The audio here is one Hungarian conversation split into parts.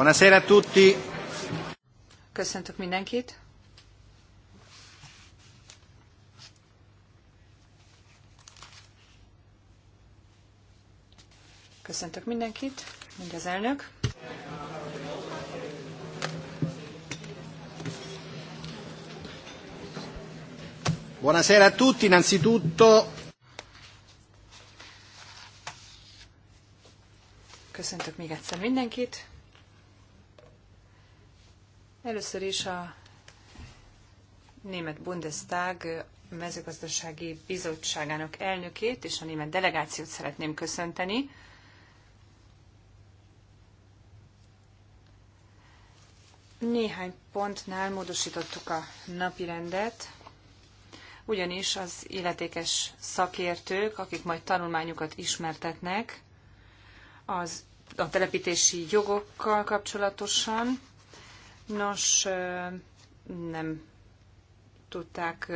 Buonasera a tutti. Köszöntök mindenkit. Köszöntök mindenkit, mind az elnök. Buonasera a tutti, innanzitutto. Köszöntök még egyszer mindenkit. Először is a német Bundestag mezőgazdasági bizottságának elnökét és a német delegációt szeretném köszönteni. Néhány pontnál módosítottuk a rendet, ugyanis az illetékes szakértők, akik majd tanulmányukat ismertetnek, az a telepítési jogokkal kapcsolatosan, Nos, nem tudták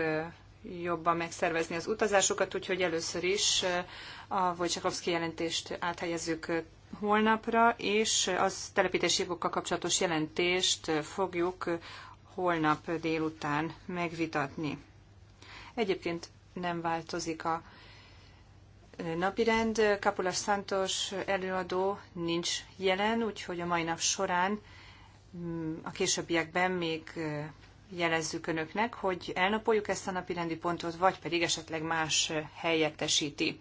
jobban megszervezni az utazásokat, úgyhogy először is a Wojciechowski jelentést áthelyezzük holnapra, és az telepítési jogokkal kapcsolatos jelentést fogjuk holnap délután megvitatni. Egyébként nem változik a napirend. Kapulás Santos előadó nincs jelen, úgyhogy a mai nap során a későbbiekben még jelezzük önöknek, hogy elnapoljuk ezt a napi rendi pontot, vagy pedig esetleg más helyettesíti.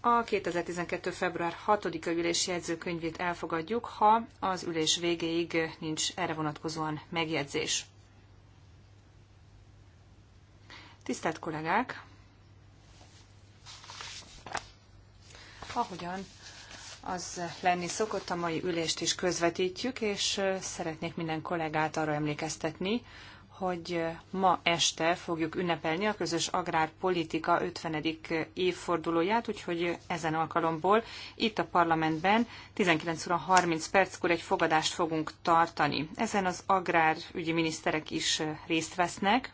A 2012. február 6-a ülési jegyzőkönyvét elfogadjuk, ha az ülés végéig nincs erre vonatkozóan megjegyzés. Tisztelt kollégák! Ahogyan az lenni szokott, a mai ülést is közvetítjük, és szeretnék minden kollégát arra emlékeztetni, hogy ma este fogjuk ünnepelni a közös agrárpolitika 50. évfordulóját, úgyhogy ezen alkalomból itt a parlamentben 19 óra 30 perckor egy fogadást fogunk tartani. Ezen az agrárügyi miniszterek is részt vesznek,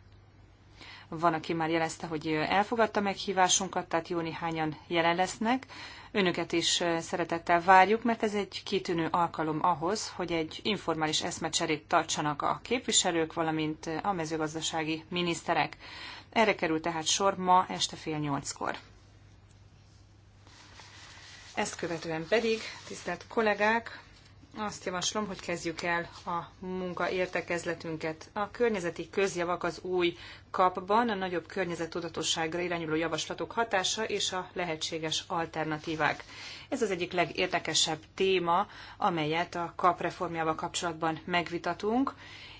van, aki már jelezte, hogy elfogadta meghívásunkat, tehát jó néhányan jelen lesznek. Önöket is szeretettel várjuk, mert ez egy kitűnő alkalom ahhoz, hogy egy informális eszmecserét tartsanak a képviselők, valamint a mezőgazdasági miniszterek. Erre kerül tehát sor ma este fél nyolckor. Ezt követően pedig, tisztelt kollégák, azt javaslom, hogy kezdjük el a munka értekezletünket. A környezeti közjavak az új kapban a nagyobb környezettudatosságra irányuló javaslatok hatása és a lehetséges alternatívák. Ez az egyik legértekesebb téma, amelyet a kap reformjával kapcsolatban megvitatunk,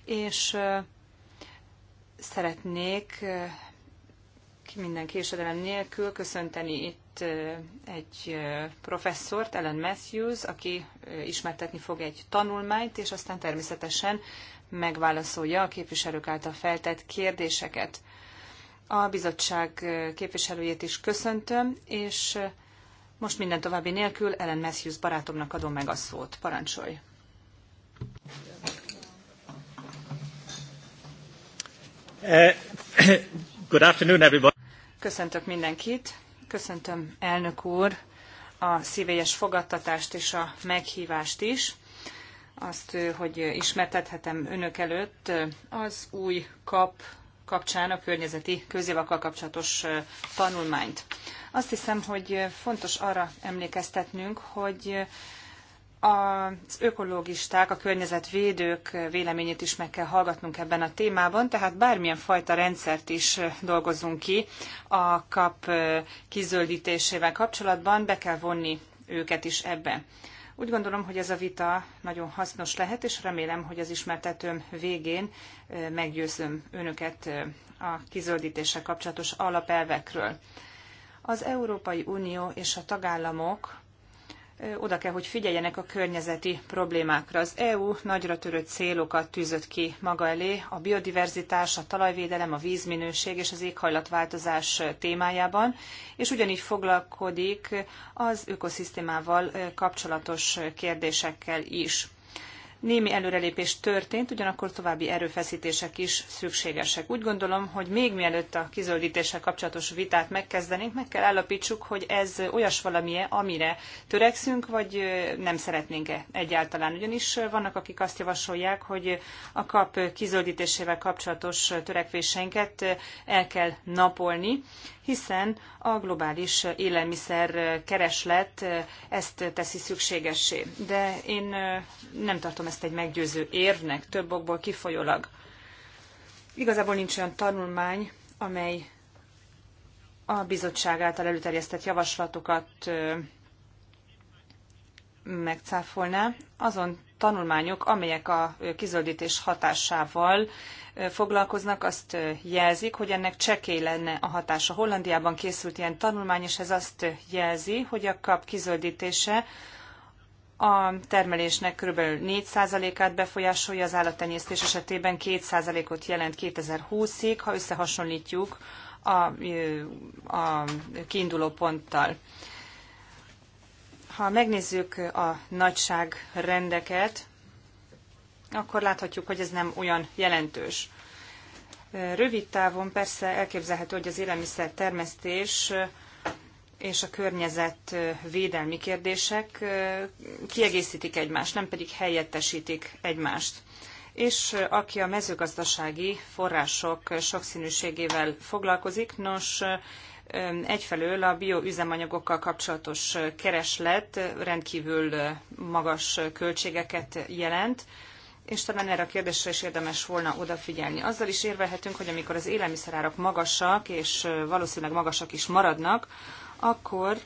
és szeretnék minden késedelem nélkül köszönteni itt egy professzort, Ellen Matthews, aki ismertetni fog egy tanulmányt, és aztán természetesen megválaszolja a képviselők által feltett kérdéseket. A bizottság képviselőjét is köszöntöm, és most minden további nélkül Ellen Matthews barátomnak adom meg a szót. Parancsolj! Eh, good afternoon, everybody. Köszöntök mindenkit! Köszöntöm, elnök úr, a szívélyes fogadtatást és a meghívást is. Azt, hogy ismertethetem önök előtt az új kap kapcsán a környezeti közjavakkal kapcsolatos tanulmányt. Azt hiszem, hogy fontos arra emlékeztetnünk, hogy az ökológisták, a környezetvédők véleményét is meg kell hallgatnunk ebben a témában, tehát bármilyen fajta rendszert is dolgozunk ki a kap kizöldítésével kapcsolatban, be kell vonni őket is ebbe. Úgy gondolom, hogy ez a vita nagyon hasznos lehet, és remélem, hogy az ismertetőm végén meggyőzöm önöket a kizöldítéssel kapcsolatos alapelvekről. Az Európai Unió és a tagállamok oda kell, hogy figyeljenek a környezeti problémákra. Az EU nagyra törő célokat tűzött ki maga elé a biodiverzitás, a talajvédelem, a vízminőség és az éghajlatváltozás témájában, és ugyanígy foglalkodik az ökoszisztémával kapcsolatos kérdésekkel is. Némi előrelépés történt, ugyanakkor további erőfeszítések is szükségesek. Úgy gondolom, hogy még mielőtt a kizöldítéssel kapcsolatos vitát megkezdenénk, meg kell állapítsuk, hogy ez olyas valamie, amire törekszünk, vagy nem szeretnénk-e egyáltalán. Ugyanis vannak, akik azt javasolják, hogy a kap kizöldítésével kapcsolatos törekvéseinket el kell napolni, hiszen a globális élelmiszer kereslet ezt teszi szükségessé. De én nem tartom ezt egy meggyőző érvnek, több okból kifolyólag. Igazából nincs olyan tanulmány, amely a bizottság által előterjesztett javaslatokat megcáfolná. Azon tanulmányok, amelyek a kizöldítés hatásával foglalkoznak, azt jelzik, hogy ennek csekély lenne a hatása. Hollandiában készült ilyen tanulmány, és ez azt jelzi, hogy a kap kizöldítése a termelésnek kb. 4%-át befolyásolja, az állattenyésztés esetében 2%-ot jelent 2020-ig, ha összehasonlítjuk a, a kiinduló ponttal. Ha megnézzük a nagyságrendeket, akkor láthatjuk, hogy ez nem olyan jelentős. Rövid távon persze elképzelhető, hogy az élelmiszer termesztés és a környezet védelmi kérdések kiegészítik egymást, nem pedig helyettesítik egymást. És aki a mezőgazdasági források sokszínűségével foglalkozik, nos, egyfelől a bioüzemanyagokkal kapcsolatos kereslet rendkívül magas költségeket jelent, és talán erre a kérdésre is érdemes volna odafigyelni. Azzal is érvelhetünk, hogy amikor az élelmiszerárak magasak, és valószínűleg magasak is maradnak, akkor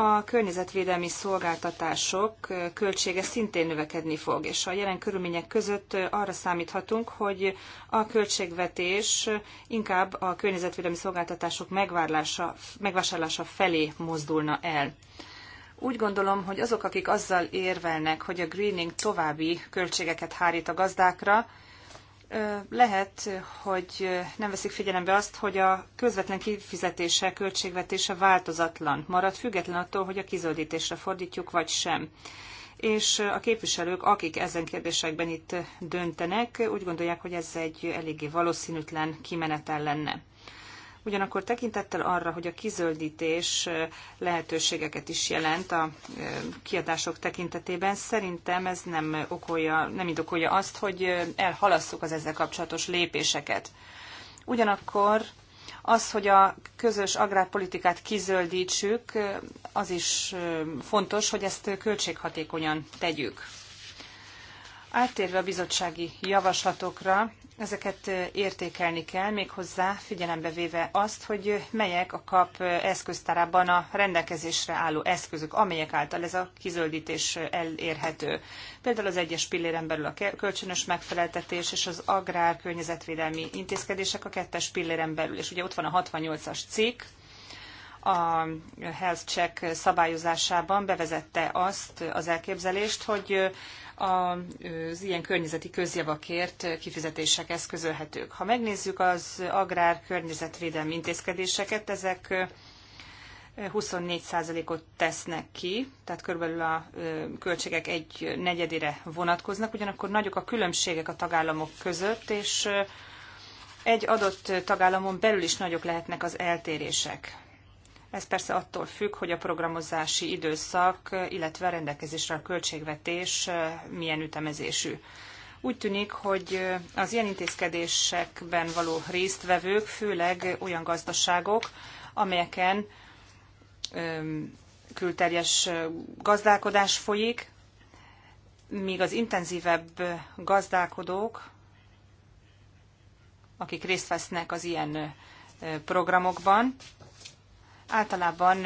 a környezetvédelmi szolgáltatások költsége szintén növekedni fog, és a jelen körülmények között arra számíthatunk, hogy a költségvetés inkább a környezetvédelmi szolgáltatások megvásárlása felé mozdulna el. Úgy gondolom, hogy azok, akik azzal érvelnek, hogy a greening további költségeket hárít a gazdákra, lehet, hogy nem veszik figyelembe azt, hogy a közvetlen kifizetése, költségvetése változatlan marad, független attól, hogy a kizöldítésre fordítjuk, vagy sem. És a képviselők, akik ezen kérdésekben itt döntenek, úgy gondolják, hogy ez egy eléggé valószínűtlen kimenetel lenne ugyanakkor tekintettel arra, hogy a kizöldítés lehetőségeket is jelent a kiadások tekintetében, szerintem ez nem, okolja, nem indokolja azt, hogy elhalasszuk az ezzel kapcsolatos lépéseket. Ugyanakkor az, hogy a közös agrárpolitikát kizöldítsük, az is fontos, hogy ezt költséghatékonyan tegyük. Áttérve a bizottsági javaslatokra, ezeket értékelni kell, méghozzá figyelembe véve azt, hogy melyek a kap eszköztárában a rendelkezésre álló eszközök, amelyek által ez a kizöldítés elérhető. Például az egyes pilléren belül a kölcsönös megfeleltetés és az agrár környezetvédelmi intézkedések a kettes pilléren belül. És ugye ott van a 68-as cikk, a health check szabályozásában bevezette azt az elképzelést, hogy az ilyen környezeti közjavakért kifizetések eszközölhetők. Ha megnézzük az agrár környezetvédelmi intézkedéseket, ezek 24%-ot tesznek ki, tehát körülbelül a költségek egy negyedére vonatkoznak, ugyanakkor nagyok a különbségek a tagállamok között, és egy adott tagállamon belül is nagyok lehetnek az eltérések. Ez persze attól függ, hogy a programozási időszak, illetve a rendelkezésre a költségvetés eh, milyen ütemezésű. Úgy tűnik, hogy eh, az ilyen intézkedésekben való résztvevők főleg olyan gazdaságok, amelyeken külterjes eh, gazdálkodás folyik, míg az intenzívebb gazdálkodók, akik részt vesznek az ilyen programokban, általában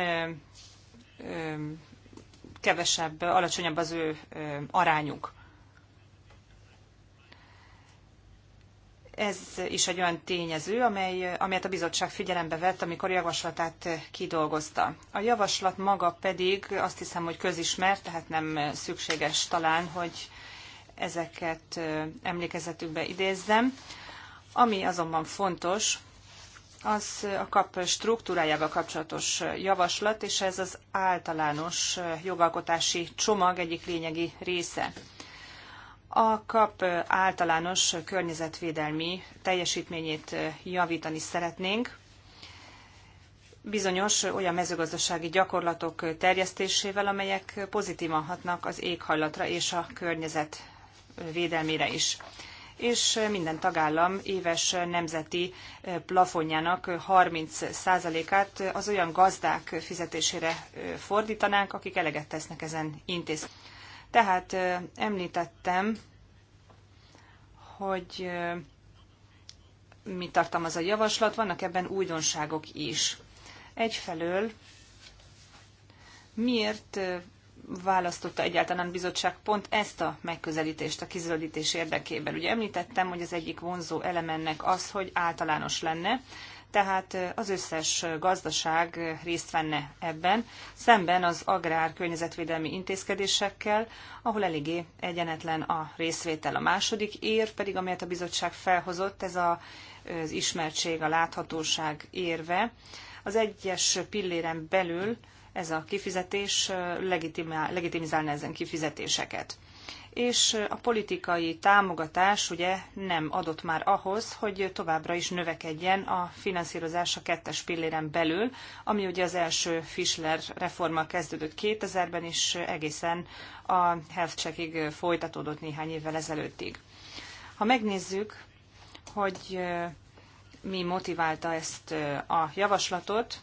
kevesebb, alacsonyabb az ő arányuk. Ez is egy olyan tényező, amely, amelyet a bizottság figyelembe vett, amikor a javaslatát kidolgozta. A javaslat maga pedig azt hiszem, hogy közismert, tehát nem szükséges talán, hogy ezeket emlékezetükbe idézzem. Ami azonban fontos, az a kap struktúrájával kapcsolatos javaslat, és ez az általános jogalkotási csomag egyik lényegi része. A kap általános környezetvédelmi teljesítményét javítani szeretnénk, bizonyos olyan mezőgazdasági gyakorlatok terjesztésével, amelyek pozitívan hatnak az éghajlatra és a környezet védelmére is és minden tagállam éves nemzeti plafonjának 30%-át az olyan gazdák fizetésére fordítanánk, akik eleget tesznek ezen intéz. Tehát említettem, hogy mi tartalmaz a javaslat, vannak ebben újdonságok is. Egyfelől miért választotta egyáltalán a bizottság pont ezt a megközelítést a kizöldítés érdekében. Ugye említettem, hogy az egyik vonzó elemennek az, hogy általános lenne, tehát az összes gazdaság részt venne ebben, szemben az agrár környezetvédelmi intézkedésekkel, ahol eléggé egyenetlen a részvétel. A második ér pedig, amelyet a bizottság felhozott, ez a, az ismertség, a láthatóság érve. Az egyes pilléren belül ez a kifizetés legitimizálna ezen kifizetéseket. És a politikai támogatás ugye nem adott már ahhoz, hogy továbbra is növekedjen a finanszírozás a kettes pilléren belül, ami ugye az első Fischler reforma kezdődött 2000-ben, és egészen a health checkig folytatódott néhány évvel ezelőttig. Ha megnézzük, hogy mi motiválta ezt a javaslatot,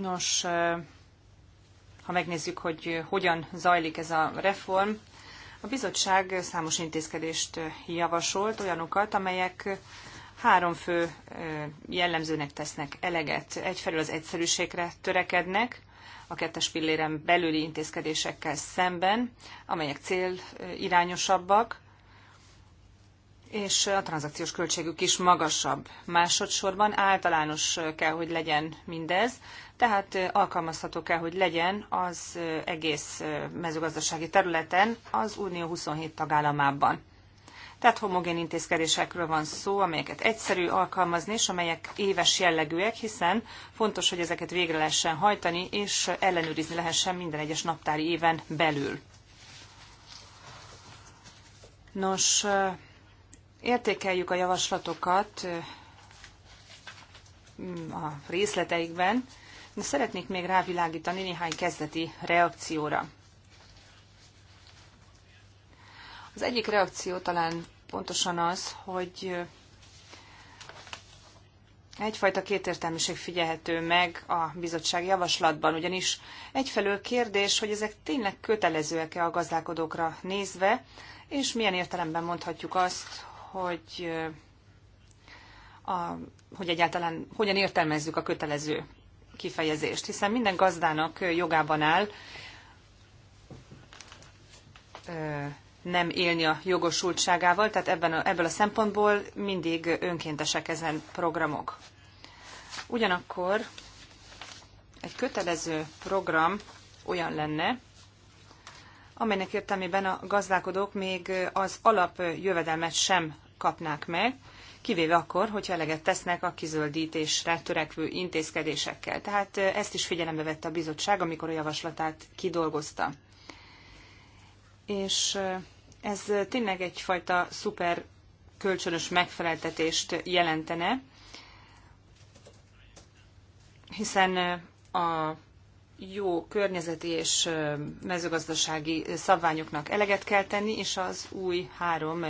Nos, ha megnézzük, hogy hogyan zajlik ez a reform, a bizottság számos intézkedést javasolt, olyanokat, amelyek három fő jellemzőnek tesznek eleget. Egyfelől az egyszerűségre törekednek, a kettes pilléren belüli intézkedésekkel szemben, amelyek célirányosabbak, és a tranzakciós költségük is magasabb. Másodszorban általános kell, hogy legyen mindez, tehát alkalmazható kell, hogy legyen az egész mezőgazdasági területen az Unió 27 tagállamában. Tehát homogén intézkedésekről van szó, amelyeket egyszerű alkalmazni, és amelyek éves jellegűek, hiszen fontos, hogy ezeket végre lehessen hajtani, és ellenőrizni lehessen minden egyes naptári éven belül. Nos, értékeljük a javaslatokat a részleteikben, de szeretnék még rávilágítani néhány kezdeti reakcióra. Az egyik reakció talán pontosan az, hogy egyfajta kétértelműség figyelhető meg a bizottság javaslatban, ugyanis egyfelől kérdés, hogy ezek tényleg kötelezőek-e a gazdálkodókra nézve, és milyen értelemben mondhatjuk azt, hogy, a, hogy egyáltalán hogyan értelmezzük a kötelező kifejezést, hiszen minden gazdának jogában áll nem élni a jogosultságával, tehát ebben a, ebből a szempontból mindig önkéntesek ezen programok. Ugyanakkor egy kötelező program olyan lenne, amelynek értelmében a gazdálkodók még az alapjövedelmet sem kapnák meg, kivéve akkor, hogyha eleget tesznek a kizöldítésre törekvő intézkedésekkel. Tehát ezt is figyelembe vette a bizottság, amikor a javaslatát kidolgozta. És ez tényleg egyfajta szuper kölcsönös megfeleltetést jelentene, hiszen a jó környezeti és mezőgazdasági szabványoknak eleget kell tenni, és az új három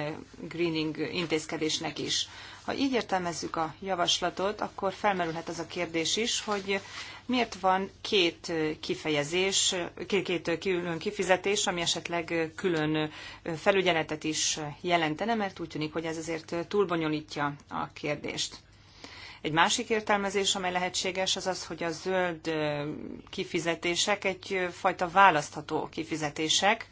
greening intézkedésnek is. Ha így értelmezzük a javaslatot, akkor felmerülhet az a kérdés is, hogy miért van két kifejezés, két külön kifizetés, ami esetleg külön felügyeletet is jelentene, mert úgy tűnik, hogy ez azért túlbonyolítja a kérdést. Egy másik értelmezés, amely lehetséges, az az, hogy a zöld kifizetések egyfajta választható kifizetések,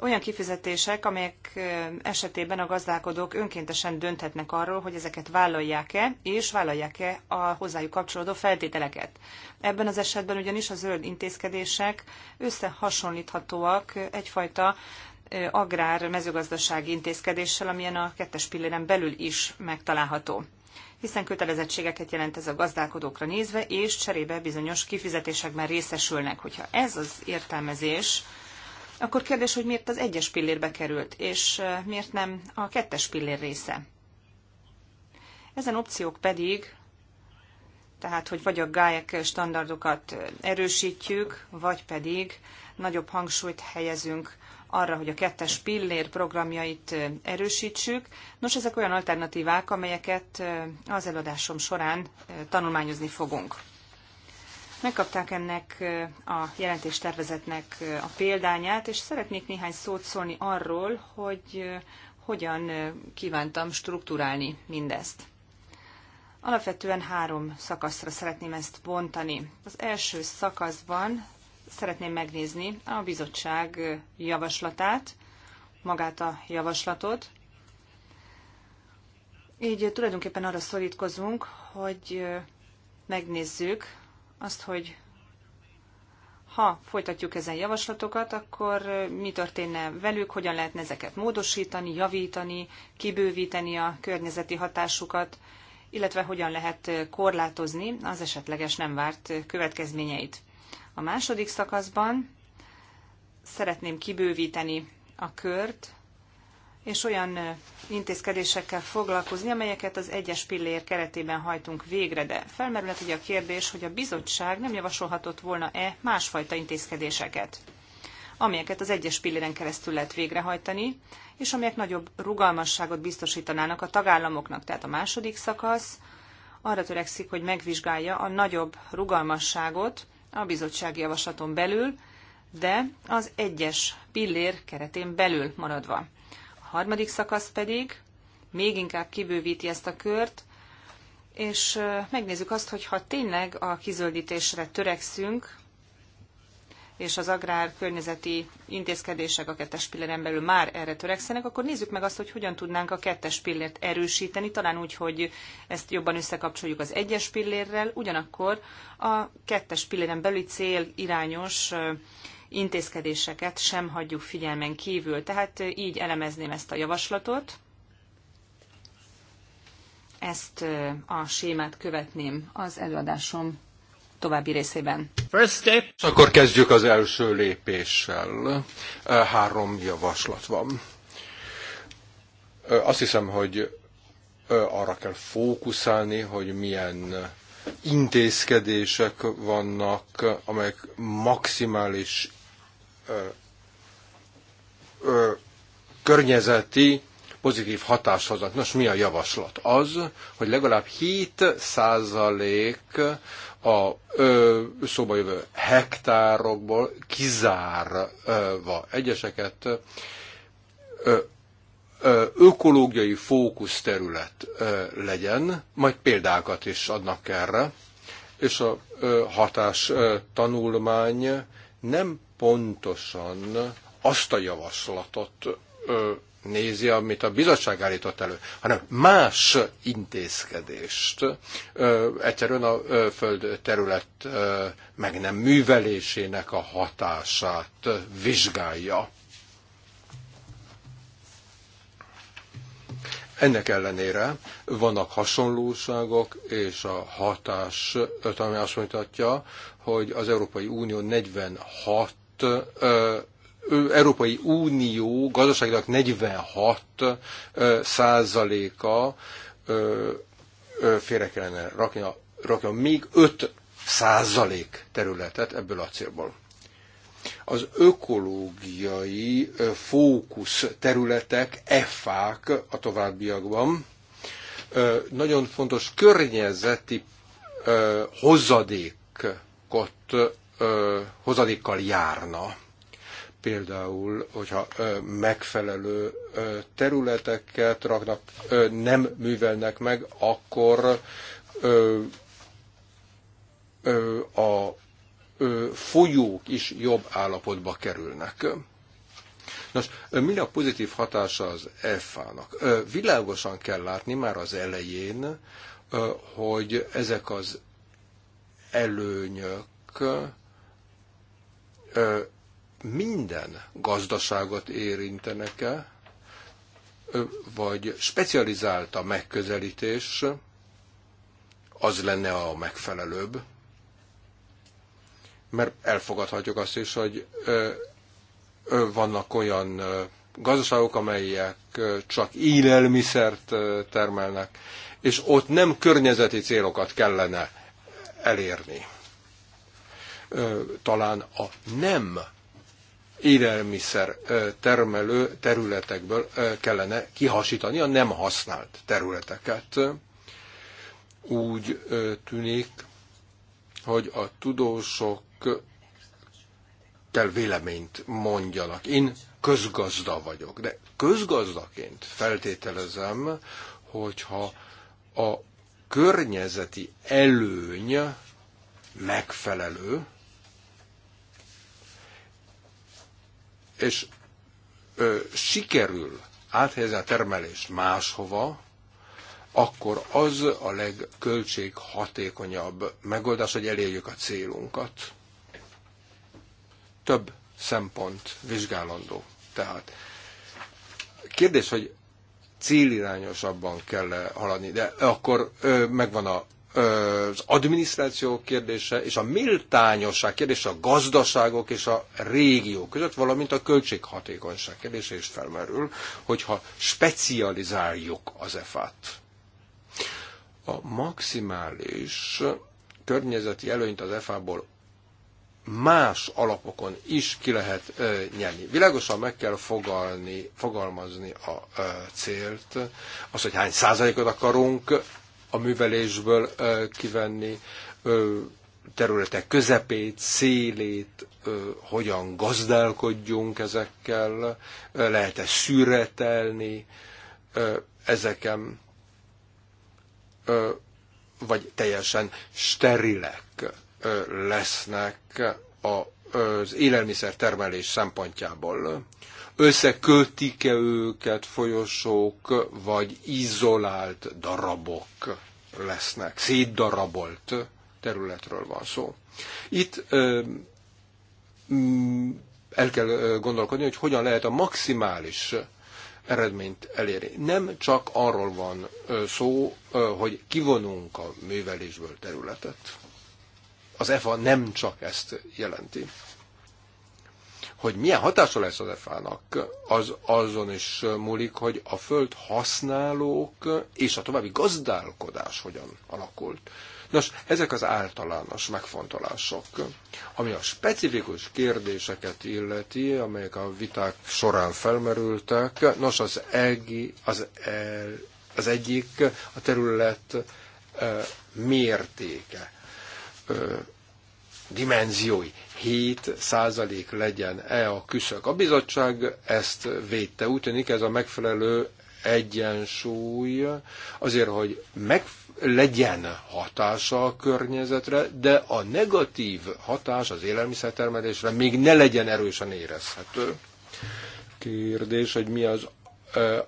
olyan kifizetések, amelyek esetében a gazdálkodók önkéntesen dönthetnek arról, hogy ezeket vállalják-e, és vállalják-e a hozzájuk kapcsolódó feltételeket. Ebben az esetben ugyanis a zöld intézkedések összehasonlíthatóak egyfajta agrár-mezőgazdasági intézkedéssel, amilyen a kettes pilléren belül is megtalálható hiszen kötelezettségeket jelent ez a gazdálkodókra nézve, és cserébe bizonyos kifizetésekben részesülnek. Hogyha ez az értelmezés, akkor kérdés, hogy miért az egyes pillérbe került, és miért nem a kettes pillér része. Ezen opciók pedig, tehát hogy vagy a GAEK standardokat erősítjük, vagy pedig nagyobb hangsúlyt helyezünk arra, hogy a kettes pillér programjait erősítsük. Nos, ezek olyan alternatívák, amelyeket az előadásom során tanulmányozni fogunk. Megkapták ennek a jelentéstervezetnek a példányát, és szeretnék néhány szót szólni arról, hogy hogyan kívántam strukturálni mindezt. Alapvetően három szakaszra szeretném ezt bontani. Az első szakaszban szeretném megnézni a bizottság javaslatát, magát a javaslatot. Így tulajdonképpen arra szorítkozunk, hogy megnézzük azt, hogy ha folytatjuk ezen javaslatokat, akkor mi történne velük, hogyan lehetne ezeket módosítani, javítani, kibővíteni a környezeti hatásukat, illetve hogyan lehet korlátozni az esetleges nem várt következményeit. A második szakaszban szeretném kibővíteni a kört, és olyan intézkedésekkel foglalkozni, amelyeket az egyes pillér keretében hajtunk végre, de felmerülhet ugye a kérdés, hogy a bizottság nem javasolhatott volna-e másfajta intézkedéseket, amelyeket az egyes pilléren keresztül lehet végrehajtani, és amelyek nagyobb rugalmasságot biztosítanának a tagállamoknak. Tehát a második szakasz arra törekszik, hogy megvizsgálja a nagyobb rugalmasságot, a bizottsági javaslaton belül, de az egyes pillér keretén belül maradva. A harmadik szakasz pedig még inkább kibővíti ezt a kört, és megnézzük azt, hogy ha tényleg a kizöldítésre törekszünk, és az agrárkörnyezeti intézkedések a kettes pilléren belül már erre törekszenek, akkor nézzük meg azt, hogy hogyan tudnánk a kettes pillért erősíteni, talán úgy, hogy ezt jobban összekapcsoljuk az egyes pillérrel, ugyanakkor a kettes pilléren belüli cél irányos intézkedéseket sem hagyjuk figyelmen kívül. Tehát így elemezném ezt a javaslatot, ezt a sémát követném az előadásom további részében. First step. Akkor kezdjük az első lépéssel. Három javaslat van. Azt hiszem, hogy arra kell fókuszálni, hogy milyen intézkedések vannak, amelyek maximális környezeti pozitív hatást hoznak. Nos, mi a javaslat? Az, hogy legalább 7 százalék a ö, szóba jövő hektárokból kizárva egyeseket ö, ökológiai fókuszterület legyen, majd példákat is adnak erre, és a hatás tanulmány nem pontosan azt a javaslatot nézi, amit a bizottság állított elő, hanem más intézkedést ö, egyszerűen a ö, föld terület ö, meg nem művelésének a hatását vizsgálja. Ennek ellenére vannak hasonlóságok, és a hatás, ami azt mutatja, hogy az Európai Unió 46 ö, Európai Unió gazdaságilag 46 százaléka félre kellene rakni, rakja még 5 százalék területet ebből a célból. Az ökológiai fókusz területek, EFÁK a továbbiakban, nagyon fontos környezeti hozadékot, hozadékkal járna Például, hogyha megfelelő területeket raknak, nem művelnek meg, akkor a folyók is jobb állapotba kerülnek. Nos, mi a pozitív hatása az EFA-nak? Világosan kell látni már az elején, hogy ezek az előnyök minden gazdaságot érintenek -e, vagy specializált a megközelítés, az lenne a megfelelőbb, mert elfogadhatjuk azt is, hogy vannak olyan gazdaságok, amelyek csak élelmiszert termelnek, és ott nem környezeti célokat kellene elérni. Talán a nem élelmiszer termelő területekből kellene kihasítani a nem használt területeket. Úgy tűnik, hogy a tudósok kell véleményt mondjanak. Én közgazda vagyok, de közgazdaként feltételezem, hogyha a környezeti előny megfelelő, és ö, sikerül áthelyezni a termelést máshova, akkor az a legköltséghatékonyabb megoldás, hogy elérjük a célunkat. Több szempont vizsgálandó. Tehát kérdés, hogy célirányosabban kell haladni, de akkor ö, megvan a az adminisztráció kérdése és a méltányosság kérdése a gazdaságok és a régiók között, valamint a költséghatékonyság kérdése is felmerül, hogyha specializáljuk az EFA-t. A maximális környezeti előnyt az EFA-ból más alapokon is ki lehet ö, nyerni. Világosan meg kell fogalni, fogalmazni a ö, célt, az, hogy hány százalékot akarunk a művelésből kivenni, területek közepét, szélét, hogyan gazdálkodjunk ezekkel, lehet-e szüretelni ezeken, vagy teljesen sterilek lesznek az élelmiszer termelés szempontjából összekötik-e őket folyosók, vagy izolált darabok lesznek, szétdarabolt területről van szó. Itt mm, el kell gondolkodni, hogy hogyan lehet a maximális eredményt elérni. Nem csak arról van szó, hogy kivonunk a művelésből területet. Az EFA nem csak ezt jelenti. Hogy milyen hatása lesz az EFA-nak, az azon is múlik, hogy a föld használók és a további gazdálkodás hogyan alakult. Nos, ezek az általános megfontolások, ami a specifikus kérdéseket illeti, amelyek a viták során felmerültek. Nos, az, egi, az, el, az egyik a terület e, mértéke. E, dimenziói 7 százalék legyen-e a küszök. A bizottság ezt védte. Úgy tűnik ez a megfelelő egyensúly azért, hogy meg legyen hatása a környezetre, de a negatív hatás az élelmiszertermelésre még ne legyen erősen érezhető. Kérdés, hogy mi az ö,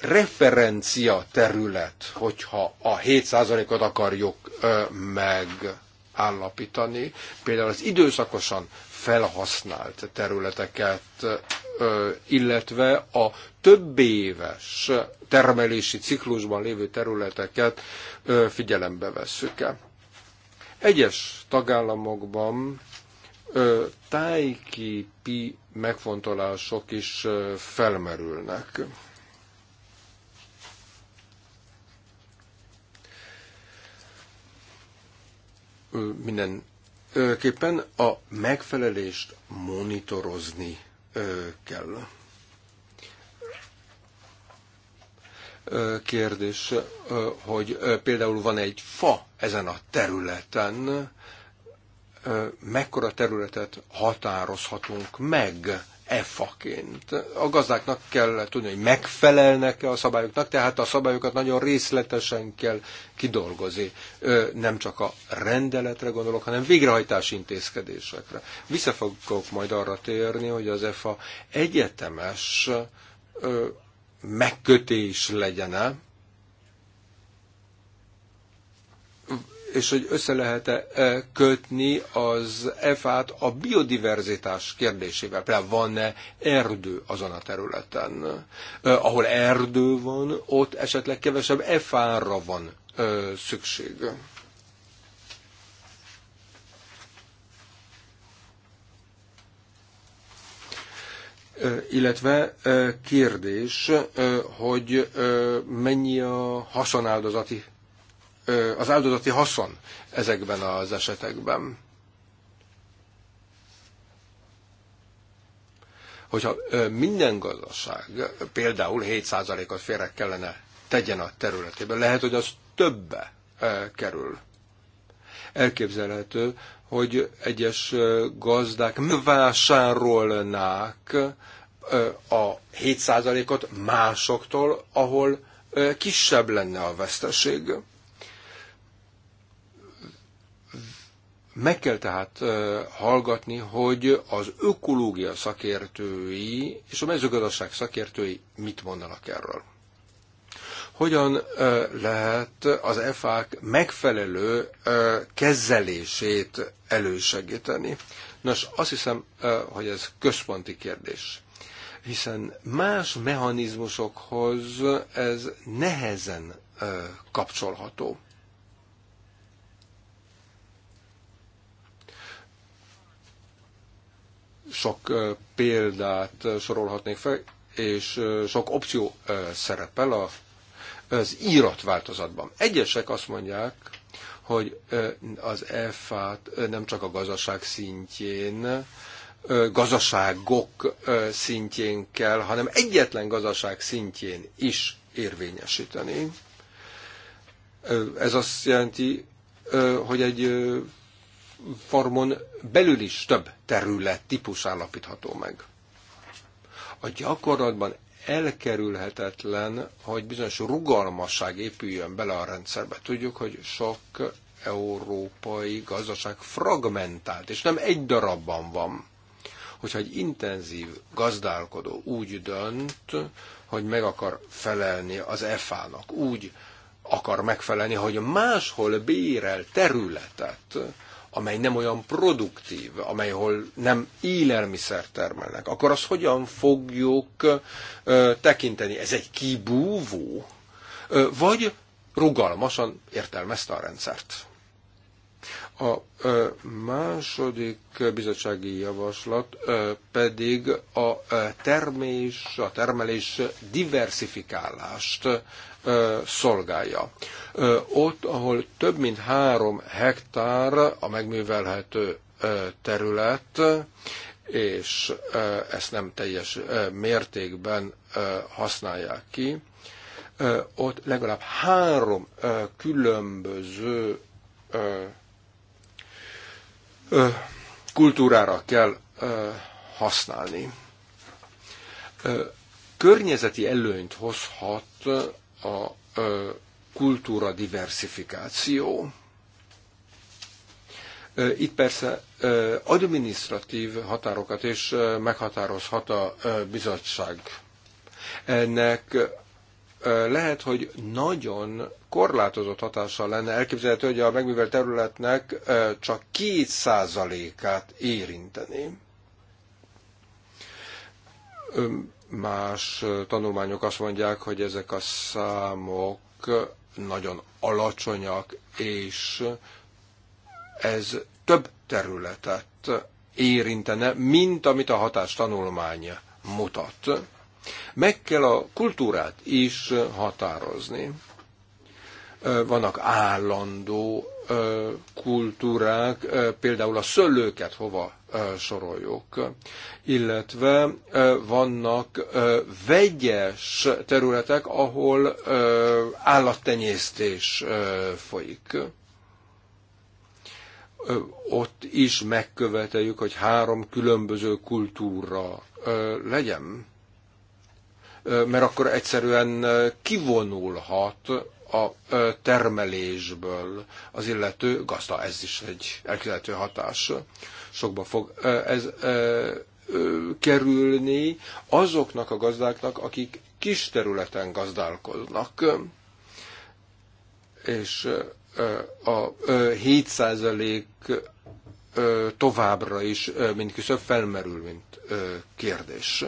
referencia terület, hogyha a 7%-ot akarjuk ö, meg állapítani, például az időszakosan felhasznált területeket, illetve a több éves termelési ciklusban lévő területeket figyelembe vesszük -e. Egyes tagállamokban tájképi megfontolások is felmerülnek. mindenképpen a megfelelést monitorozni kell. Kérdés, hogy például van egy fa ezen a területen, mekkora területet határozhatunk meg EFA-ként. A gazdáknak kell tudni, hogy megfelelnek-e a szabályoknak, tehát a szabályokat nagyon részletesen kell kidolgozni. Nem csak a rendeletre gondolok, hanem végrehajtási intézkedésekre. Vissza fogok majd arra térni, hogy az EFA egyetemes megkötés legyen -e és hogy össze lehet-e e, kötni az EFA-t a biodiverzitás kérdésével. Például van-e erdő azon a területen? E, ahol erdő van, ott esetleg kevesebb EFA-ra van e, szükség. illetve kérdés, hogy mennyi a haszonáldozati az áldozati haszon ezekben az esetekben. Hogyha minden gazdaság például 7%-at félre kellene tegyen a területében, lehet, hogy az többe kerül. Elképzelhető, hogy egyes gazdák vásárolnák a 7%-ot másoktól, ahol kisebb lenne a veszteség. Meg kell tehát hallgatni, hogy az ökológia szakértői és a mezőgazdaság szakértői mit mondanak erről. Hogyan lehet az EFÁK megfelelő kezelését elősegíteni? Nos, azt hiszem, hogy ez központi kérdés hiszen más mechanizmusokhoz ez nehezen kapcsolható. sok példát sorolhatnék fel, és sok opció szerepel a, az változatban. Egyesek azt mondják, hogy az EFA-t nem csak a gazdaság szintjén, gazdaságok szintjén kell, hanem egyetlen gazdaság szintjén is érvényesíteni. Ez azt jelenti, hogy egy formon belül is több terület típus állapítható meg. A gyakorlatban elkerülhetetlen, hogy bizonyos rugalmasság épüljön bele a rendszerbe. Tudjuk, hogy sok európai gazdaság fragmentált, és nem egy darabban van. Hogyha egy intenzív gazdálkodó úgy dönt, hogy meg akar felelni az EFA-nak, úgy akar megfelelni, hogy máshol bérel területet, amely nem olyan produktív, amelyhol nem élelmiszer termelnek, akkor azt hogyan fogjuk ö, tekinteni? Ez egy kibúvó? Ö, vagy rugalmasan értelmezte a rendszert? A ö, második bizottsági javaslat ö, pedig a ö, termés, a termelés diversifikálást szolgálja. Ott, ahol több mint három hektár a megművelhető terület, és ezt nem teljes mértékben használják ki, ott legalább három különböző kultúrára kell használni. Környezeti előnyt hozhat a kultúra diversifikáció. Itt persze adminisztratív határokat is meghatározhat a bizottság. Ennek lehet, hogy nagyon korlátozott hatással lenne. Elképzelhető, hogy a megművelt területnek csak két át érinteni. Más tanulmányok azt mondják, hogy ezek a számok nagyon alacsonyak, és ez több területet érintene, mint amit a hatás tanulmány mutat. Meg kell a kultúrát is határozni. Vannak állandó kultúrák, például a szöllőket hova soroljuk, illetve vannak vegyes területek, ahol állattenyésztés folyik ott is megköveteljük, hogy három különböző kultúra legyen, mert akkor egyszerűen kivonulhat a termelésből az illető gazda. Ez is egy elképzelhető hatás. Sokba fog ez kerülni azoknak a gazdáknak, akik kis területen gazdálkodnak. És a 7 továbbra is, mint felmerül, mint kérdés.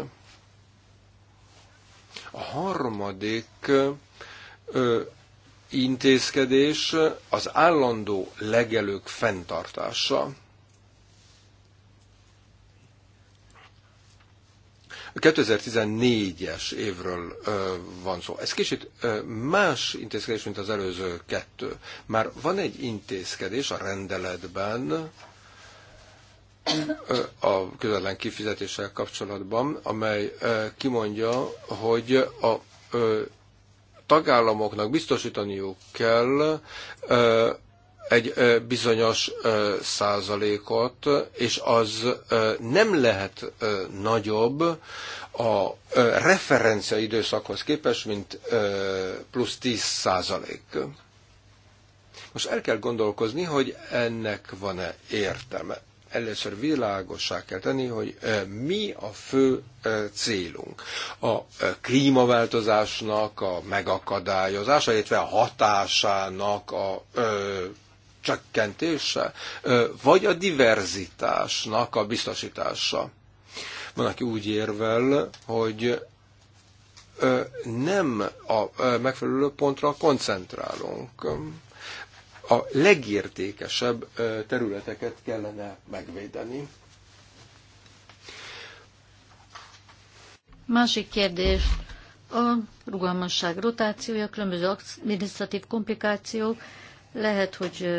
A harmadik intézkedés az állandó legelők fenntartása. A 2014-es évről ö, van szó. Ez kicsit ö, más intézkedés, mint az előző kettő. Már van egy intézkedés a rendeletben, a közvetlen kifizetéssel kapcsolatban, amely kimondja, hogy a tagállamoknak biztosítaniuk kell egy bizonyos százalékot, és az nem lehet nagyobb a referencia időszakhoz képest, mint plusz 10 százalék. Most el kell gondolkozni, hogy ennek van-e értelme először világossá kell tenni, hogy mi a fő célunk. A klímaváltozásnak a megakadályozása, illetve a hatásának a csökkentése, vagy a diverzitásnak a biztosítása. Van, aki úgy érvel, hogy nem a megfelelő pontra koncentrálunk a legértékesebb területeket kellene megvédeni. Másik kérdés. A rugalmasság rotációja, különböző administratív komplikációk, lehet, hogy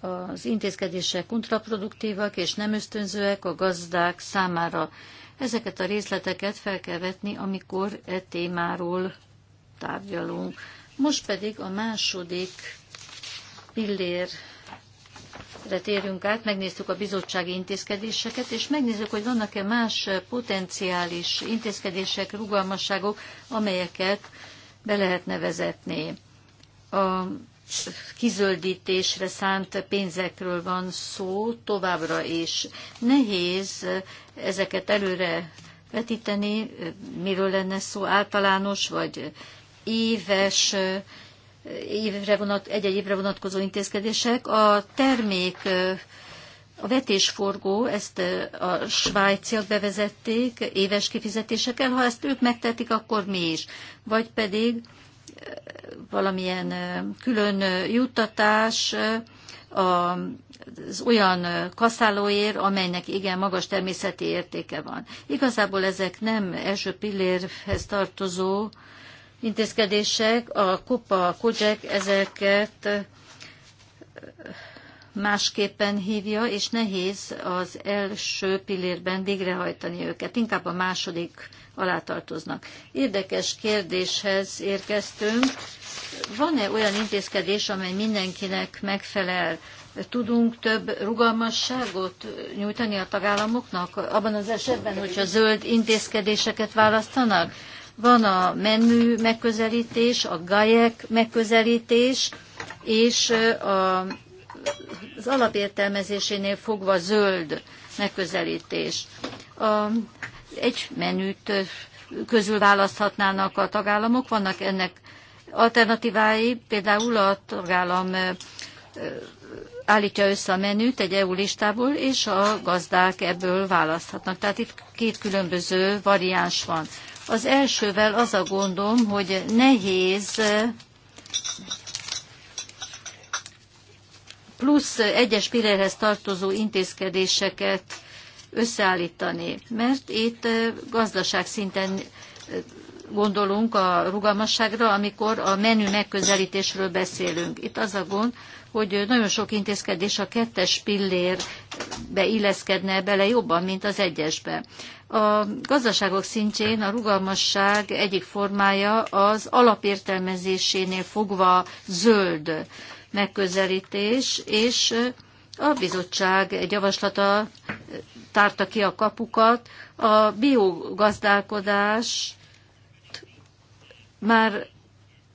az intézkedések kontraproduktívak és nem ösztönzőek a gazdák számára. Ezeket a részleteket fel kell vetni, amikor e témáról tárgyalunk. Most pedig a második pillérre térjünk át, megnéztük a bizottsági intézkedéseket, és megnézzük, hogy vannak-e más potenciális intézkedések, rugalmasságok, amelyeket be lehetne vezetni. A kizöldítésre szánt pénzekről van szó továbbra is. Nehéz ezeket előre vetíteni, miről lenne szó általános vagy éves évre vonat, egy-egy évre vonatkozó intézkedések. A termék, a vetésforgó, ezt a svájciak bevezették éves kifizetésekkel, ha ezt ők megtetik, akkor mi is. Vagy pedig valamilyen külön juttatás az olyan kaszálóért, amelynek igen magas természeti értéke van. Igazából ezek nem első pillérhez tartozó intézkedések, a kupa a kodzsek ezeket másképpen hívja, és nehéz az első pillérben végrehajtani őket, inkább a második alá tartoznak. Érdekes kérdéshez érkeztünk. Van-e olyan intézkedés, amely mindenkinek megfelel? Tudunk több rugalmasságot nyújtani a tagállamoknak abban az esetben, hogyha zöld intézkedéseket választanak? Van a menü megközelítés, a gajek megközelítés, és a, az alapértelmezésénél fogva zöld megközelítés. A, egy menüt közül választhatnának a tagállamok, vannak ennek alternatívái, például a tagállam állítja össze a menüt egy EU listából, és a gazdák ebből választhatnak. Tehát itt két különböző variáns van. Az elsővel az a gondom, hogy nehéz eh, plusz egyes pillérhez tartozó intézkedéseket összeállítani, mert itt eh, gazdaság szinten eh, gondolunk a rugalmasságra, amikor a menü megközelítésről beszélünk. Itt az a gond, hogy nagyon sok intézkedés a kettes pillérbe illeszkedne bele jobban, mint az egyesbe. A gazdaságok szintjén a rugalmasság egyik formája az alapértelmezésénél fogva zöld megközelítés, és a bizottság egy javaslata tárta ki a kapukat. A biogazdálkodás már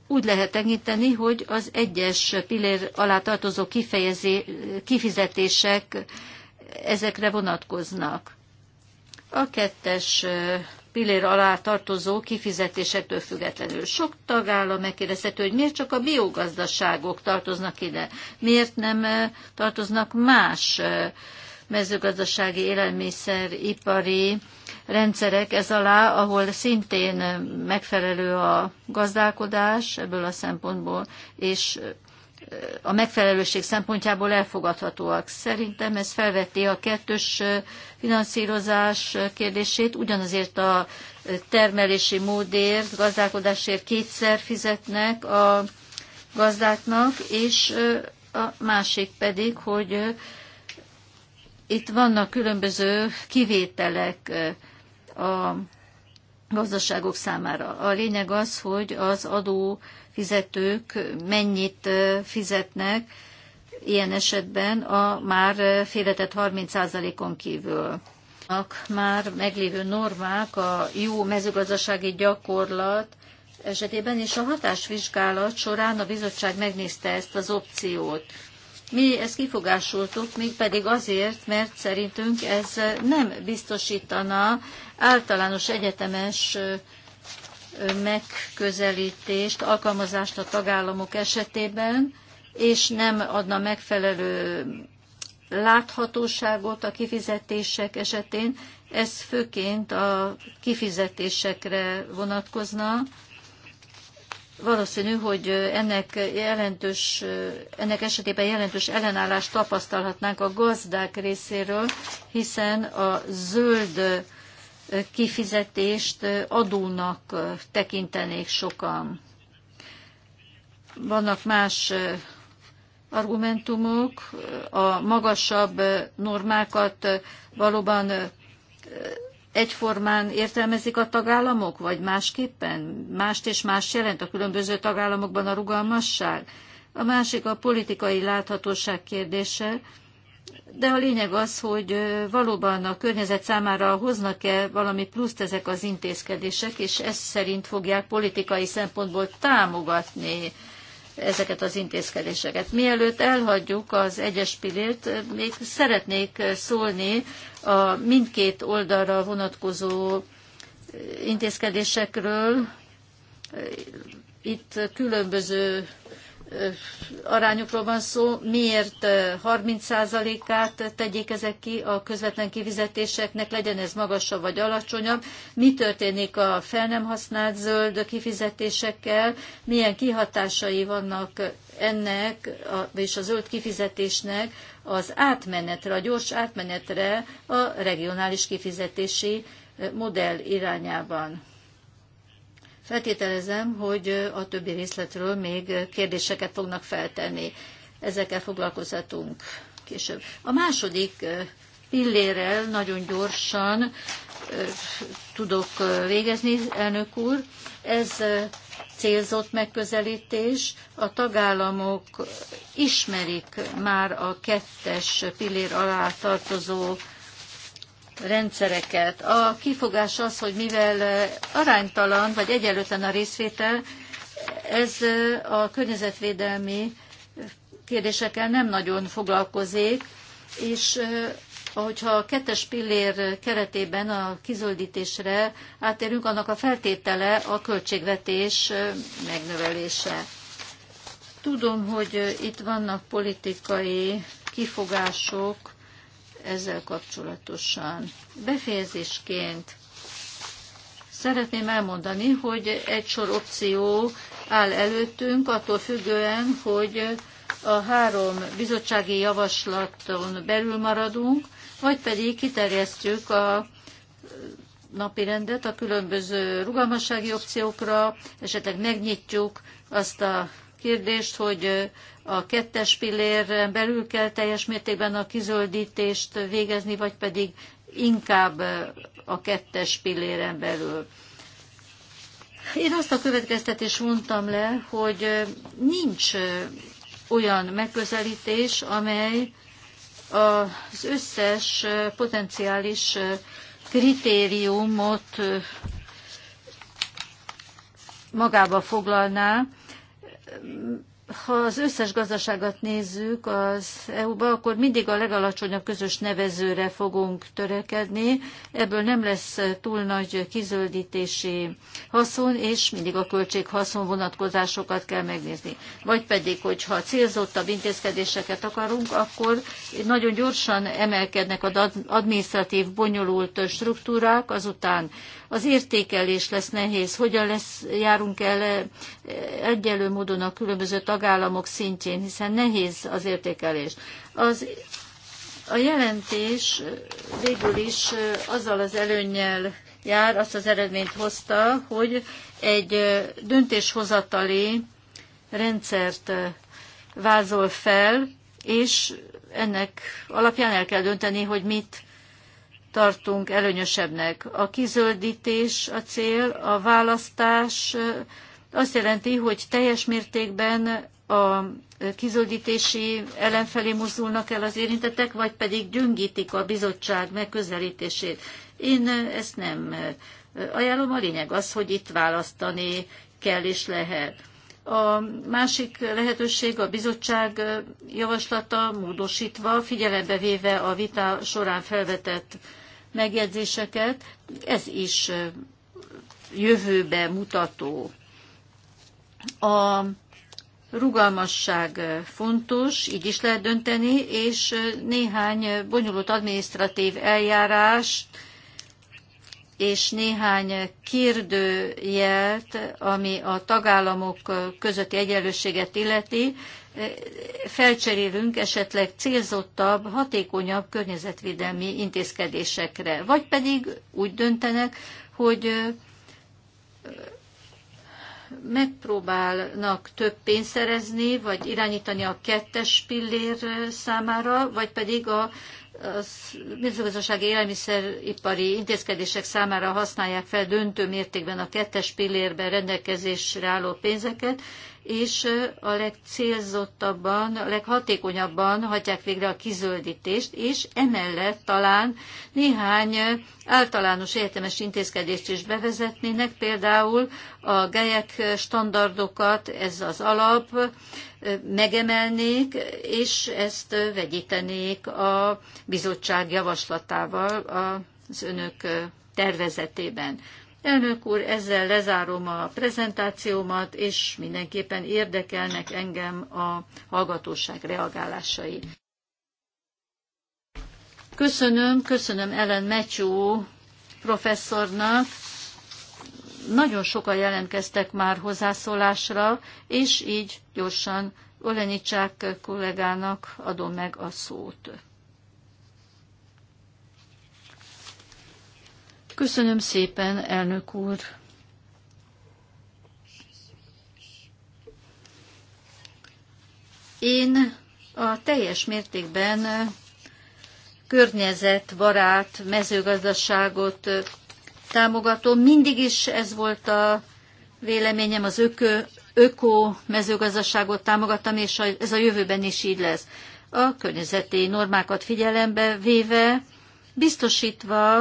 úgy lehet enyíteni, hogy az egyes pillér alá tartozó kifejezé, kifizetések ezekre vonatkoznak a kettes pillér alá tartozó kifizetésektől függetlenül. Sok tagállam megkérdezhető, hogy miért csak a biogazdaságok tartoznak ide, miért nem tartoznak más mezőgazdasági élelmiszeripari rendszerek ez alá, ahol szintén megfelelő a gazdálkodás ebből a szempontból, és a megfelelőség szempontjából elfogadhatóak. Szerintem ez felveti a kettős finanszírozás kérdését, ugyanazért a termelési módért, gazdálkodásért kétszer fizetnek a gazdáknak, és a másik pedig, hogy itt vannak különböző kivételek a gazdaságok számára. A lényeg az, hogy az adó fizetők mennyit fizetnek ilyen esetben a már félretett 30%-on kívül. Már meglévő normák a jó mezőgazdasági gyakorlat esetében, és a hatásvizsgálat során a bizottság megnézte ezt az opciót. Mi ezt kifogásoltuk, még pedig azért, mert szerintünk ez nem biztosítana általános egyetemes megközelítést, alkalmazást a tagállamok esetében, és nem adna megfelelő láthatóságot a kifizetések esetén. Ez főként a kifizetésekre vonatkozna. Valószínű, hogy ennek, jelentős, ennek esetében jelentős ellenállást tapasztalhatnánk a gazdák részéről, hiszen a zöld kifizetést adónak tekintenék sokan. Vannak más argumentumok, a magasabb normákat valóban egyformán értelmezik a tagállamok, vagy másképpen? Mást és más jelent a különböző tagállamokban a rugalmasság? A másik a politikai láthatóság kérdése de a lényeg az, hogy valóban a környezet számára hoznak-e valami pluszt ezek az intézkedések, és ez szerint fogják politikai szempontból támogatni ezeket az intézkedéseket. Mielőtt elhagyjuk az egyes pillért, még szeretnék szólni a mindkét oldalra vonatkozó intézkedésekről. Itt különböző arányokról van szó, miért 30%-át tegyék ezek ki a közvetlen kifizetéseknek, legyen ez magasabb vagy alacsonyabb, mi történik a fel nem használt zöld kifizetésekkel, milyen kihatásai vannak ennek, és a zöld kifizetésnek az átmenetre, a gyors átmenetre a regionális kifizetési modell irányában. Feltételezem, hogy a többi részletről még kérdéseket fognak feltenni. Ezekkel foglalkozhatunk később. A második pillérrel nagyon gyorsan tudok végezni, elnök úr. Ez célzott megközelítés. A tagállamok ismerik már a kettes pillér alá tartozó rendszereket. A kifogás az, hogy mivel aránytalan vagy egyenlőtlen a részvétel, ez a környezetvédelmi kérdésekkel nem nagyon foglalkozik, és ha a kettes pillér keretében a kizöldítésre átérünk, annak a feltétele a költségvetés megnövelése. Tudom, hogy itt vannak politikai kifogások, ezzel kapcsolatosan. Befejezésként szeretném elmondani, hogy egy sor opció áll előttünk, attól függően, hogy a három bizottsági javaslaton belül maradunk, vagy pedig kiterjesztjük a napirendet a különböző rugalmassági opciókra, esetleg megnyitjuk azt a kérdést, hogy a kettes pillér belül kell teljes mértékben a kizöldítést végezni, vagy pedig inkább a kettes pilléren belül. Én azt a következtetést mondtam le, hogy nincs olyan megközelítés, amely az összes potenciális kritériumot magába foglalná, ha az összes gazdaságot nézzük az EU-ba, akkor mindig a legalacsonyabb közös nevezőre fogunk törekedni. Ebből nem lesz túl nagy kizöldítési haszon, és mindig a költség-haszon vonatkozásokat kell megnézni. Vagy pedig, hogyha célzottabb intézkedéseket akarunk, akkor nagyon gyorsan emelkednek az administratív bonyolult struktúrák, azután az értékelés lesz nehéz, hogyan lesz, járunk el eh, egyelő módon a különböző tagállamok szintjén, hiszen nehéz az értékelés. Az a jelentés eh, végül is eh, azzal az előnnyel jár, azt az eredményt hozta, hogy egy döntéshozatali rendszert vázol fel, és ennek alapján el kell dönteni, hogy mit tartunk előnyösebbnek. A kizöldítés a cél, a választás azt jelenti, hogy teljes mértékben a kizöldítési ellenfelé mozdulnak el az érintettek, vagy pedig gyöngítik a bizottság megközelítését. Én ezt nem ajánlom. A lényeg az, hogy itt választani kell és lehet. A másik lehetőség a bizottság javaslata módosítva, figyelembe véve a vita során felvetett megjegyzéseket. Ez is jövőbe mutató. A rugalmasság fontos, így is lehet dönteni, és néhány bonyolult adminisztratív eljárást és néhány kérdőjelt, ami a tagállamok közötti egyenlőséget illeti, felcserélünk esetleg célzottabb, hatékonyabb környezetvédelmi intézkedésekre. Vagy pedig úgy döntenek, hogy megpróbálnak több pénzt szerezni, vagy irányítani a kettes pillér számára, vagy pedig a mezőgazdasági élelmiszeripari intézkedések számára használják fel döntő mértékben a kettes pillérben rendelkezésre álló pénzeket, és a legcélzottabban, a leghatékonyabban hagyják végre a kizöldítést, és emellett talán néhány általános értemes intézkedést is bevezetnének, például a gelyek standardokat, ez az alap, megemelnék, és ezt vegyítenék a bizottság javaslatával az önök tervezetében. Elnök úr, ezzel lezárom a prezentációmat, és mindenképpen érdekelnek engem a hallgatóság reagálásai. Köszönöm, köszönöm Ellen Matthew professzornak. Nagyon sokan jelentkeztek már hozzászólásra, és így gyorsan Olenicsák kollégának adom meg a szót. Köszönöm szépen, elnök úr. Én a teljes mértékben környezet, barát, mezőgazdaságot támogatom. Mindig is ez volt a véleményem, az ökö, öko mezőgazdaságot támogattam, és ez a jövőben is így lesz. A környezeti normákat figyelembe véve, biztosítva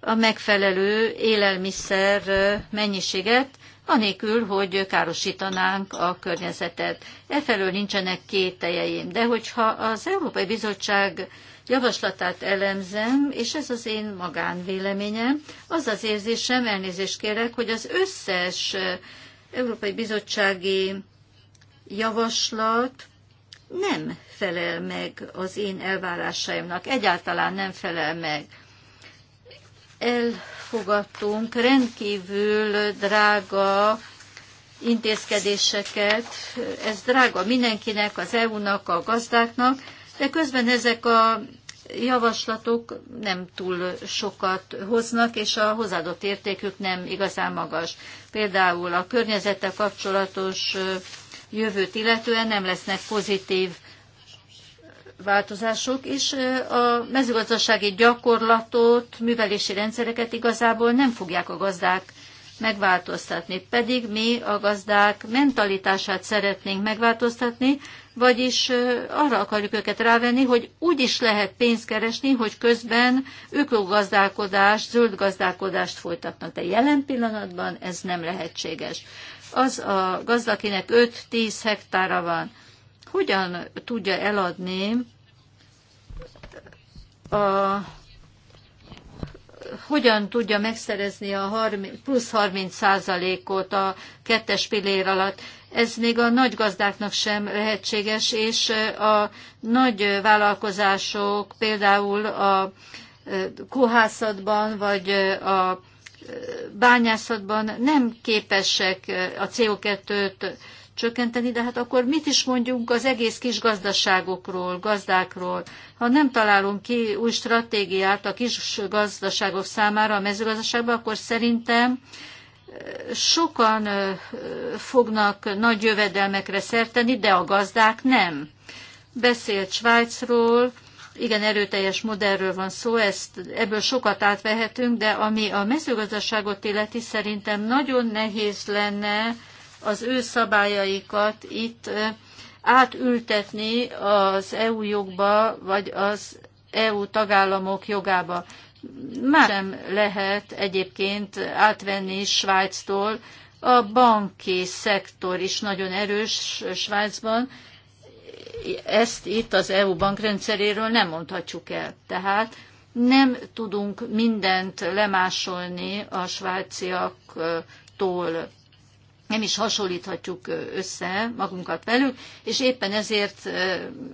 a megfelelő élelmiszer mennyiséget, anélkül, hogy károsítanánk a környezetet. Efelől nincsenek kételjeim, de hogyha az Európai Bizottság javaslatát elemzem, és ez az én magánvéleményem, az az érzésem, elnézést kérek, hogy az összes Európai Bizottsági javaslat nem felel meg az én elvárásaimnak, egyáltalán nem felel meg elfogadtunk rendkívül drága intézkedéseket. Ez drága mindenkinek, az EU-nak, a gazdáknak, de közben ezek a javaslatok nem túl sokat hoznak, és a hozzáadott értékük nem igazán magas. Például a környezettel kapcsolatos jövőt illetően nem lesznek pozitív változások, és a mezőgazdasági gyakorlatot, művelési rendszereket igazából nem fogják a gazdák megváltoztatni. Pedig mi a gazdák mentalitását szeretnénk megváltoztatni, vagyis arra akarjuk őket rávenni, hogy úgy is lehet pénzt keresni, hogy közben ökogazdálkodást, zöld gazdálkodást folytatnak. De jelen pillanatban ez nem lehetséges. Az a gazdakinek 5-10 hektára van, hogyan tudja eladni a hogyan tudja megszerezni a 30, plusz 30 százalékot a kettes pillér alatt. Ez még a nagy gazdáknak sem lehetséges, és a nagy vállalkozások például a kohászatban vagy a bányászatban nem képesek a CO2-t csökkenteni, de hát akkor mit is mondjunk az egész kis gazdaságokról, gazdákról? Ha nem találunk ki új stratégiát a kis gazdaságok számára a mezőgazdaságban, akkor szerintem eh, sokan eh, fognak nagy jövedelmekre szerteni, de a gazdák nem. Beszélt Svájcról, igen erőteljes modellről van szó, ezt, ebből sokat átvehetünk, de ami a mezőgazdaságot illeti, szerintem nagyon nehéz lenne az ő szabályaikat itt átültetni az EU jogba, vagy az EU tagállamok jogába. Már nem lehet egyébként átvenni Svájctól. A banki szektor is nagyon erős Svájcban. Ezt itt az EU bankrendszeréről nem mondhatjuk el. Tehát nem tudunk mindent lemásolni a svájciaktól nem is hasonlíthatjuk össze magunkat velük, és éppen ezért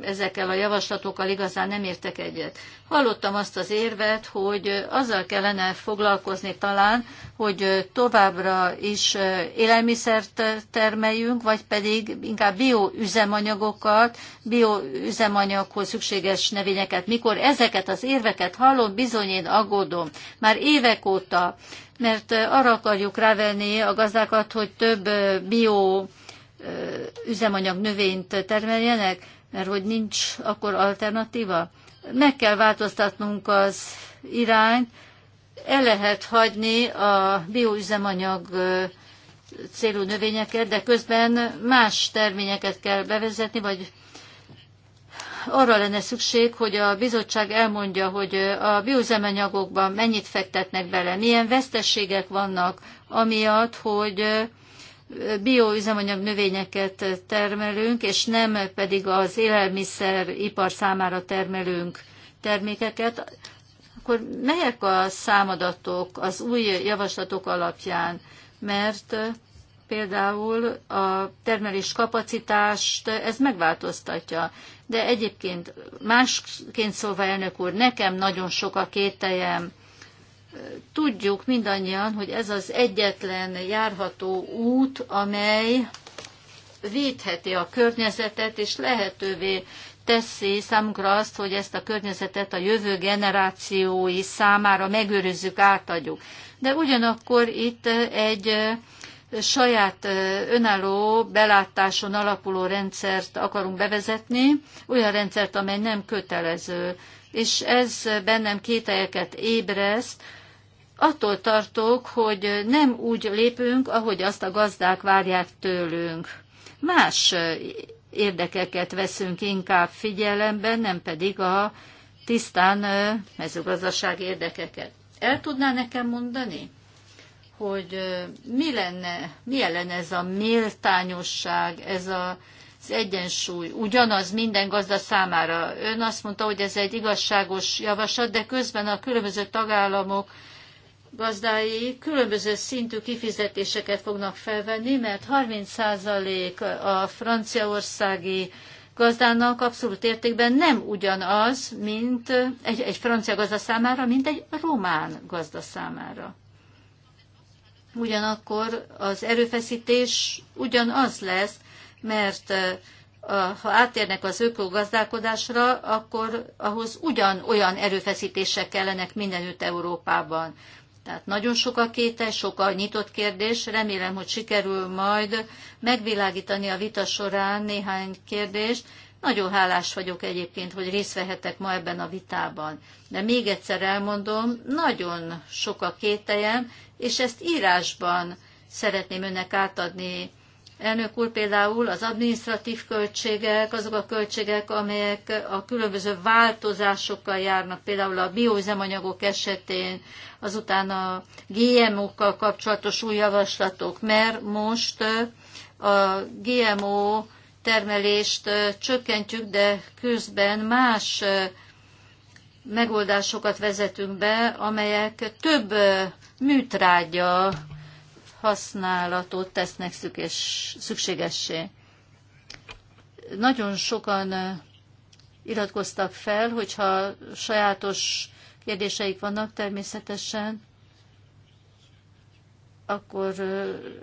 ezekkel a javaslatokkal igazán nem értek egyet. Hallottam azt az érvet, hogy azzal kellene foglalkozni talán, hogy továbbra is élelmiszert termeljünk, vagy pedig inkább bioüzemanyagokat, bioüzemanyaghoz szükséges növényeket. Mikor ezeket az érveket hallom, bizony én aggódom. Már évek óta mert arra akarjuk rávenni a gazdákat, hogy több bio üzemanyag növényt termeljenek, mert hogy nincs akkor alternatíva. Meg kell változtatnunk az irányt, el lehet hagyni a bioüzemanyag célú növényeket, de közben más terményeket kell bevezetni, vagy arra lenne szükség, hogy a bizottság elmondja, hogy a bioüzemanyagokban mennyit fektetnek bele, milyen vesztességek vannak, amiatt, hogy bioüzemanyag növényeket termelünk, és nem pedig az élelmiszeripar számára termelünk termékeket, akkor melyek a számadatok az új javaslatok alapján? Mert például a termelés kapacitást, ez megváltoztatja. De egyébként másként szólva, elnök úr, nekem nagyon sok a kételjem. Tudjuk mindannyian, hogy ez az egyetlen járható út, amely védheti a környezetet, és lehetővé teszi számunkra azt, hogy ezt a környezetet a jövő generációi számára megőrizzük, átadjuk. De ugyanakkor itt egy saját önálló belátáson alapuló rendszert akarunk bevezetni, olyan rendszert, amely nem kötelező. És ez bennem kételyeket ébreszt, attól tartok, hogy nem úgy lépünk, ahogy azt a gazdák várják tőlünk. Más érdekeket veszünk inkább figyelembe, nem pedig a tisztán mezőgazdaság érdekeket. El tudná nekem mondani? hogy mi lenne, milyen lenne ez a méltányosság, ez a, az egyensúly, ugyanaz minden gazda számára. Ön azt mondta, hogy ez egy igazságos javaslat, de közben a különböző tagállamok gazdái különböző szintű kifizetéseket fognak felvenni, mert 30% a franciaországi gazdának abszolút értékben nem ugyanaz, mint egy, egy francia gazda számára, mint egy román gazda számára ugyanakkor az erőfeszítés ugyanaz lesz, mert ha átérnek az ökogazdálkodásra, akkor ahhoz ugyan olyan erőfeszítések kellenek mindenütt Európában. Tehát nagyon sok a kétel, sok a nyitott kérdés. Remélem, hogy sikerül majd megvilágítani a vita során néhány kérdést, nagyon hálás vagyok egyébként, hogy részt vehetek ma ebben a vitában. De még egyszer elmondom, nagyon sok a kételjem, és ezt írásban szeretném önnek átadni. Elnök úr, például az administratív költségek, azok a költségek, amelyek a különböző változásokkal járnak, például a bioüzemanyagok esetén, azután a GMO-kkal kapcsolatos új javaslatok, mert most a GMO termelést csökkentjük, de közben más megoldásokat vezetünk be, amelyek több műtrágya használatot tesznek szükségessé. Nagyon sokan iratkoztak fel, hogyha sajátos kérdéseik vannak természetesen, akkor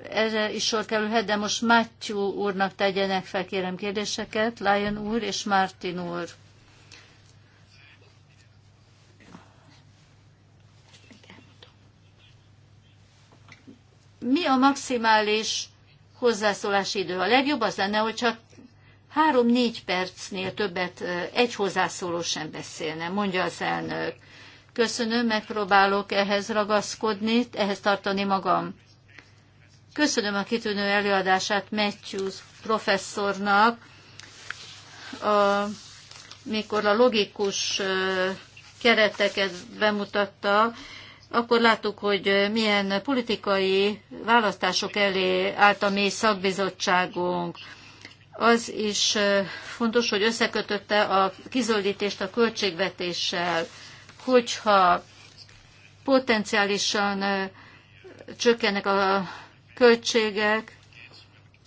erre is sor kerülhet, de most Matthew úrnak tegyenek fel, kérem kérdéseket, Lion úr és Martin úr. Mi a maximális hozzászólási idő? A legjobb az lenne, hogy csak három-négy percnél többet egy hozzászóló sem beszélne, mondja az elnök. Köszönöm, megpróbálok ehhez ragaszkodni, ehhez tartani magam. Köszönöm a kitűnő előadását Matthews professzornak, a, mikor a logikus kereteket bemutatta, akkor láttuk, hogy milyen politikai választások elé állt a mi szakbizottságunk. Az is fontos, hogy összekötötte a kizöldítést a költségvetéssel hogyha potenciálisan csökkennek a költségek,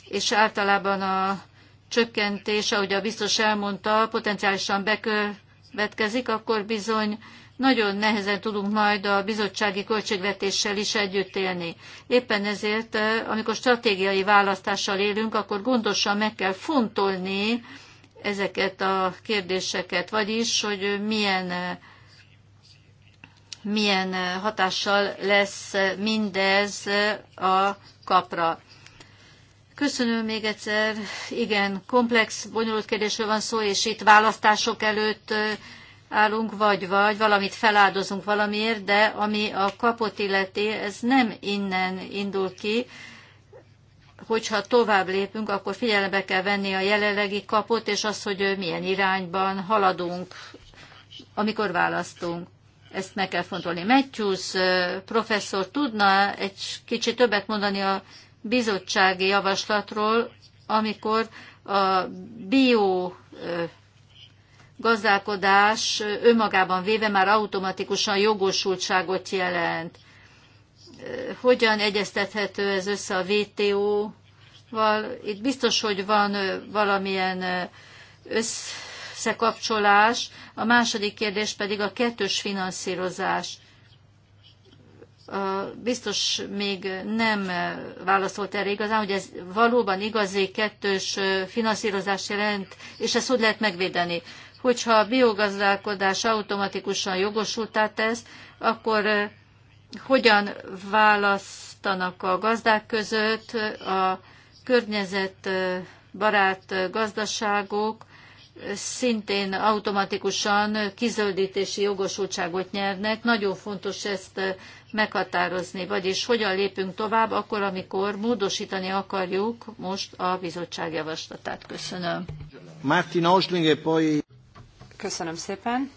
és általában a csökkentés, ahogy a biztos elmondta, potenciálisan bekövetkezik, akkor bizony nagyon nehezen tudunk majd a bizottsági költségvetéssel is együtt élni. Éppen ezért, amikor stratégiai választással élünk, akkor gondosan meg kell fontolni ezeket a kérdéseket, vagyis, hogy milyen milyen hatással lesz mindez a kapra. Köszönöm még egyszer. Igen, komplex, bonyolult kérdésről van szó, és itt választások előtt állunk, vagy vagy, valamit feláldozunk valamiért, de ami a kapot illeti, ez nem innen indul ki. Hogyha tovább lépünk, akkor figyelembe kell venni a jelenlegi kapot, és az, hogy milyen irányban haladunk, amikor választunk ezt meg kell fontolni. Matthews professzor tudna egy kicsit többet mondani a bizottsági javaslatról, amikor a bio gazdálkodás önmagában véve már automatikusan jogosultságot jelent. Hogyan egyeztethető ez össze a WTO-val? Itt biztos, hogy van valamilyen össz, összekapcsolás, a második kérdés pedig a kettős finanszírozás. Biztos még nem válaszolt erre igazán, hogy ez valóban igazi kettős finanszírozás jelent, és ezt úgy lehet megvédeni. Hogyha a biogazdálkodás automatikusan jogosultá tesz, akkor eh, hogyan választanak a gazdák között a környezet barát eh, gazdaságok szintén automatikusan kizöldítési jogosultságot nyernek. Nagyon fontos ezt meghatározni, vagyis hogyan lépünk tovább akkor, amikor módosítani akarjuk most a bizottság javaslatát. Köszönöm. Martin Osling, e poi... Köszönöm szépen.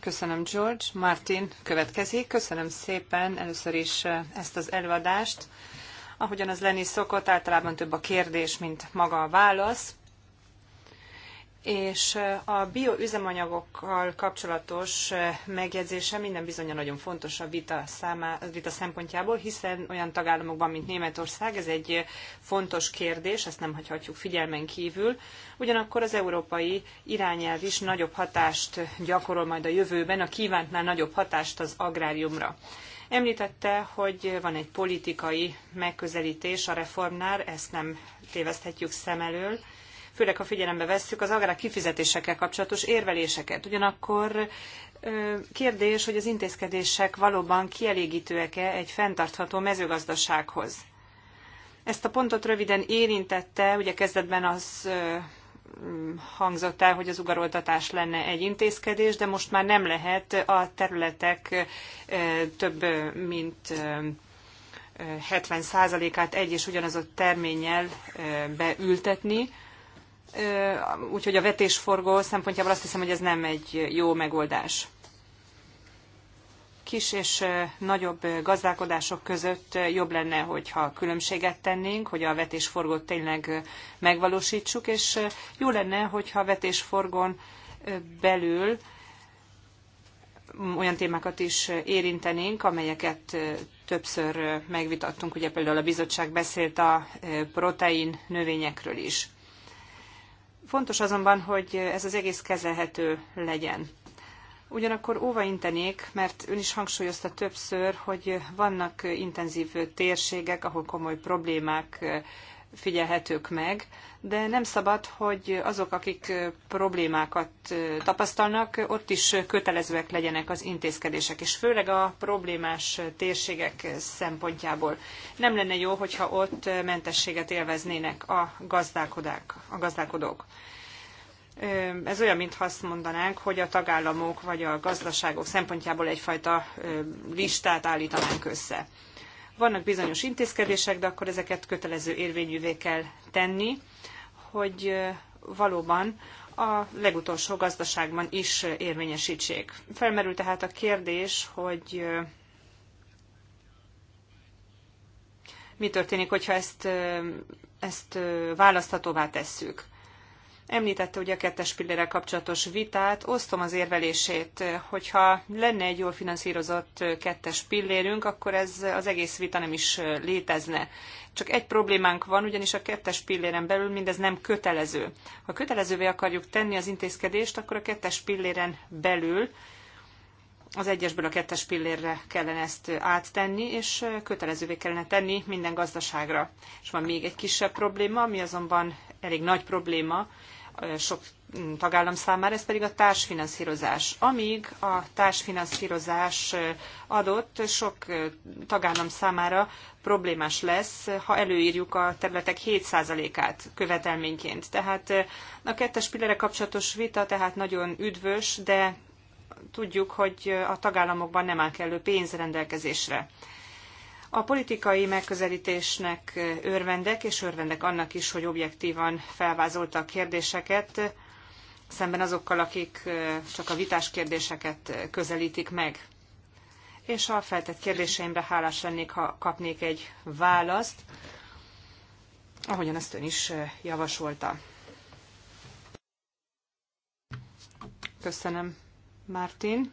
Köszönöm, George. Martin következik. Köszönöm szépen először is e, ezt az előadást. Ahogyan az lenni szokott, általában több a kérdés, mint maga a válasz és a bioüzemanyagokkal kapcsolatos megjegyzése minden bizony nagyon fontos a vita, számá, vita szempontjából, hiszen olyan tagállamokban, mint Németország, ez egy fontos kérdés, ezt nem hagyhatjuk figyelmen kívül. Ugyanakkor az európai irányelv is nagyobb hatást gyakorol majd a jövőben, a kívántnál nagyobb hatást az agráriumra. Említette, hogy van egy politikai megközelítés a reformnál, ezt nem téveszthetjük szem elől főleg ha figyelembe vesszük az agrár kifizetésekkel kapcsolatos érveléseket. Ugyanakkor kérdés, hogy az intézkedések valóban kielégítőek-e egy fenntartható mezőgazdasághoz. Ezt a pontot röviden érintette, ugye kezdetben az hangzott el, hogy az ugaroltatás lenne egy intézkedés, de most már nem lehet a területek több mint 70%-át egy és ugyanazott terménnyel beültetni úgyhogy a vetésforgó szempontjából azt hiszem, hogy ez nem egy jó megoldás. Kis és nagyobb gazdálkodások között jobb lenne, hogyha különbséget tennénk, hogy a vetésforgót tényleg megvalósítsuk, és jó lenne, hogyha a vetésforgón belül olyan témákat is érintenénk, amelyeket többször megvitattunk, ugye például a bizottság beszélt a protein növényekről is. Fontos azonban, hogy ez az egész kezelhető legyen. Ugyanakkor óva intenék, mert ön is hangsúlyozta többször, hogy vannak intenzív térségek, ahol komoly problémák figyelhetők meg, de nem szabad, hogy azok, akik problémákat tapasztalnak, ott is kötelezőek legyenek az intézkedések, és főleg a problémás térségek szempontjából. Nem lenne jó, hogyha ott mentességet élveznének a, a gazdálkodók. Ez olyan, mintha azt mondanánk, hogy a tagállamok vagy a gazdaságok szempontjából egyfajta listát állítanánk össze. Vannak bizonyos intézkedések, de akkor ezeket kötelező érvényűvé kell tenni, hogy valóban a legutolsó gazdaságban is érvényesítsék. Felmerül tehát a kérdés, hogy mi történik, hogyha ezt, ezt választhatóvá tesszük. Említette ugye a kettes pillérrel kapcsolatos vitát, osztom az érvelését, hogyha lenne egy jól finanszírozott kettes pillérünk, akkor ez az egész vita nem is létezne. Csak egy problémánk van, ugyanis a kettes pilléren belül mindez nem kötelező. Ha kötelezővé akarjuk tenni az intézkedést, akkor a kettes pilléren belül az egyesből a kettes pillérre kellene ezt áttenni, és kötelezővé kellene tenni minden gazdaságra. És van még egy kisebb probléma, ami azonban elég nagy probléma, sok mm, tagállam számára, ez pedig a társfinanszírozás. Amíg a társfinanszírozás adott, sok tagállam számára problémás lesz, ha előírjuk a területek 7%-át követelményként. Tehát a kettes pillere kapcsolatos vita tehát nagyon üdvös, de tudjuk, hogy a tagállamokban nem áll kellő pénz rendelkezésre. A politikai megközelítésnek örvendek, és örvendek annak is, hogy objektívan felvázolta a kérdéseket, szemben azokkal, akik csak a vitás kérdéseket közelítik meg. És a feltett kérdéseimre hálás lennék, ha kapnék egy választ, ahogyan azt ön is javasolta. Köszönöm, Martin.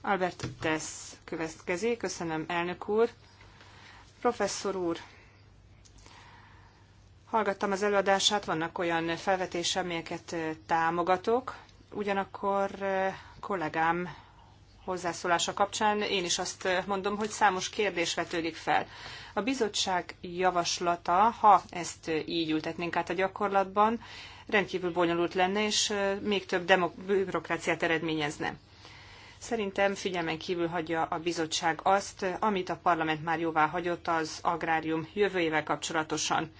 Albert Tess következik. Köszönöm, elnök úr. Professzor úr, hallgattam az előadását, vannak olyan felvetések, amelyeket támogatok, ugyanakkor kollégám hozzászólása kapcsán én is azt mondom, hogy számos kérdés vetődik fel. A bizottság javaslata, ha ezt így ültetnénk át a gyakorlatban, rendkívül bonyolult lenne, és még több bürokráciát eredményezne. Szerintem figyelmen kívül hagyja a bizottság azt, amit a parlament már jóvá hagyott az agrárium jövőjével kapcsolatosan.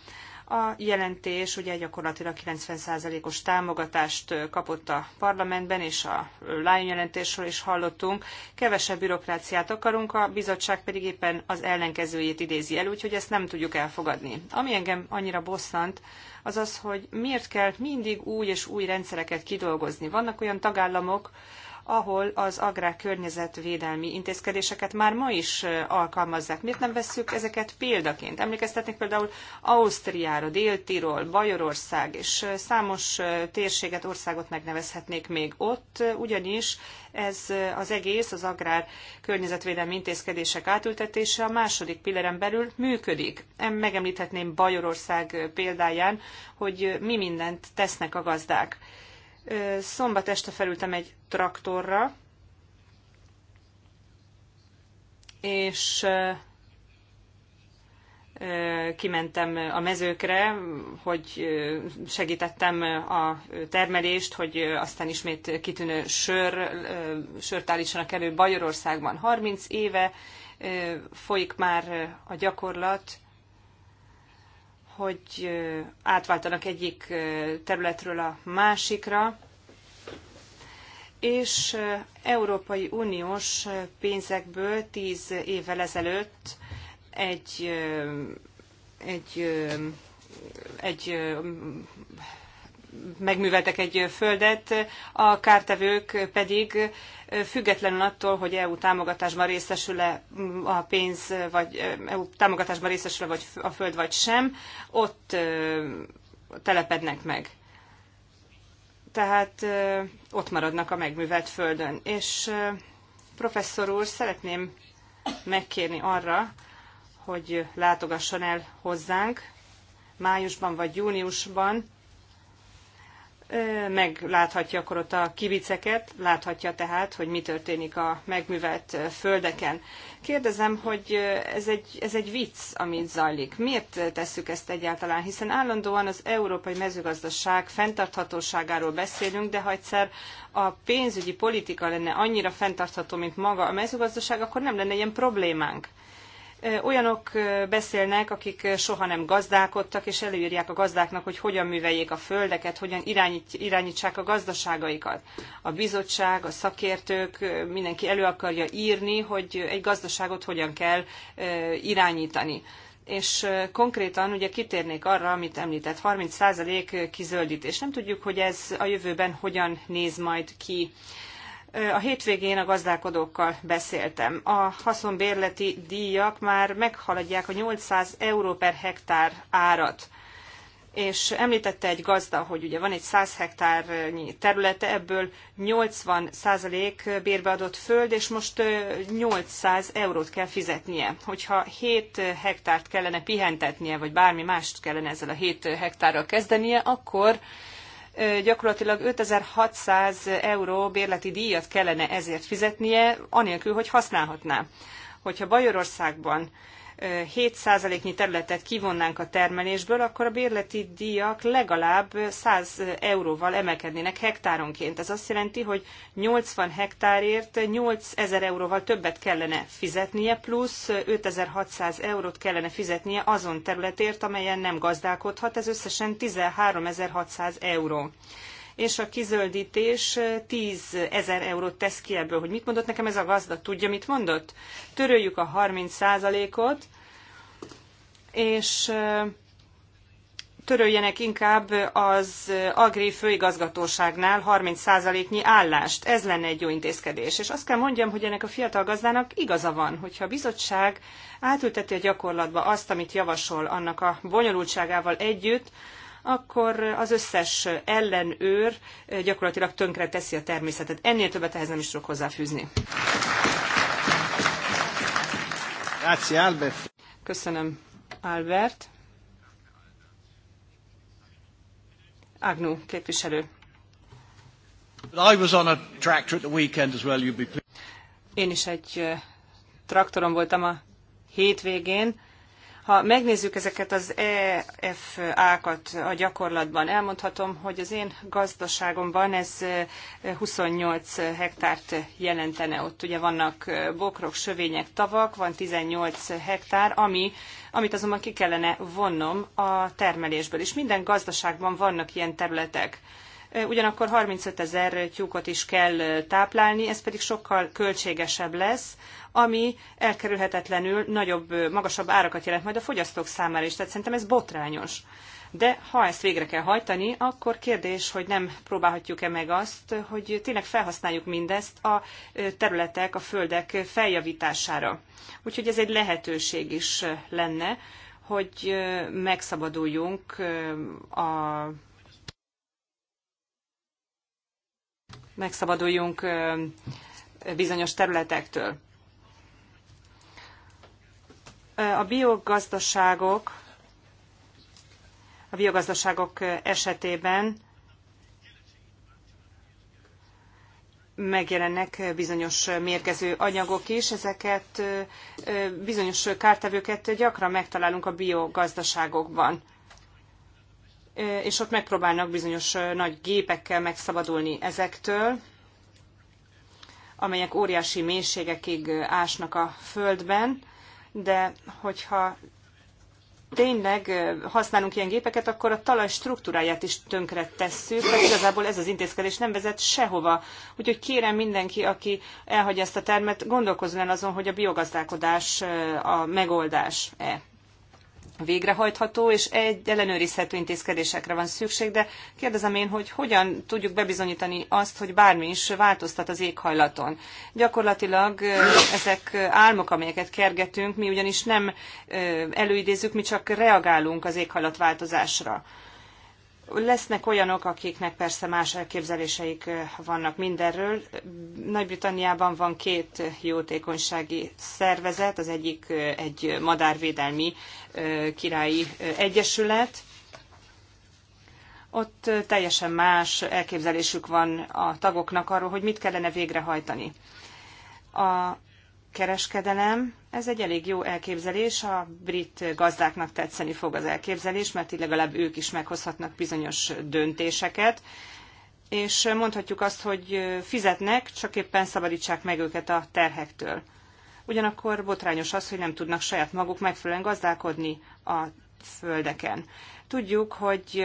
A jelentés ugye gyakorlatilag 90%-os támogatást kapott a parlamentben, és a Lion jelentésről is hallottunk. Kevesebb bürokráciát akarunk, a bizottság pedig éppen az ellenkezőjét idézi elő, úgyhogy ezt nem tudjuk elfogadni. Ami engem annyira bosszant, az az, hogy miért kell mindig új és új rendszereket kidolgozni. Vannak olyan tagállamok, ahol az agrárkörnyezetvédelmi intézkedéseket már ma is alkalmazzák. Miért nem vesszük ezeket példaként? Emlékeztetnék például Ausztriára, Dél-Tirol, Bajorország és számos térséget, országot megnevezhetnék még ott, ugyanis ez az egész, az agrár környezetvédelmi intézkedések átültetése a második pilléren belül működik. Megemlíthetném Bajorország példáján, hogy mi mindent tesznek a gazdák. Szombat este felültem egy traktorra, és kimentem a mezőkre, hogy segítettem a termelést, hogy aztán ismét kitűnő sör, sört állítsanak elő Bajorországban. 30 éve folyik már a gyakorlat, hogy átváltanak egyik területről a másikra, és Európai Uniós pénzekből tíz évvel ezelőtt egy, egy, egy, egy megműveltek egy földet, a kártevők pedig függetlenül attól, hogy EU támogatásban részesül-e a pénz, vagy EU támogatásban részesül-e vagy a föld, vagy sem, ott telepednek meg. Tehát ott maradnak a megművelt földön. És professzor úr, szeretném megkérni arra, hogy látogasson el hozzánk májusban vagy júniusban, megláthatja akkor ott a kiviceket, láthatja tehát, hogy mi történik a megművelt földeken. Kérdezem, hogy ez egy, ez egy vicc, amit zajlik. Miért tesszük ezt egyáltalán? Hiszen állandóan az európai mezőgazdaság fenntarthatóságáról beszélünk, de ha egyszer a pénzügyi politika lenne annyira fenntartható, mint maga a mezőgazdaság, akkor nem lenne ilyen problémánk. Olyanok beszélnek, akik soha nem gazdálkodtak, és előírják a gazdáknak, hogy hogyan műveljék a földeket, hogyan irányít, irányítsák a gazdaságaikat. A bizottság, a szakértők, mindenki elő akarja írni, hogy egy gazdaságot hogyan kell irányítani és konkrétan ugye kitérnék arra, amit említett, 30% kizöldítés. Nem tudjuk, hogy ez a jövőben hogyan néz majd ki. A hétvégén a gazdálkodókkal beszéltem. A haszonbérleti díjak már meghaladják a 800 euró per hektár árat és említette egy gazda, hogy ugye van egy 100 hektárnyi területe, ebből 80 százalék bérbe adott föld, és most 800 eurót kell fizetnie. Hogyha 7 hektárt kellene pihentetnie, vagy bármi mást kellene ezzel a 7 hektárral kezdenie, akkor gyakorlatilag 5600 euró bérleti díjat kellene ezért fizetnie, anélkül, hogy használhatná. Hogyha Bajorországban 7%-nyi területet kivonnánk a termelésből, akkor a bérleti díjak legalább 100 euróval emelkednének hektáronként. Ez azt jelenti, hogy 80 hektárért 8000 euróval többet kellene fizetnie, plusz 5600 eurót kellene fizetnie azon területért, amelyen nem gazdálkodhat, ez összesen 13600 euró és a kizöldítés 10 ezer eurót tesz ki ebből. Hogy mit mondott nekem ez a gazda? Tudja, mit mondott? Töröljük a 30 százalékot, és töröljenek inkább az Agri főigazgatóságnál 30%-nyi állást. Ez lenne egy jó intézkedés. És azt kell mondjam, hogy ennek a fiatal gazdának igaza van, hogyha a bizottság átülteti a gyakorlatba azt, amit javasol annak a bonyolultságával együtt, akkor az összes ellenőr gyakorlatilag tönkre teszi a természetet. Ennél többet ehhez nem is tudok hozzáfűzni. Grazie, Albert. Köszönöm, Albert. Agnú képviselő. I was on a tractor at the weekend as well, you'd be pleased. Én is egy traktoron voltam a hétvégén, ha megnézzük ezeket az EFA-kat a gyakorlatban, elmondhatom, hogy az én gazdaságomban ez 28 hektárt jelentene. Ott ugye vannak bokrok, sövények, tavak, van 18 hektár, ami, amit azonban ki kellene vonnom a termelésből. És minden gazdaságban vannak ilyen területek ugyanakkor 35 ezer tyúkot is kell táplálni, ez pedig sokkal költségesebb lesz, ami elkerülhetetlenül nagyobb, magasabb árakat jelent majd a fogyasztók számára is, tehát szerintem ez botrányos. De ha ezt végre kell hajtani, akkor kérdés, hogy nem próbálhatjuk-e meg azt, hogy tényleg felhasználjuk mindezt a területek, a földek feljavítására. Úgyhogy ez egy lehetőség is lenne, hogy megszabaduljunk a megszabaduljunk bizonyos területektől. A biogazdaságok, a biogazdaságok esetében megjelennek bizonyos mérgező anyagok is, ezeket bizonyos kártevőket gyakran megtalálunk a biogazdaságokban és ott megpróbálnak bizonyos nagy gépekkel megszabadulni ezektől, amelyek óriási mélységekig ásnak a földben, de hogyha tényleg használunk ilyen gépeket, akkor a talaj struktúráját is tönkre tesszük, mert igazából ez az intézkedés nem vezet sehova. Úgyhogy kérem mindenki, aki elhagyja ezt a termet, gondolkozzon el azon, hogy a biogazdálkodás a megoldás-e végrehajtható és egy ellenőrizhető intézkedésekre van szükség, de kérdezem én, hogy hogyan tudjuk bebizonyítani azt, hogy bármi is változtat az éghajlaton. Gyakorlatilag ezek álmok, amelyeket kergetünk, mi ugyanis nem előidézzük, mi csak reagálunk az éghajlatváltozásra. Lesznek olyanok, akiknek persze más elképzeléseik vannak mindenről. Nagy-Britanniában van két jótékonysági szervezet, az egyik egy madárvédelmi királyi egyesület. Ott teljesen más elképzelésük van a tagoknak arról, hogy mit kellene végrehajtani. A kereskedelem. Ez egy elég jó elképzelés, a brit gazdáknak tetszeni fog az elképzelés, mert így legalább ők is meghozhatnak bizonyos döntéseket, és mondhatjuk azt, hogy fizetnek, csak éppen szabadítsák meg őket a terhektől. Ugyanakkor botrányos az, hogy nem tudnak saját maguk megfelelően gazdálkodni a földeken. Tudjuk, hogy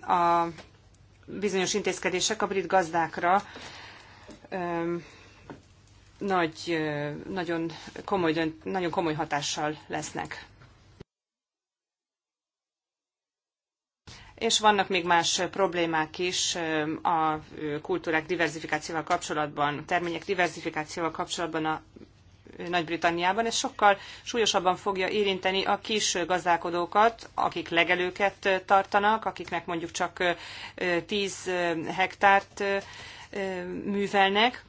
a bizonyos intézkedések a brit gazdákra nagy, nagyon, komoly, nagyon komoly hatással lesznek. És vannak még más problémák is a kultúrák diversifikációval kapcsolatban, termények diversifikációval kapcsolatban a nagy-Britanniában, ez sokkal súlyosabban fogja érinteni a kis gazdálkodókat, akik legelőket tartanak, akiknek mondjuk csak 10 hektárt művelnek,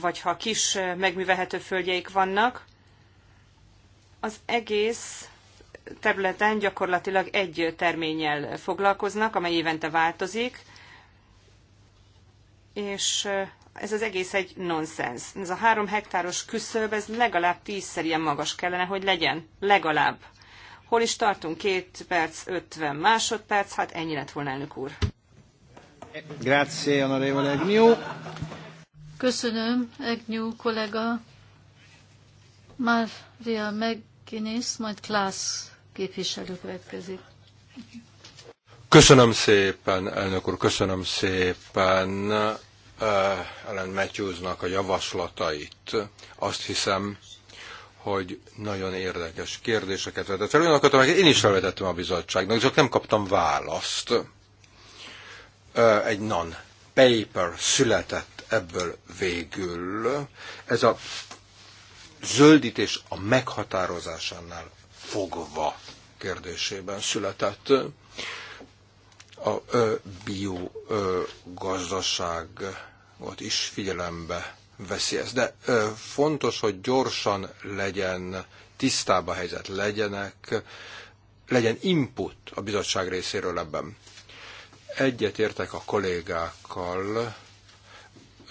vagy ha kis megművelhető földjeik vannak, az egész területen gyakorlatilag egy terménnyel foglalkoznak, amely évente változik, és ez az egész egy nonsens. Ez a három hektáros küszöb, ez legalább tízszer ilyen magas kellene, hogy legyen. Legalább. Hol is tartunk? Két perc, ötven másodperc, hát ennyi lett volna, elnök úr. Grazie, onorevole Agnew. Köszönöm, Egnyú kollega. Mária McGuinness, majd Klász képviselő következik. Köszönöm szépen, elnök úr, köszönöm szépen uh, eh, Ellen Matthewsnak a javaslatait. Azt hiszem, hogy nagyon érdekes kérdéseket vetett fel. Olyanokat, amelyeket én is felvetettem a bizottságnak, csak nem kaptam választ. Uh, egy non-paper született ebből végül. Ez a zöldítés a meghatározásánál fogva kérdésében született. A biogazdaságot is figyelembe veszi ezt. De fontos, hogy gyorsan legyen tisztába helyzet, legyenek, legyen input a bizottság részéről ebben. Egyet értek a kollégákkal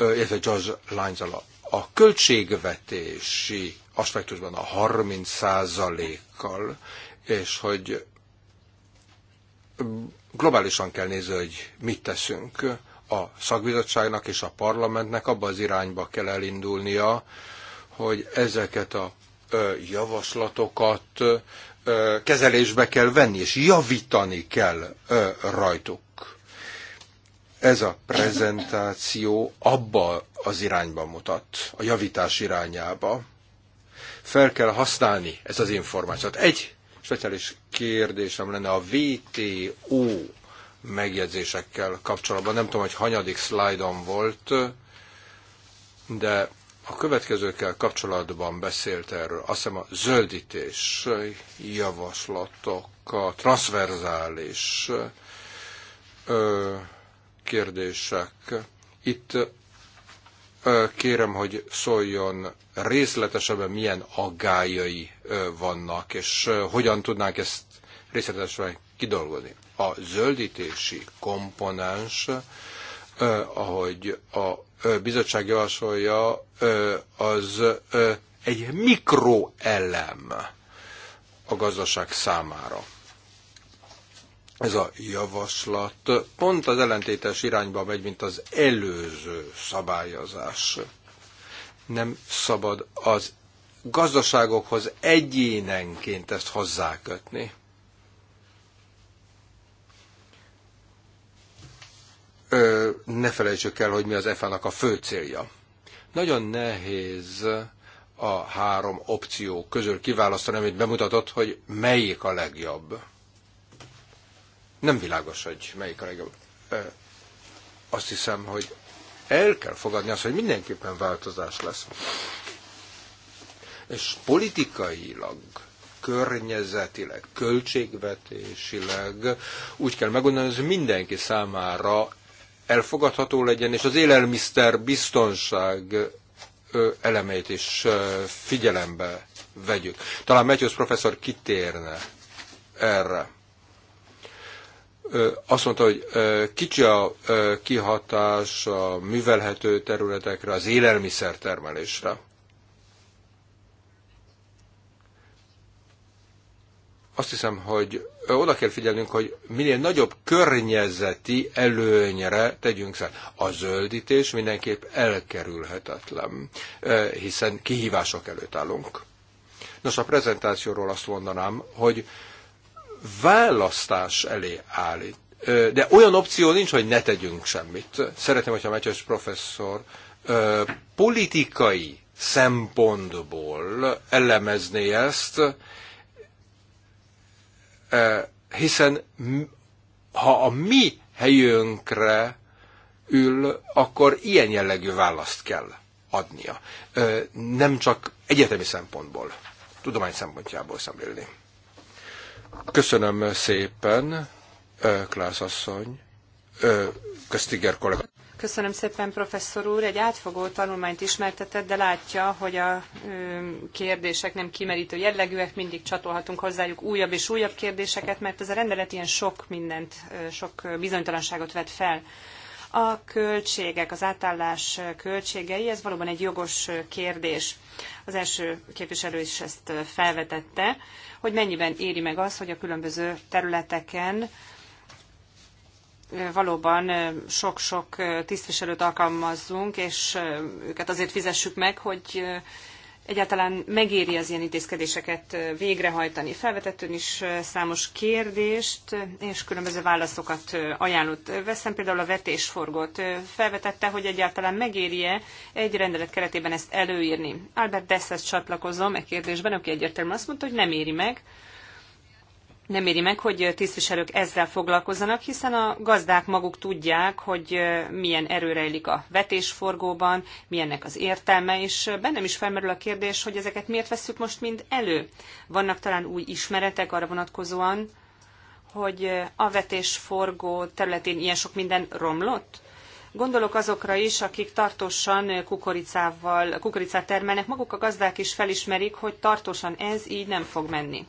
illetve George Lányzala, A költségvetési aspektusban a 30%-kal, és hogy globálisan kell nézni, hogy mit teszünk. A szakbizottságnak és a parlamentnek abba az irányba kell elindulnia, hogy ezeket a javaslatokat kezelésbe kell venni, és javítani kell rajtuk ez a prezentáció abba az irányba mutat, a javítás irányába. Fel kell használni ez az információt. Egy speciális kérdésem lenne a VTO megjegyzésekkel kapcsolatban. Nem tudom, hogy hanyadik szlájdon volt, de a következőkkel kapcsolatban beszélt erről. Azt hiszem a zöldítés javaslatok, a transzverzális ö, kérdések. Itt kérem, hogy szóljon részletesebben, milyen aggályai vannak, és hogyan tudnánk ezt részletesen kidolgozni. A zöldítési komponens, ahogy a bizottság javasolja, az egy mikroelem a gazdaság számára ez a javaslat pont az ellentétes irányba megy, mint az előző szabályozás. Nem szabad az gazdaságokhoz egyénenként ezt hozzákötni. Ö, ne felejtsük el, hogy mi az EFA-nak a fő célja. Nagyon nehéz a három opció közül kiválasztani, amit bemutatott, hogy melyik a legjobb nem világos, hogy melyik a legjobb. Azt hiszem, hogy el kell fogadni azt, hogy mindenképpen változás lesz. És politikailag, környezetileg, költségvetésileg úgy kell megmondani, hogy mindenki számára elfogadható legyen, és az élelmiszer biztonság elemeit is figyelembe vegyük. Talán Matthews professzor kitérne erre azt mondta, hogy kicsi a kihatás a művelhető területekre, az élelmiszertermelésre. Azt hiszem, hogy oda kell figyelnünk, hogy minél nagyobb környezeti előnyre tegyünk szert. A zöldítés mindenképp elkerülhetetlen, hiszen kihívások előtt állunk. Nos, a prezentációról azt mondanám, hogy választás elé állít. De olyan opció nincs, hogy ne tegyünk semmit. Szeretném, hogyha Mátyás professzor politikai szempontból elemezné ezt, hiszen ha a mi helyünkre ül, akkor ilyen jellegű választ kell adnia. Nem csak egyetemi szempontból, tudomány szempontjából szemlélni. Köszönöm szépen, Klász asszony, Köztiger kollega. Köszönöm szépen, professzor úr. Egy átfogó tanulmányt ismertetett, de látja, hogy a kérdések nem kimerítő jellegűek, mindig csatolhatunk hozzájuk újabb és újabb kérdéseket, mert ez a rendelet ilyen sok mindent, sok bizonytalanságot vet fel. A költségek, az átállás költségei, ez valóban egy jogos kérdés. Az első képviselő is ezt felvetette, hogy mennyiben éri meg az, hogy a különböző területeken valóban sok-sok tisztviselőt alkalmazzunk, és őket azért fizessük meg, hogy egyáltalán megéri az ilyen intézkedéseket végrehajtani. Felvetett ön is számos kérdést, és különböző válaszokat ajánlott. Veszem például a vetésforgót. Felvetette, hogy egyáltalán megéri-e egy rendelet keretében ezt előírni. Albert Desshez csatlakozom e kérdésben, aki egyértelműen azt mondta, hogy nem éri meg, nem éri meg, hogy tisztviselők ezzel foglalkozzanak, hiszen a gazdák maguk tudják, hogy milyen erőre élik a vetésforgóban, milyennek az értelme, és bennem is felmerül a kérdés, hogy ezeket miért veszük most mind elő. Vannak talán új ismeretek arra vonatkozóan, hogy a vetésforgó területén ilyen sok minden romlott? Gondolok azokra is, akik tartósan kukoricával, kukoricát termelnek, maguk a gazdák is felismerik, hogy tartósan ez így nem fog menni.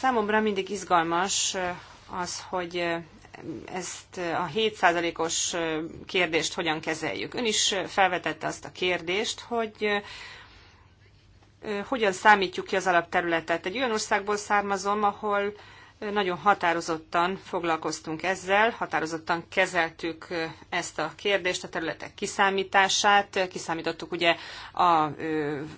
Számomra mindig izgalmas eh, az, hogy eh, ezt eh, a 7%-os kérdést hogyan kezeljük. Ön is felvetette azt a kérdést, hogy hogyan számítjuk ki az alapterületet. Egy olyan országból származom, ahol nagyon határozottan foglalkoztunk ezzel, határozottan kezeltük ezt a kérdést, a területek kiszámítását, kiszámítottuk ugye a,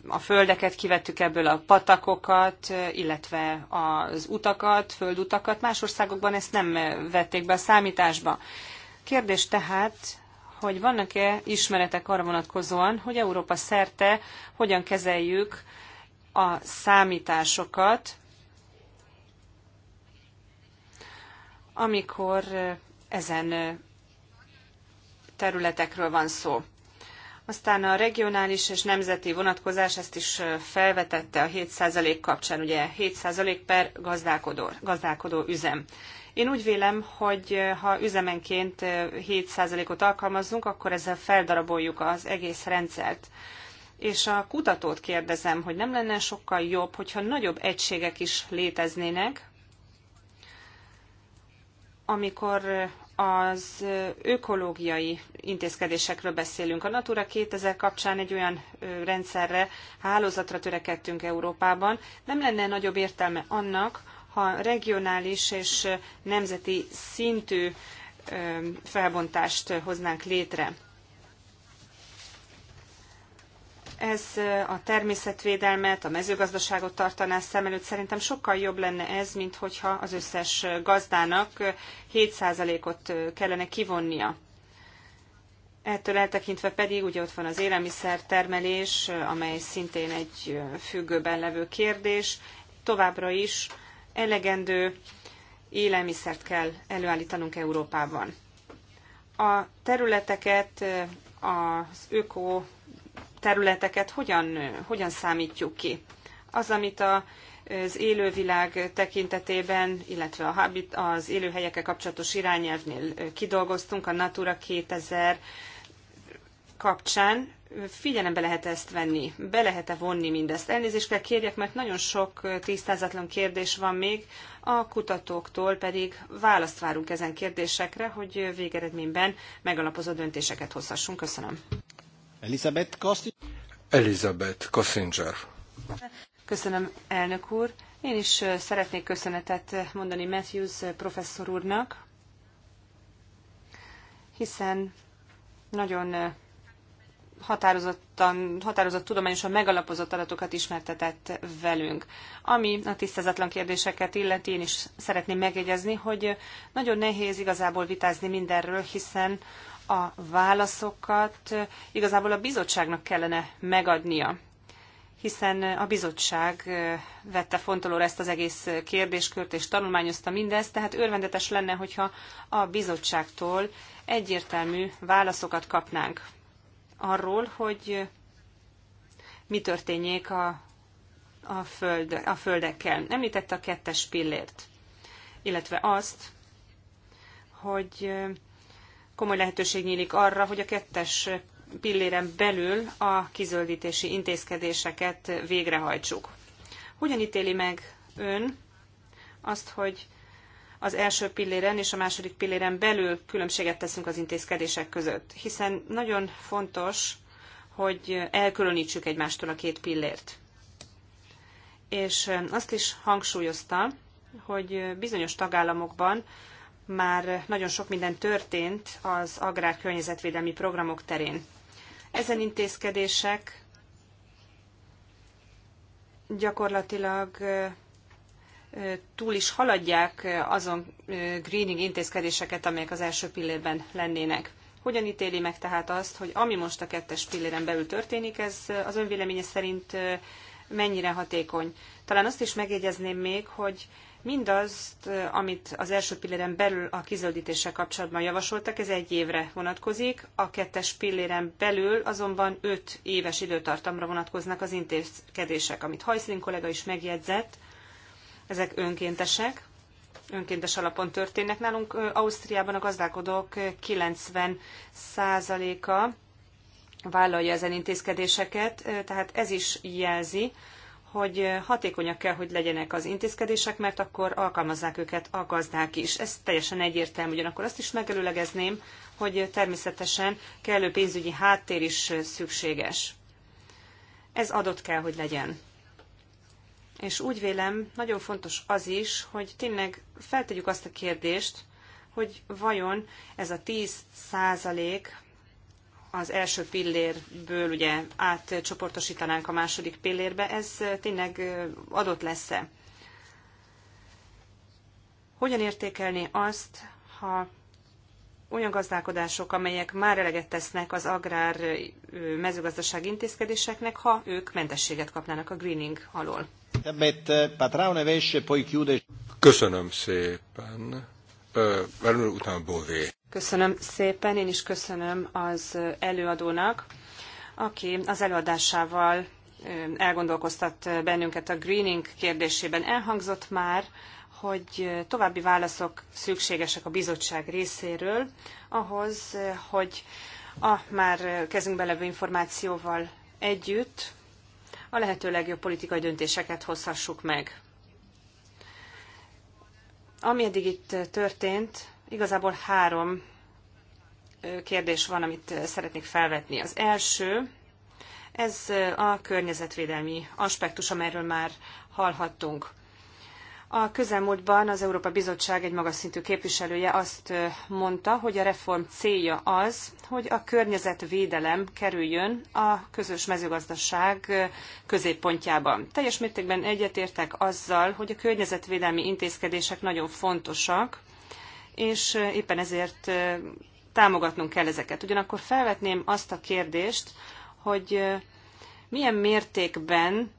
a földeket, kivettük ebből a patakokat, illetve az utakat, földutakat. Más országokban ezt nem vették be a számításba. Kérdés tehát, hogy vannak-e ismeretek arra vonatkozóan, hogy Európa szerte hogyan kezeljük a számításokat, amikor ezen területekről van szó. Aztán a regionális és nemzeti vonatkozás ezt is felvetette a 7% kapcsán, ugye 7% per gazdálkodó, gazdálkodó üzem. Én úgy vélem, hogy ha üzemenként 7%-ot alkalmazzunk, akkor ezzel feldaraboljuk az egész rendszert. És a kutatót kérdezem, hogy nem lenne sokkal jobb, hogyha nagyobb egységek is léteznének, amikor az ökológiai intézkedésekről beszélünk. A Natura 2000 kapcsán egy olyan rendszerre, hálózatra törekedtünk Európában. Nem lenne nagyobb értelme annak, ha regionális és nemzeti szintű felbontást hoznánk létre. Ez a természetvédelmet, a mezőgazdaságot tartaná szem előtt. Szerintem sokkal jobb lenne ez, mint hogyha az összes gazdának 7%-ot kellene kivonnia. Ettől eltekintve pedig ugye ott van az élelmiszertermelés, amely szintén egy függőben levő kérdés. Továbbra is elegendő élelmiszert kell előállítanunk Európában. A területeket az öko területeket hogyan, hogyan számítjuk ki? Az, amit a, az élővilág tekintetében, illetve a habit, az élőhelyekkel kapcsolatos irányelvnél kidolgoztunk, a Natura 2000 kapcsán, figyelembe lehet ezt venni, be lehet-e vonni mindezt. Elnézést kell kérjek, mert nagyon sok tisztázatlan kérdés van még, a kutatóktól pedig választ várunk ezen kérdésekre, hogy végeredményben megalapozó döntéseket hozhassunk. Köszönöm. Elizabeth Kostinger. Elizabeth Köszönöm, elnök úr. Én is szeretnék köszönetet mondani Matthews professzor úrnak, hiszen nagyon határozottan, határozott tudományosan megalapozott adatokat ismertetett velünk. Ami a tisztázatlan kérdéseket illeti, én is szeretném megjegyezni, hogy nagyon nehéz igazából vitázni mindenről, hiszen a válaszokat igazából a bizottságnak kellene megadnia hiszen a bizottság vette fontolóra ezt az egész kérdéskört és tanulmányozta mindezt, tehát örvendetes lenne, hogyha a bizottságtól egyértelmű válaszokat kapnánk arról, hogy mi történjék a, a, föld, a földekkel. Említette a kettes pillért, illetve azt, hogy komoly lehetőség nyílik arra, hogy a kettes pilléren belül a kizöldítési intézkedéseket végrehajtsuk. Hogyan ítéli meg ön azt, hogy az első pilléren és a második pilléren belül különbséget teszünk az intézkedések között, hiszen nagyon fontos, hogy elkülönítsük egymástól a két pillért. És azt is hangsúlyozta, hogy bizonyos tagállamokban már nagyon sok minden történt az agrárkörnyezetvédelmi programok terén. Ezen intézkedések gyakorlatilag túl is haladják azon greening intézkedéseket, amelyek az első pillérben lennének. Hogyan ítéli meg tehát azt, hogy ami most a kettes pilléren belül történik, ez az önvéleménye szerint mennyire hatékony? Talán azt is megjegyezném még, hogy Mindazt, amit az első pilléren belül a kizöldítéssel kapcsolatban javasoltak, ez egy évre vonatkozik, a kettes pilléren belül azonban öt éves időtartamra vonatkoznak az intézkedések, amit Hajszlin kollega is megjegyzett, ezek önkéntesek, önkéntes alapon történnek. Nálunk Ausztriában a gazdálkodók 90%-a vállalja ezen intézkedéseket, tehát ez is jelzi, hogy hatékonyak kell, hogy legyenek az intézkedések, mert akkor alkalmazzák őket a gazdák is. Ez teljesen egyértelmű. Ugyanakkor azt is megelőlegezném, hogy természetesen kellő pénzügyi háttér is szükséges. Ez adott kell, hogy legyen. És úgy vélem, nagyon fontos az is, hogy tényleg feltegyük azt a kérdést, hogy vajon ez a 10 százalék, az első pillérből ugye átcsoportosítanánk a második pillérbe, ez tényleg adott lesz-e? Hogyan értékelni azt, ha olyan gazdálkodások, amelyek már eleget tesznek az agrár mezőgazdasági intézkedéseknek, ha ők mentességet kapnának a greening alól. Köszönöm szépen. Bové. Köszönöm szépen, én is köszönöm az előadónak, aki az előadásával elgondolkoztat bennünket a greening kérdésében. Elhangzott már, hogy további válaszok szükségesek a bizottság részéről ahhoz, hogy a már kezünkben levő információval együtt a lehető legjobb politikai döntéseket hozhassuk meg. Ami eddig itt történt, igazából három kérdés van, amit szeretnék felvetni. Az első, ez a környezetvédelmi aspektus, amelyről már hallhattunk. A közelmúltban az Európa Bizottság egy magas szintű képviselője azt mondta, hogy a reform célja az, hogy a környezetvédelem kerüljön a közös mezőgazdaság középpontjába. Teljes mértékben egyetértek azzal, hogy a környezetvédelmi intézkedések nagyon fontosak, és éppen ezért támogatnunk kell ezeket. Ugyanakkor felvetném azt a kérdést, hogy milyen mértékben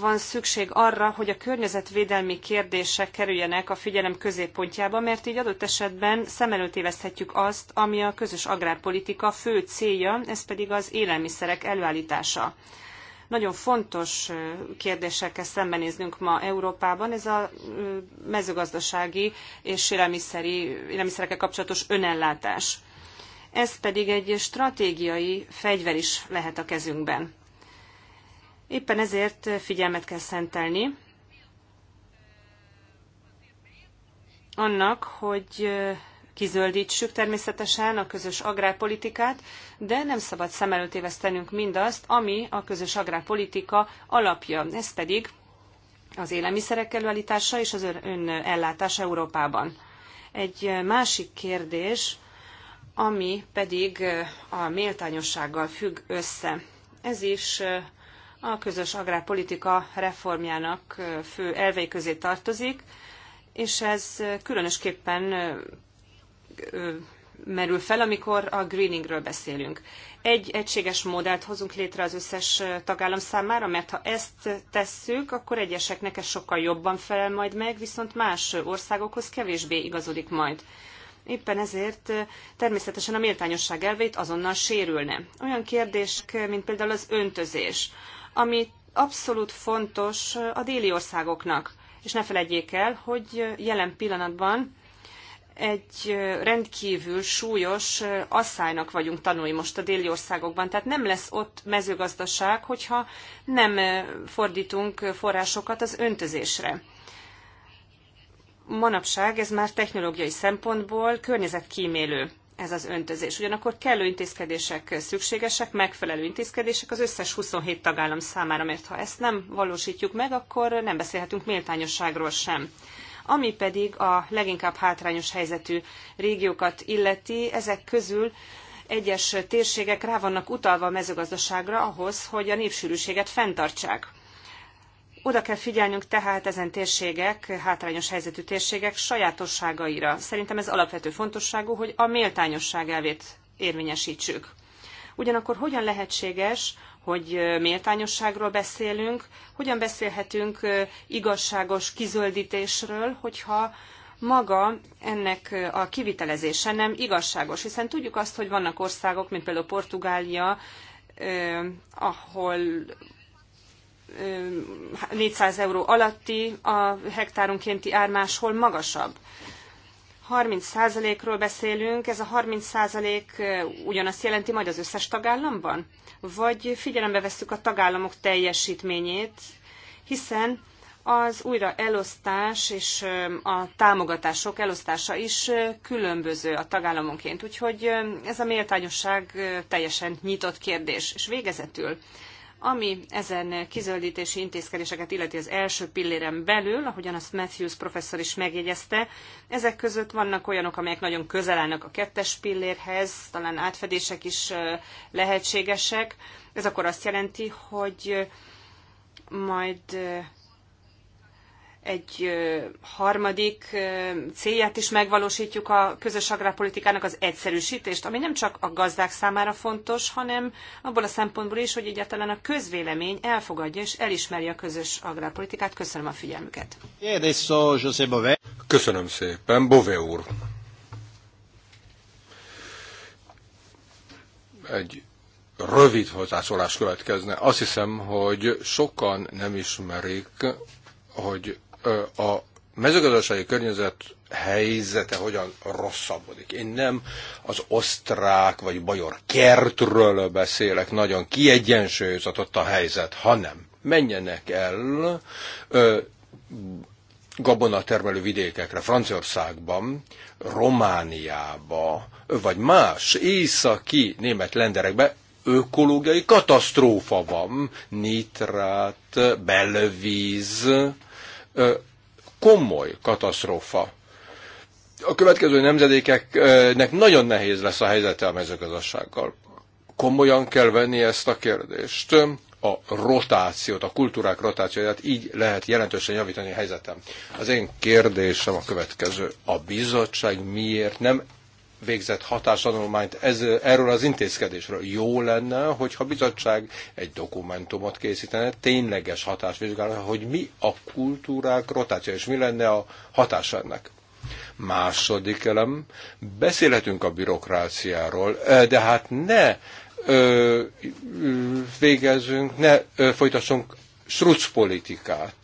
van szükség arra, hogy a környezetvédelmi kérdések kerüljenek a figyelem középpontjába, mert így adott esetben szem előtt évezhetjük azt, ami a közös agrárpolitika fő célja, ez pedig az élelmiszerek előállítása. Nagyon fontos kérdésekkel szembenéznünk ma Európában, ez a mezőgazdasági és élelmiszeri, élelmiszerekkel kapcsolatos önellátás. Ez pedig egy stratégiai fegyver is lehet a kezünkben Éppen ezért figyelmet kell szentelni annak, hogy kizöldítsük természetesen a közös agrárpolitikát, de nem szabad szem előtt évesztenünk mindazt, ami a közös agrárpolitika alapja, ez pedig az élelmiszerek előállítása és az önellátása Európában. Egy másik kérdés, ami pedig a méltányossággal függ össze. Ez is a közös agrárpolitika reformjának fő elvei közé tartozik, és ez különösképpen merül fel, amikor a greeningről beszélünk. Egy egységes modellt hozunk létre az összes tagállam számára, mert ha ezt tesszük, akkor egyeseknek ez sokkal jobban felel majd meg, viszont más országokhoz kevésbé igazodik majd. Éppen ezért természetesen a méltányosság elvét azonnal sérülne. Olyan kérdések, mint például az öntözés ami abszolút fontos a déli országoknak. És ne felejtjék el, hogy jelen pillanatban egy rendkívül súlyos asszálynak vagyunk tanulni most a déli országokban. Tehát nem lesz ott mezőgazdaság, hogyha nem fordítunk forrásokat az öntözésre. Manapság ez már technológiai szempontból környezetkímélő ez az öntözés. Ugyanakkor kellő intézkedések szükségesek, megfelelő intézkedések az összes 27 tagállam számára, mert ha ezt nem valósítjuk meg, akkor nem beszélhetünk méltányosságról sem. Ami pedig a leginkább hátrányos helyzetű régiókat illeti, ezek közül egyes térségek rá vannak utalva a mezőgazdaságra ahhoz, hogy a népsűrűséget fenntartsák. Oda kell figyelnünk tehát ezen térségek, hátrányos helyzetű térségek sajátosságaira. Szerintem ez alapvető fontosságú, hogy a méltányosság elvét érvényesítsük. Ugyanakkor hogyan lehetséges, hogy méltányosságról beszélünk, hogyan beszélhetünk igazságos kizöldítésről, hogyha maga ennek a kivitelezése nem igazságos, hiszen tudjuk azt, hogy vannak országok, mint például Portugália, ahol 400 euró alatti, a hektáronkénti ár máshol magasabb. 30%-ról beszélünk, ez a 30% ugyanazt jelenti majd az összes tagállamban? Vagy figyelembe vesszük a tagállamok teljesítményét, hiszen az újra elosztás és a támogatások elosztása is különböző a tagállamonként. Úgyhogy ez a méltányosság teljesen nyitott kérdés. És végezetül ami ezen kizöldítési intézkedéseket illeti az első pilléren belül, ahogyan azt Matthews professzor is megjegyezte, ezek között vannak olyanok, amelyek nagyon közel állnak a kettes pillérhez, talán átfedések is lehetségesek. Ez akkor azt jelenti, hogy majd egy harmadik célját is megvalósítjuk a közös agrárpolitikának, az egyszerűsítést, ami nem csak a gazdák számára fontos, hanem abból a szempontból is, hogy egyáltalán a közvélemény elfogadja és elismeri a közös agrárpolitikát. Köszönöm a figyelmüket. E Köszönöm szépen, Bové úr. Egy rövid hozzászólás következne. Azt hiszem, hogy sokan nem ismerik hogy a mezőgazdasági környezet helyzete hogyan rosszabbodik. Én nem az osztrák vagy bajor kertről beszélek, nagyon kiegyensúlyozott a helyzet, hanem menjenek el ö, gabonatermelő vidékekre, Franciaországban, Romániába, vagy más északi német lenderekbe, ökológiai katasztrófa van, nitrát, belvíz, komoly katasztrófa. A következő nemzedékeknek nagyon nehéz lesz a helyzete a mezőgazdasággal. Komolyan kell venni ezt a kérdést. A rotációt, a kultúrák rotációját így lehet jelentősen javítani a helyzetem. Az én kérdésem a következő. A bizottság miért nem végzett hatástanulmányt ez, erről az intézkedésről. Jó lenne, hogyha a bizottság egy dokumentumot készítene, tényleges hatásvizsgálat, hogy mi a kultúrák rotáció, és mi lenne a hatás ennek. Második elem, beszélhetünk a bürokráciáról, de hát ne ö, végezzünk, ne ö, folytassunk struc politikát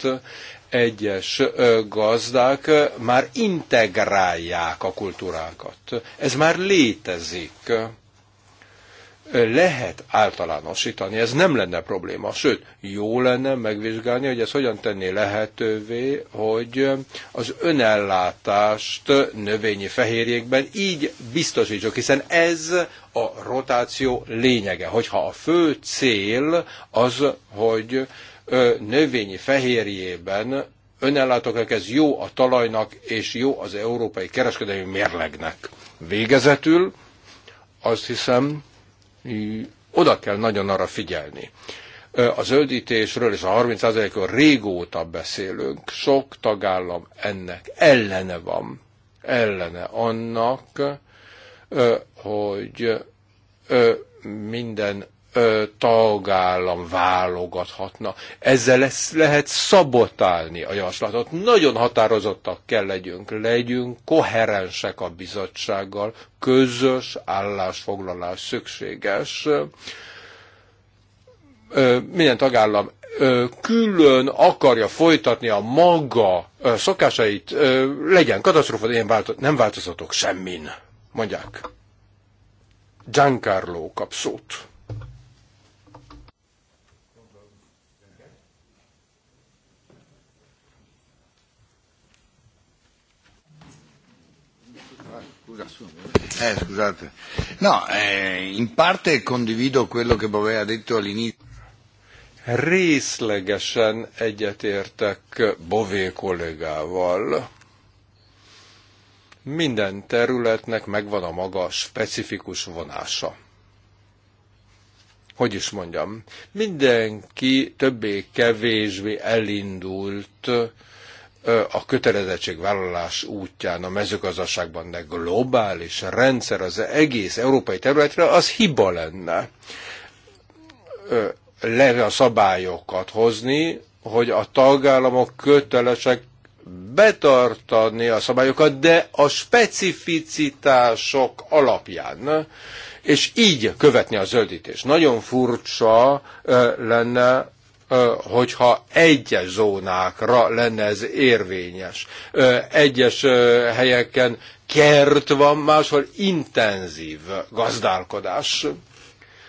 egyes gazdák már integrálják a kultúrákat. Ez már létezik. Lehet általánosítani, ez nem lenne probléma. Sőt, jó lenne megvizsgálni, hogy ez hogyan tenné lehetővé, hogy az önellátást növényi fehérjékben így biztosítsuk, hiszen ez a rotáció lényege. Hogyha a fő cél az, hogy növényi fehérjében önellátóknak ez jó a talajnak és jó az európai kereskedelmi mérlegnek. Végezetül azt hiszem, oda kell nagyon arra figyelni. A zöldítésről és a 30%-ról régóta beszélünk, sok tagállam ennek ellene van, ellene annak, hogy minden tagállam válogathatna. Ezzel lesz, lehet szabotálni a javaslatot. Nagyon határozottak kell legyünk, legyünk koherensek a bizottsággal, közös állásfoglalás szükséges. Minden tagállam külön akarja folytatni a maga szokásait, legyen katasztrófa, én változ, nem változatok semmin, mondják. Giancarlo kap szót. Eh, scusate. No, eh, in parte condivido quello che Bové ha detto all'inizio. Részlegesen egyetértek Bové kollégával. Minden területnek megvan a maga specifikus vonása hogy is mondjam, mindenki többé-kevésbé elindult a kötelezettségvállalás útján a mezőgazdaságban, de globális rendszer az egész európai területre, az hiba lenne le a szabályokat hozni, hogy a tagállamok kötelesek betartani a szabályokat, de a specificitások alapján, és így követni a zöldítést. Nagyon furcsa lenne hogyha egyes zónákra lenne ez érvényes. Egyes helyeken kert van, máshol intenzív gazdálkodás.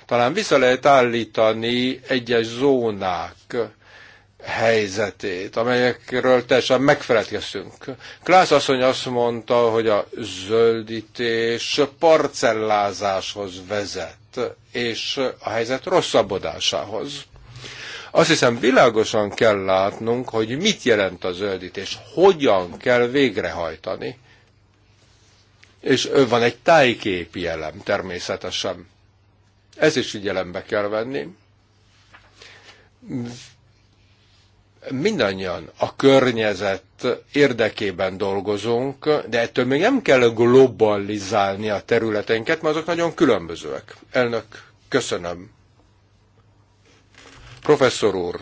Talán vissza lehet állítani egyes zónák helyzetét, amelyekről teljesen megfeledkeztünk. Klász asszony azt mondta, hogy a zöldítés parcellázáshoz vezet, és a helyzet rosszabbodásához azt hiszem világosan kell látnunk, hogy mit jelent a zöldítés, hogyan kell végrehajtani. És van egy tájképi elem természetesen. Ez is figyelembe kell venni. Mindannyian a környezet érdekében dolgozunk, de ettől még nem kell globalizálni a területeinket, mert azok nagyon különbözőek. Elnök, köszönöm. Professzor úr,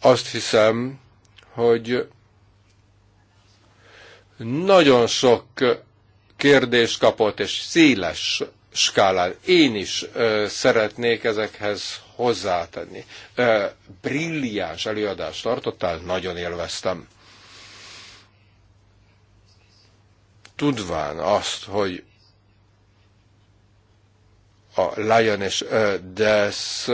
azt hiszem, hogy nagyon sok kérdést kapott, és széles skálán én is ö, szeretnék ezekhez hozzátenni. Ö, brilliáns előadást tartottál, nagyon élveztem. Tudván azt, hogy a Lion és Dess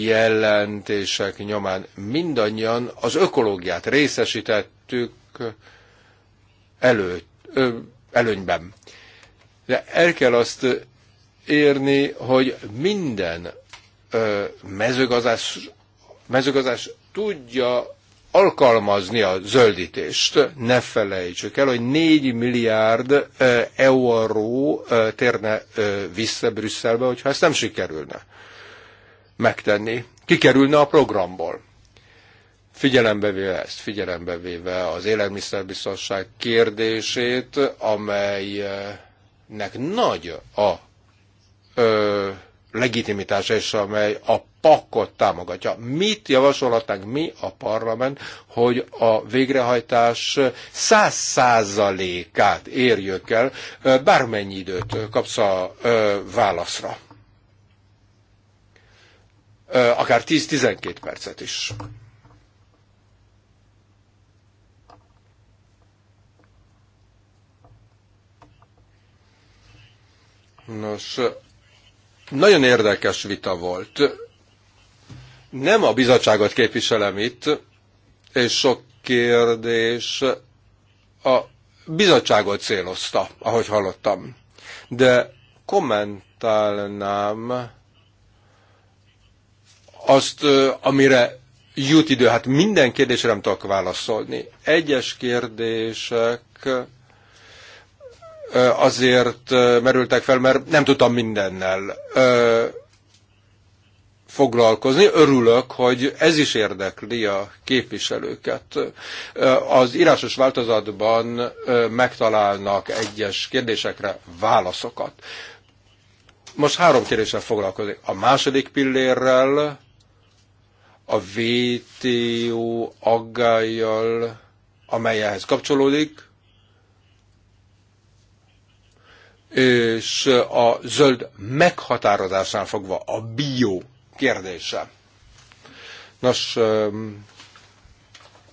jelentések nyomán mindannyian az ökológiát részesítettük elő, előnyben. De el kell azt érni, hogy minden mezőgazdás, mezőgazdás tudja alkalmazni a zöldítést. Ne felejtsük el, hogy 4 milliárd euró térne vissza Brüsszelbe, hogyha ezt nem sikerülne megtenni. Kikerülne a programból. Figyelembe véve ezt, figyelembe véve az élelmiszerbiztonság kérdését, amelynek nagy a ö, legitimitása, és amely a pakkot támogatja. Mit javasolhatnánk mi a parlament, hogy a végrehajtás száz százalékát érjük el, bármennyi időt kapsz a válaszra? Akár 10-12 percet is. Nos, nagyon érdekes vita volt nem a bizottságot képviselem itt, és sok kérdés a bizottságot célozta, ahogy hallottam. De kommentálnám azt, amire jut idő. Hát minden kérdésre nem tudok válaszolni. Egyes kérdések azért merültek fel, mert nem tudtam mindennel foglalkozni. Örülök, hogy ez is érdekli a képviselőket. Az írásos változatban megtalálnak egyes kérdésekre válaszokat. Most három kérdéssel foglalkozik. A második pillérrel, a VTO aggájjal, amelyhez kapcsolódik, és a zöld meghatározásán fogva a bio kérdése. Nos,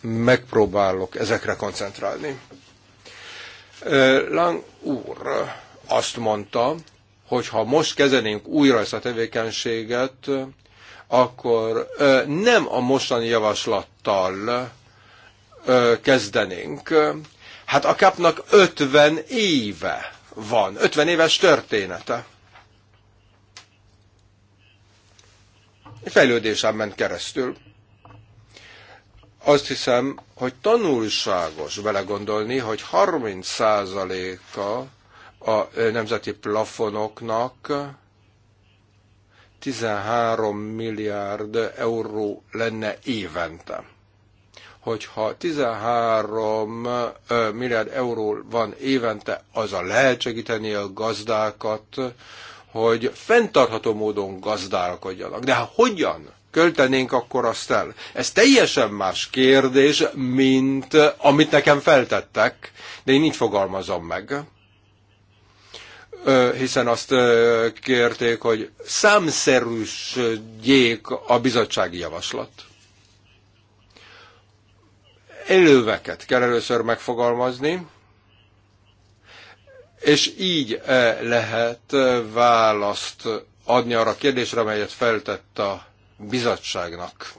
megpróbálok ezekre koncentrálni. Lang úr azt mondta, hogy ha most kezenénk újra ezt a tevékenységet, akkor nem a mostani javaslattal kezdenénk. Hát a kapnak 50 éve van, 50 éves története. fejlődésen ment keresztül. Azt hiszem, hogy tanulságos belegondolni, hogy 30%-a a nemzeti plafonoknak 13 milliárd euró lenne évente. Hogyha 13 milliárd euró van évente, az a lehet segíteni a gazdákat, hogy fenntartható módon gazdálkodjanak. De hogyan költenénk akkor azt el? Ez teljesen más kérdés, mint amit nekem feltettek, de én így fogalmazom meg. Hiszen azt kérték, hogy számszerűsödjék a bizottsági javaslat előveket kell először megfogalmazni, és így eh, lehet eh, választ adni arra a kérdésre, amelyet feltett a bizottságnak.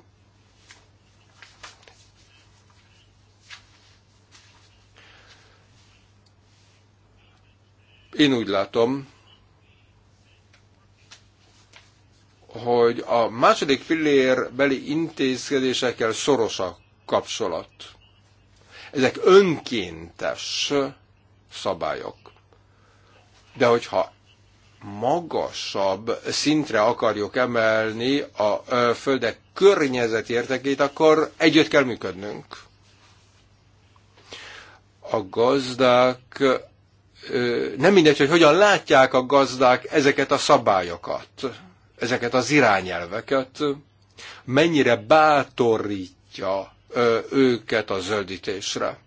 Én úgy látom, hogy a második pillérbeli intézkedésekkel szoros a kapcsolat. Ezek önkéntes szabályok. De hogyha magasabb szintre akarjuk emelni a földek környezeti értekét, akkor együtt kell működnünk. A gazdák, nem mindegy, hogy hogyan látják a gazdák ezeket a szabályokat, ezeket az irányelveket, mennyire bátorítja őket a zöldítésre,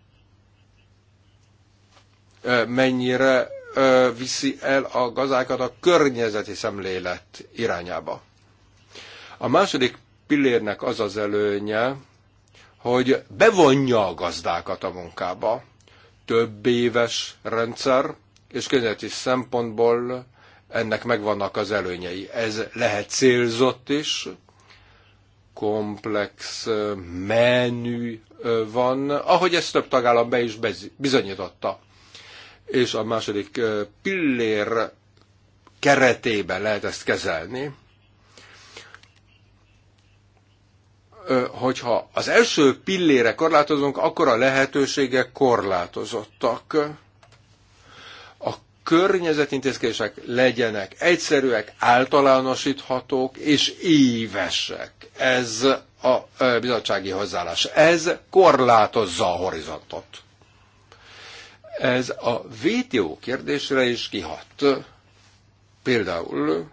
mennyire viszi el a gazdákat a környezeti szemlélet irányába. A második pillérnek az az előnye, hogy bevonja a gazdákat a munkába. Több éves rendszer, és környezeti szempontból ennek megvannak az előnyei. Ez lehet célzott is, komplex menü van, ahogy ezt több tagállam be is bizonyította és a második pillér keretében lehet ezt kezelni. Hogyha az első pillére korlátozunk, akkor a lehetőségek korlátozottak. A környezetintézkések legyenek egyszerűek, általánosíthatók és évesek. Ez a bizottsági hozzáállás. Ez korlátozza a horizontot. Ez a VTO kérdésre is kihat. Például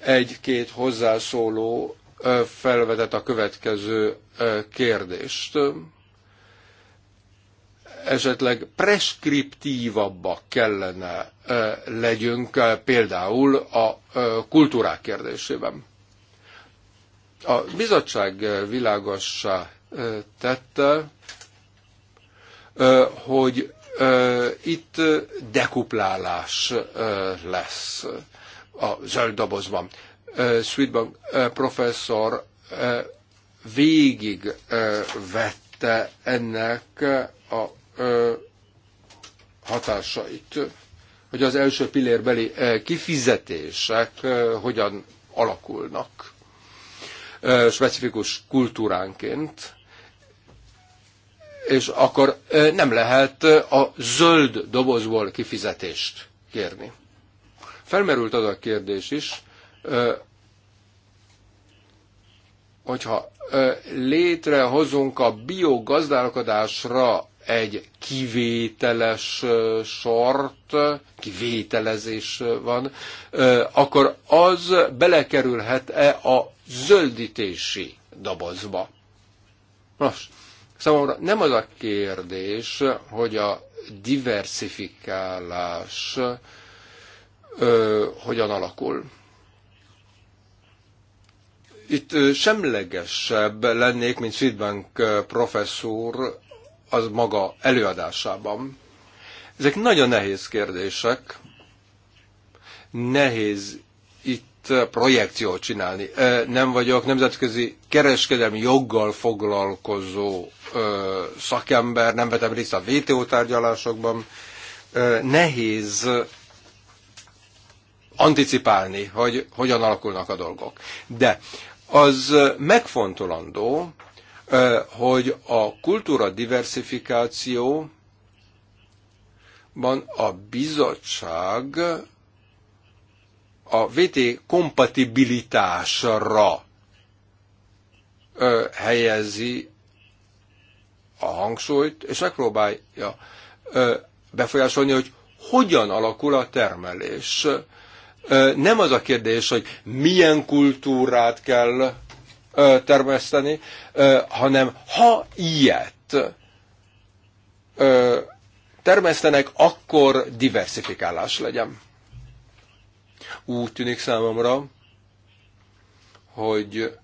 egy-két hozzászóló felvetett a következő kérdést. Esetleg preskriptívabbak kellene legyünk például a kultúrák kérdésében. A bizottság világossá tette, hogy itt dekuplálás lesz a zöld dobozban. Sweetbank professzor végig vette ennek a hatásait, hogy az első pillérbeli kifizetések hogyan alakulnak specifikus kultúránként és akkor nem lehet a zöld dobozból kifizetést kérni. Felmerült az a kérdés is, hogyha létrehozunk a biogazdálkodásra egy kivételes sort, kivételezés van, akkor az belekerülhet-e a zöldítési dobozba? Most, Számomra nem az a kérdés, hogy a diversifikálás ö, hogyan alakul. Itt semlegesebb lennék, mint Sidbank professzor az maga előadásában. Ezek nagyon nehéz kérdések. Nehéz itt projekciót csinálni. Nem vagyok nemzetközi kereskedelmi joggal foglalkozó szakember, nem vetem részt a WTO tárgyalásokban. Nehéz anticipálni, hogy hogyan alakulnak a dolgok. De az megfontolandó, hogy a kultúra diversifikációban a bizottság a VT kompatibilitásra ö, helyezi a hangsúlyt, és megpróbálja ö, befolyásolni, hogy hogyan alakul a termelés. Ö, nem az a kérdés, hogy milyen kultúrát kell ö, termeszteni, ö, hanem ha ilyet ö, termesztenek, akkor diversifikálás legyen. Úgy tűnik számomra, hogy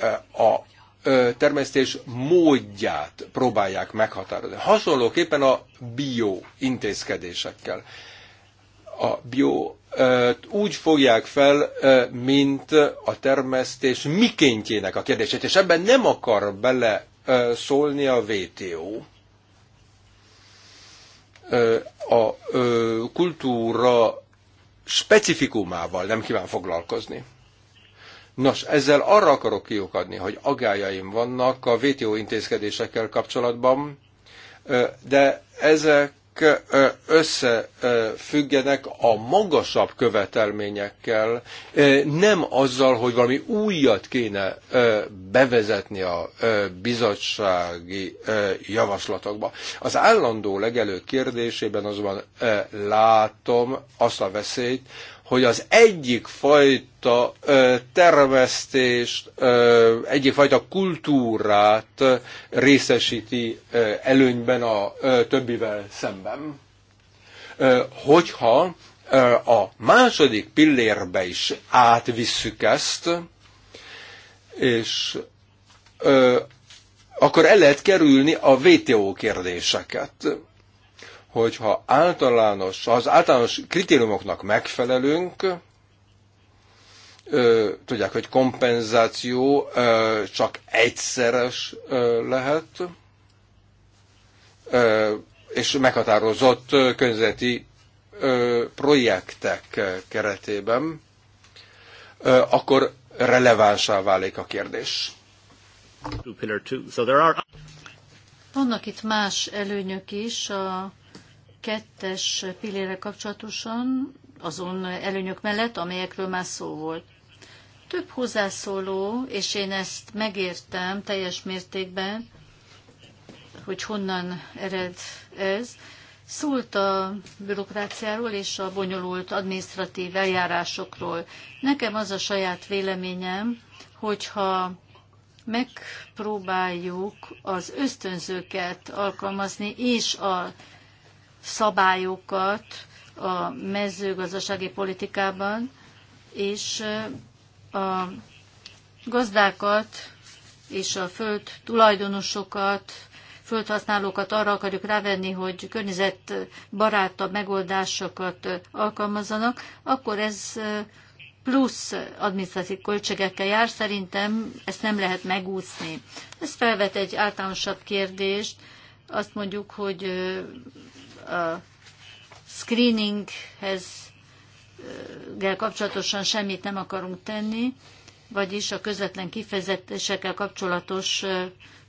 e, a e, termesztés módját próbálják meghatározni. Hasonlóképpen a bio intézkedésekkel. A bio e, úgy fogják fel, mint a termesztés mikéntjének a kérdését, és ebben nem akar bele szólni a VTO. A kultúra specifikumával nem kíván foglalkozni. Nos, ezzel arra akarok kiukadni, hogy agályaim vannak a VTO intézkedésekkel kapcsolatban, de ezek összefüggenek a magasabb követelményekkel, nem azzal, hogy valami újat kéne bevezetni a bizottsági javaslatokba. Az állandó legelő kérdésében azonban látom azt a veszélyt, hogy az egyik fajta termesztést, egyik fajta kultúrát részesíti előnyben a többivel szemben. Hogyha a második pillérbe is átvisszük ezt, és akkor el lehet kerülni a VTO kérdéseket hogyha általános, az általános kritériumoknak megfelelünk, tudják, hogy kompenzáció csak egyszeres lehet, és meghatározott környezeti projektek keretében, akkor relevánsá válik a kérdés. Vannak itt más előnyök is a kettes pillére kapcsolatosan, azon előnyök mellett, amelyekről már szó volt. Több hozzászóló, és én ezt megértem teljes mértékben, hogy honnan ered ez, szólt a bürokráciáról és a bonyolult administratív eljárásokról. Nekem az a saját véleményem, hogyha megpróbáljuk az ösztönzőket alkalmazni és a szabályokat a mezőgazdasági politikában, és a gazdákat és a föld tulajdonosokat, földhasználókat arra akarjuk rávenni, hogy környezetbarátabb megoldásokat alkalmazzanak, akkor ez plusz adminisztratív költségekkel jár, szerintem ezt nem lehet megúszni. Ez felvet egy általánosabb kérdést, azt mondjuk, hogy a screeninghez kapcsolatosan semmit nem akarunk tenni, vagyis a közvetlen kifejezésekkel kapcsolatos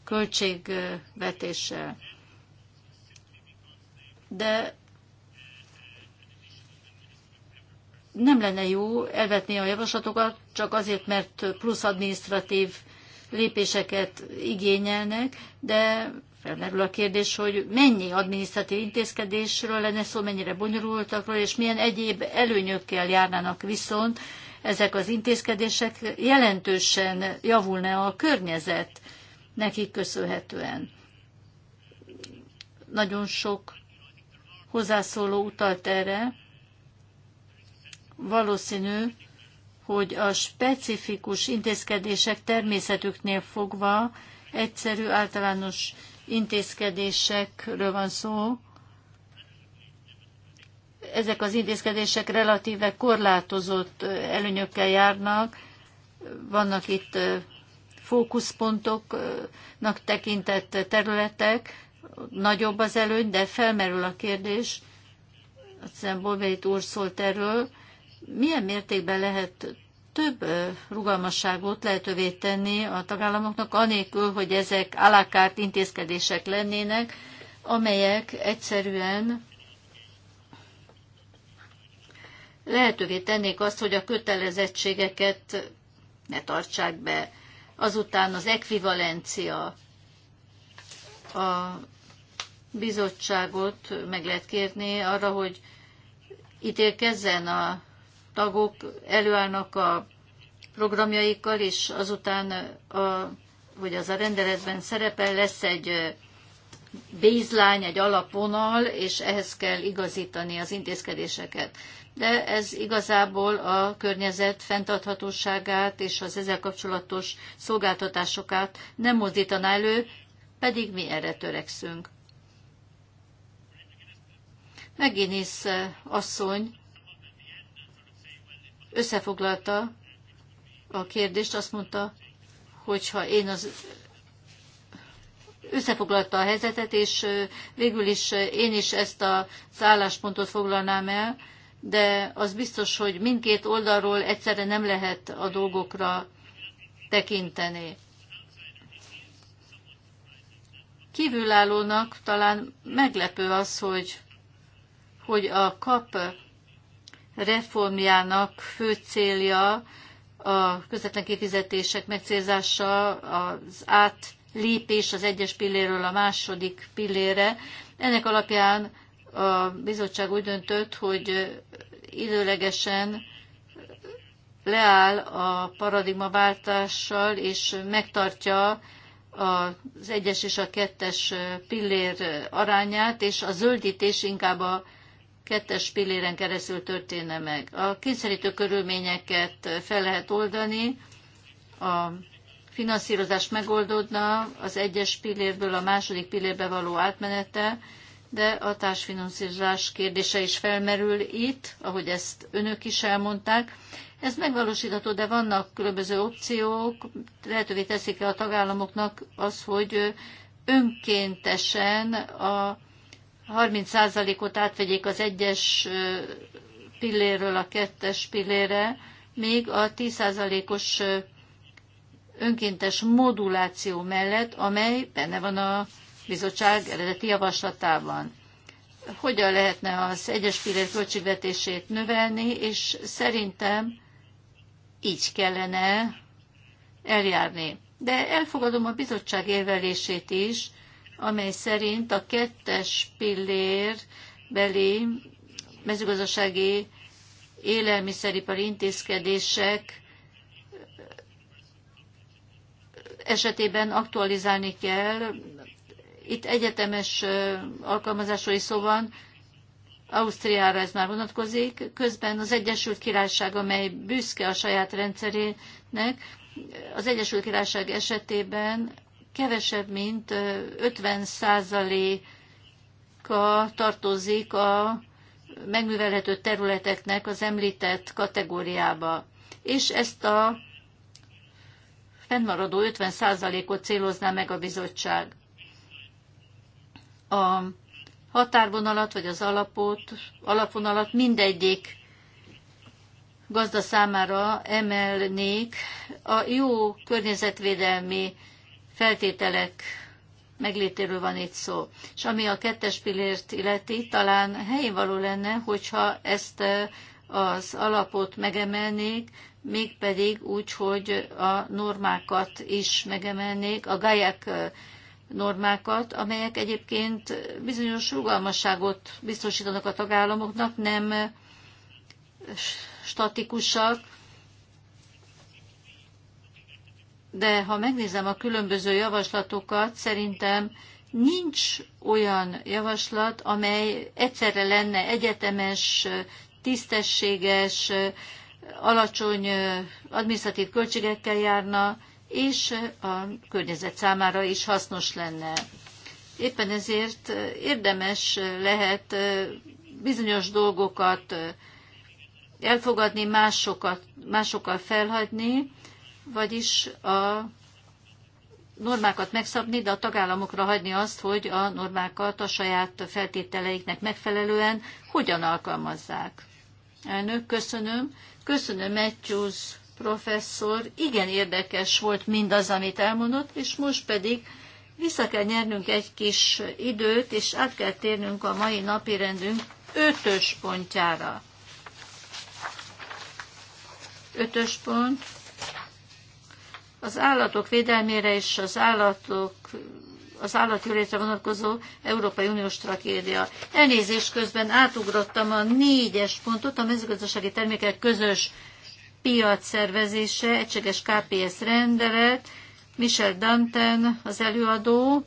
költségvetéssel. De nem lenne jó elvetni a javaslatokat, csak azért, mert plusz adminisztratív lépéseket igényelnek, de Felmerül a kérdés, hogy mennyi adminisztratív intézkedésről lenne szó, mennyire bonyolultakról, és milyen egyéb előnyökkel járnának viszont ezek az intézkedések jelentősen javulna a környezet nekik köszönhetően. Nagyon sok hozzászóló utalt erre. Valószínű, hogy a specifikus intézkedések természetüknél fogva egyszerű általános intézkedésekről van szó. Ezek az intézkedések relatíve korlátozott előnyökkel járnak. Vannak itt fókuszpontoknak tekintett területek, nagyobb az előny, de felmerül a kérdés, azt hiszem Bolbeit úr szólt erről, milyen mértékben lehet több rugalmasságot lehetővé tenni a tagállamoknak, anélkül, hogy ezek alakárt intézkedések lennének, amelyek egyszerűen lehetővé tennék azt, hogy a kötelezettségeket ne tartsák be. Azután az ekvivalencia a bizottságot meg lehet kérni arra, hogy ítélkezzen a tagok előállnak a programjaikkal, és azután, a, hogy az a rendeletben szerepel, lesz egy baseline, egy alapvonal, és ehhez kell igazítani az intézkedéseket. De ez igazából a környezet fenntarthatóságát és az ezzel kapcsolatos szolgáltatásokat nem mozdítaná elő, pedig mi erre törekszünk. Megint is asszony összefoglalta a kérdést, azt mondta, hogyha én az összefoglalta a helyzetet, és végül is én is ezt az álláspontot foglalnám el, de az biztos, hogy mindkét oldalról egyszerre nem lehet a dolgokra tekinteni. Kívülállónak talán meglepő az, hogy, hogy a kap reformjának fő célja a közvetlen kifizetések megcélzása, az átlépés az egyes pilléről a második pillére. Ennek alapján a bizottság úgy döntött, hogy időlegesen leáll a paradigmaváltással, és megtartja az egyes és a kettes pillér arányát, és a zöldítés inkább a kettes pilléren keresztül történne meg. A kényszerítő körülményeket fel lehet oldani, a finanszírozás megoldódna, az egyes pillérből a második pillérbe való átmenete, de a társfinanszírozás kérdése is felmerül itt, ahogy ezt önök is elmondták. Ez megvalósítható, de vannak különböző opciók, lehetővé teszik-e a tagállamoknak az, hogy önkéntesen a 30%-ot átvegyék az egyes pilléről a kettes pillére, még a 10%-os önkéntes moduláció mellett, amely benne van a bizottság eredeti javaslatában. Hogyan lehetne az egyes pillér költségvetését növelni, és szerintem így kellene eljárni. De elfogadom a bizottság érvelését is, amely szerint a kettes pillér beli mezőgazdasági élelmiszeripari intézkedések esetében aktualizálni kell. Itt egyetemes alkalmazásról is szó van, Ausztriára ez már vonatkozik, közben az Egyesült Királyság, amely büszke a saját rendszerének, az Egyesült Királyság esetében kevesebb, mint 50%-a tartozik a megművelhető területeknek az említett kategóriába. És ezt a fennmaradó 50 százalékot célozná meg a bizottság. A határvonalat vagy az alapot, alapvonalat mindegyik gazda számára emelnék a jó környezetvédelmi feltételek meglétéről van itt szó. És ami a kettes pillért illeti, talán helyén való lenne, hogyha ezt eh, az alapot megemelnék, mégpedig úgy, hogy a normákat is megemelnék, a gályák eh, normákat, amelyek egyébként bizonyos rugalmasságot biztosítanak a tagállamoknak, nem eh, statikusak, de ha megnézem a különböző javaslatokat, szerintem nincs olyan javaslat, amely egyszerre lenne egyetemes, tisztességes, alacsony adminisztratív költségekkel járna, és a környezet számára is hasznos lenne. Éppen ezért érdemes lehet bizonyos dolgokat elfogadni, másokat, másokkal felhagyni, vagyis a normákat megszabni, de a tagállamokra hagyni azt, hogy a normákat a saját feltételeiknek megfelelően hogyan alkalmazzák. Elnök, köszönöm. Köszönöm, Matthews professzor. Igen érdekes volt mindaz, amit elmondott, és most pedig vissza kell nyernünk egy kis időt, és át kell térnünk a mai napi rendünk ötös pontjára. Ötös pont az állatok védelmére és az állatok az állatjólétre vonatkozó Európai Uniós tragédia. Elnézés közben átugrottam a négyes pontot, a mezőgazdasági termékek közös piac szervezése, egységes KPS rendelet, Michel Danten az előadó.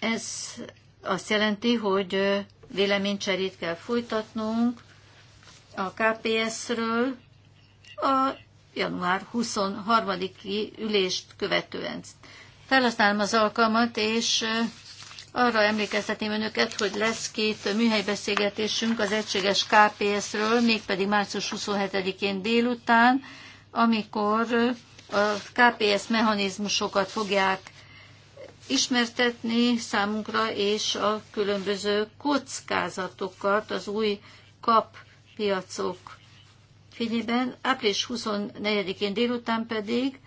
Ez azt jelenti, hogy véleménycserét kell folytatnunk a KPS-ről. A január 23-i ülést követően. Felhasználom az alkalmat, és arra emlékeztetném önöket, hogy lesz két műhelybeszélgetésünk az egységes KPS-ről, mégpedig március 27-én délután, amikor a KPS mechanizmusokat fogják ismertetni számunkra, és a különböző kockázatokat az új kap piacok fényében, április 24-én délután pedig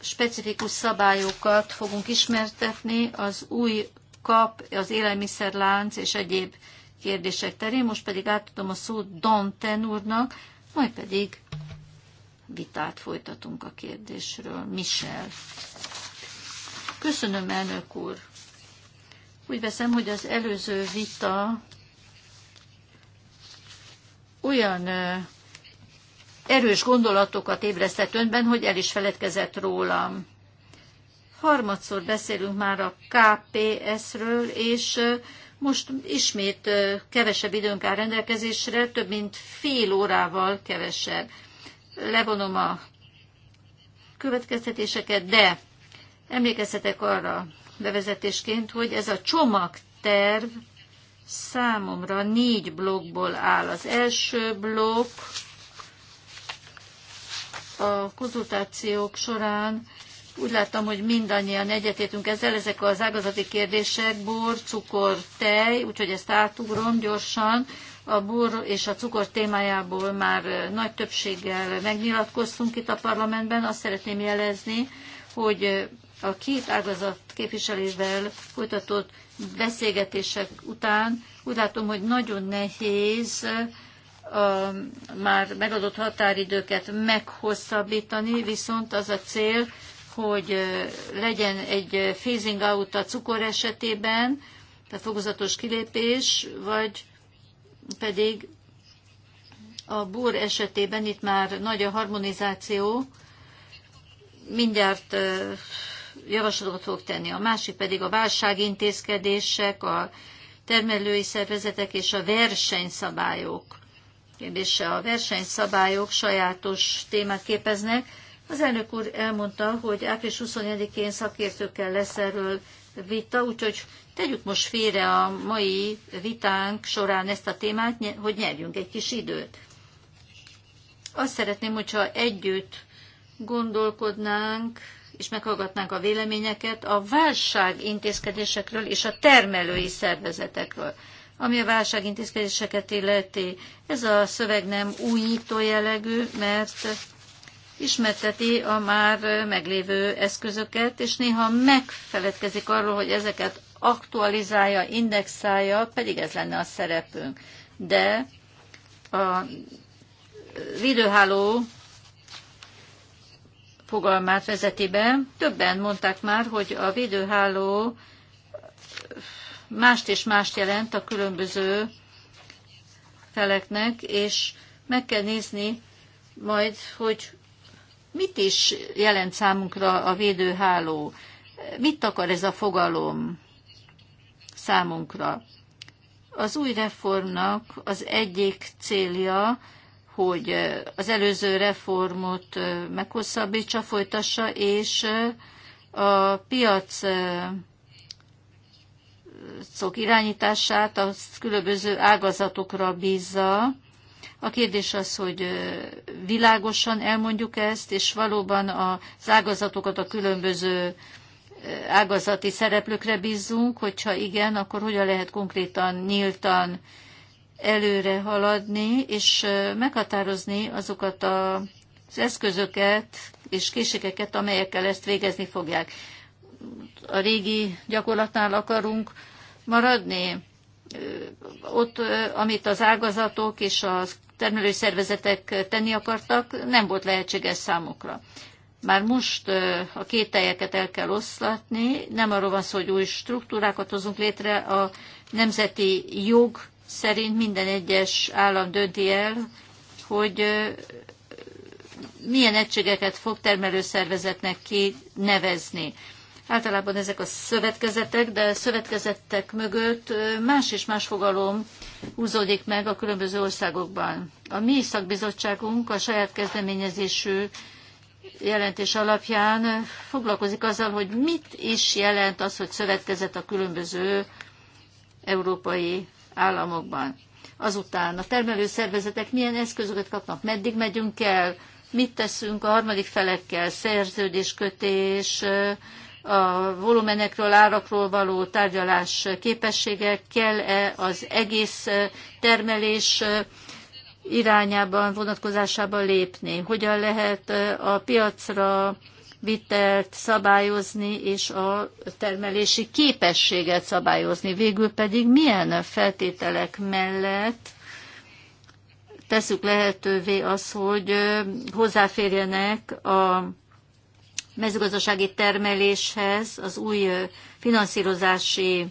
specifikus szabályokat fogunk ismertetni az új kap, az élelmiszerlánc és egyéb kérdések terén. Most pedig átadom a szót Danten úrnak, majd pedig vitát folytatunk a kérdésről. Michel. Köszönöm, elnök úr. Úgy veszem, hogy az előző vita olyan erős gondolatokat ébresztett önben, hogy el is feledkezett rólam. Harmadszor beszélünk már a KPS-ről, és most ismét kevesebb időnk áll rendelkezésre, több mint fél órával kevesebb. Levonom a következtetéseket, de emlékezhetek arra bevezetésként, hogy ez a csomagterv számomra négy blokkból áll. Az első blokk a konzultációk során úgy láttam, hogy mindannyian egyetértünk ezzel, ezek az ágazati kérdések, bor, cukor, tej, úgyhogy ezt átugrom gyorsan. A bor és a cukor témájából már nagy többséggel megnyilatkoztunk itt a parlamentben. Azt szeretném jelezni, hogy a két ágazat képviselővel folytatott beszélgetések után úgy látom, hogy nagyon nehéz a már megadott határidőket meghosszabbítani, viszont az a cél, hogy legyen egy phasing out a cukor esetében, tehát fokozatos kilépés, vagy pedig a bor esetében itt már nagy a harmonizáció, mindjárt javaslatot fog tenni. A másik pedig a válságintézkedések, a termelői szervezetek és a versenyszabályok kérdése. A versenyszabályok sajátos témát képeznek. Az elnök úr elmondta, hogy április 21 én szakértőkkel lesz erről vita, úgyhogy tegyük most félre a mai vitánk során ezt a témát, hogy nyerjünk egy kis időt. Azt szeretném, hogyha együtt gondolkodnánk, és meghallgatnánk a véleményeket a válság intézkedésekről és a termelői szervezetekről ami a válságintézkedéseket illeti. Ez a szöveg nem újító jellegű, mert ismerteti a már meglévő eszközöket, és néha megfeledkezik arról, hogy ezeket aktualizálja, indexálja, pedig ez lenne a szerepünk. De a videóháló fogalmát vezeti be. Többen mondták már, hogy a videóháló mást és mást jelent a különböző feleknek, és meg kell nézni majd, hogy mit is jelent számunkra a védőháló, mit akar ez a fogalom számunkra. Az új reformnak az egyik célja, hogy az előző reformot meghosszabbítsa, folytassa, és a piac piacok irányítását a különböző ágazatokra bízza. A kérdés az, hogy világosan elmondjuk ezt, és valóban az ágazatokat a különböző ágazati szereplőkre bízzunk, hogyha igen, akkor hogyan lehet konkrétan, nyíltan előre haladni, és meghatározni azokat az eszközöket és készségeket, amelyekkel ezt végezni fogják. A régi gyakorlatnál akarunk maradni ott, amit az ágazatok és a termelői szervezetek tenni akartak, nem volt lehetséges számukra. Már most a két teljeket el kell oszlatni, nem arról van szó, hogy új struktúrákat hozunk létre, a nemzeti jog szerint minden egyes állam dönti el, hogy milyen egységeket fog termelőszervezetnek kinevezni. Általában ezek a szövetkezetek, de szövetkezetek mögött más és más fogalom húzódik meg a különböző országokban. A mi szakbizottságunk a saját kezdeményezésű jelentés alapján foglalkozik azzal, hogy mit is jelent az, hogy szövetkezet a különböző európai államokban. Azután a termelő szervezetek milyen eszközöket kapnak, meddig megyünk el, mit teszünk a harmadik felekkel, szerződéskötés, a volumenekről, árakról való tárgyalás képessége, kell-e az egész termelés irányában, vonatkozásában lépni, hogyan lehet a piacra vitelt szabályozni, és a termelési képességet szabályozni. Végül pedig milyen feltételek mellett tesszük lehetővé az, hogy hozzáférjenek a mezőgazdasági termeléshez az új finanszírozási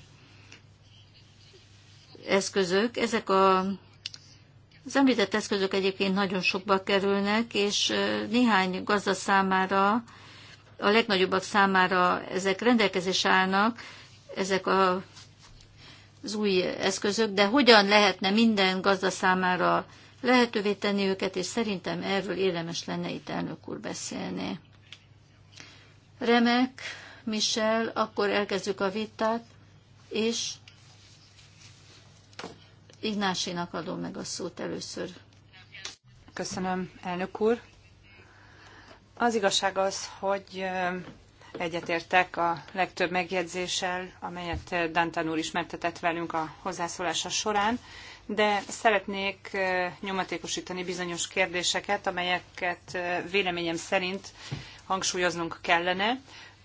eszközök. Ezek a, az említett eszközök egyébként nagyon sokba kerülnek, és néhány gazda számára, a legnagyobbak számára ezek rendelkezés állnak, ezek a, az új eszközök, de hogyan lehetne minden gazda számára lehetővé tenni őket, és szerintem erről érdemes lenne itt elnök úr beszélni. Remek, Michel, akkor elkezdjük a vitát, és Ignásinak adom meg a szót először. Köszönöm, elnök úr. Az igazság az, hogy egyetértek a legtöbb megjegyzéssel, amelyet Dantan úr ismertetett velünk a hozzászólása során, de szeretnék nyomatékosítani bizonyos kérdéseket, amelyeket véleményem szerint hangsúlyoznunk kellene,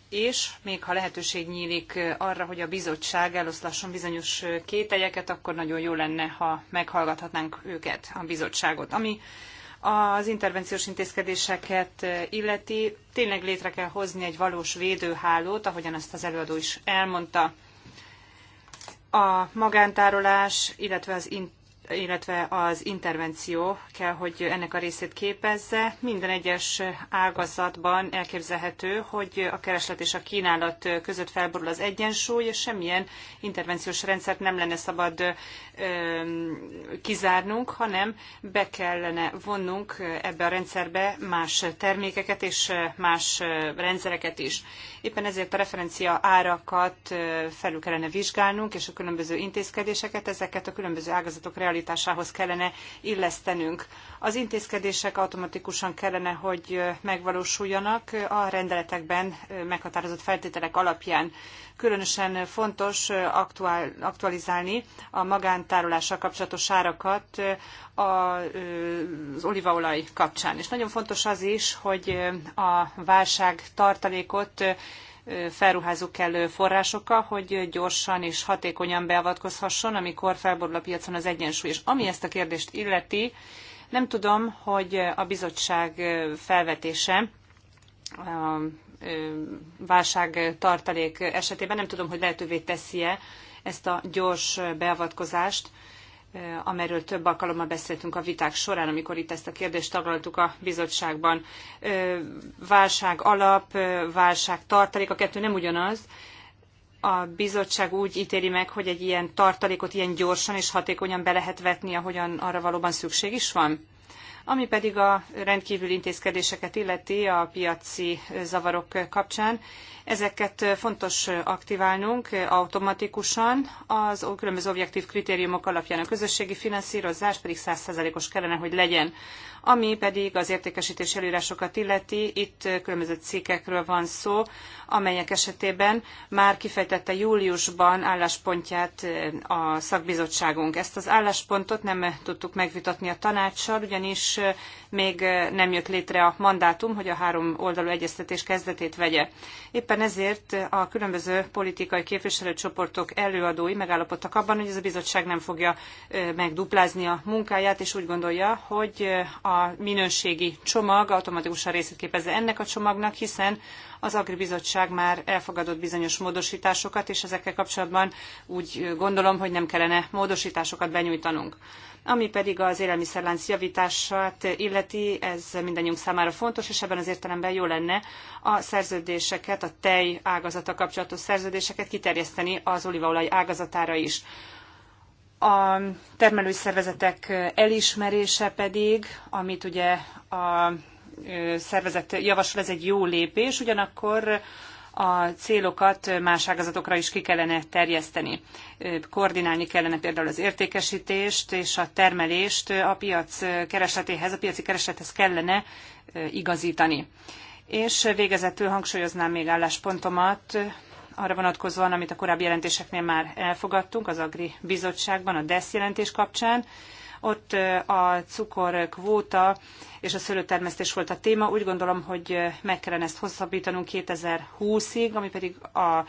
és még ha lehetőség nyílik arra, hogy a bizottság eloszlasson bizonyos kételyeket, akkor nagyon jó lenne, ha meghallgathatnánk őket, a bizottságot. Ami az intervenciós intézkedéseket illeti, tényleg létre kell hozni egy valós védőhálót, ahogyan ezt az előadó is elmondta. A magántárolás, illetve az illetve az intervenció kell, hogy ennek a részét képezze. Minden egyes ágazatban elképzelhető, hogy a kereslet és a kínálat között felborul az egyensúly, és semmilyen intervenciós rendszert nem lenne szabad kizárnunk, hanem be kellene vonnunk ebbe a rendszerbe más termékeket és más rendszereket is. Éppen ezért a referencia árakat felül kellene vizsgálnunk, és a különböző intézkedéseket, ezeket a különböző ágazatok realizációjára megvalósításához kellene illesztenünk. Az intézkedések automatikusan kellene, hogy megvalósuljanak a rendeletekben meghatározott feltételek alapján. Különösen fontos aktuál, aktualizálni a magántárolással kapcsolatos árakat az olívaolaj kapcsán. És nagyon fontos az is, hogy a válság tartalékot felruházunk kellő forrásokkal, hogy gyorsan és hatékonyan beavatkozhasson, amikor felborul a piacon az egyensúly. És ami ezt a kérdést illeti, nem tudom, hogy a bizottság felvetése a válság tartalék esetében, nem tudom, hogy lehetővé teszi-e ezt a gyors beavatkozást, Eh, amelyről több alkalommal beszéltünk a viták során, amikor itt ezt a kérdést taglaltuk a bizottságban. Eh, válság alap, eh, válság tartalék, a kettő nem ugyanaz. A bizottság úgy ítéli meg, hogy egy ilyen tartalékot ilyen gyorsan és hatékonyan be lehet vetni, ahogyan arra valóban szükség is van? Ami pedig a rendkívül intézkedéseket illeti a piaci zavarok kapcsán, ezeket fontos aktiválnunk automatikusan az különböző objektív kritériumok alapján. A közösségi finanszírozás pedig 100%-os kellene, hogy legyen. Ami pedig az értékesítés előírásokat illeti, itt különböző cikkekről van szó, amelyek esetében már kifejtette júliusban álláspontját eh, a szakbizottságunk. Ezt az álláspontot nem tudtuk megvitatni a tanácssal, ugyanis eh, még eh, nem jött létre a mandátum, hogy a három oldalú egyeztetés kezdetét vegye. Éppen ezért a különböző politikai képviselőcsoportok előadói megállapodtak abban, hogy ez a bizottság nem fogja megduplázni a munkáját, és úgy gondolja, hogy a a minőségi csomag automatikusan részét képezze ennek a csomagnak, hiszen az Agribizottság már elfogadott bizonyos módosításokat, és ezekkel kapcsolatban úgy gondolom, hogy nem kellene módosításokat benyújtanunk. Ami pedig az élelmiszerlánc javítását illeti, ez mindannyiunk számára fontos, és ebben az értelemben jó lenne a szerződéseket, a tej ágazata kapcsolatos szerződéseket kiterjeszteni az olívaolaj ágazatára is. A termelői szervezetek elismerése pedig, amit ugye a szervezet javasol, ez egy jó lépés, ugyanakkor a célokat más ágazatokra is ki kellene terjeszteni. Koordinálni kellene például az értékesítést és a termelést a piac keresletéhez, a piaci kereslethez kellene igazítani. És végezetül hangsúlyoznám még álláspontomat, arra vonatkozóan, amit a korábbi jelentéseknél már elfogadtunk az Agri Bizottságban, a DESZ jelentés kapcsán. Ott a cukorkvóta és a szőlőtermesztés volt a téma. Úgy gondolom, hogy meg kellene ezt hosszabbítanunk 2020-ig, ami pedig a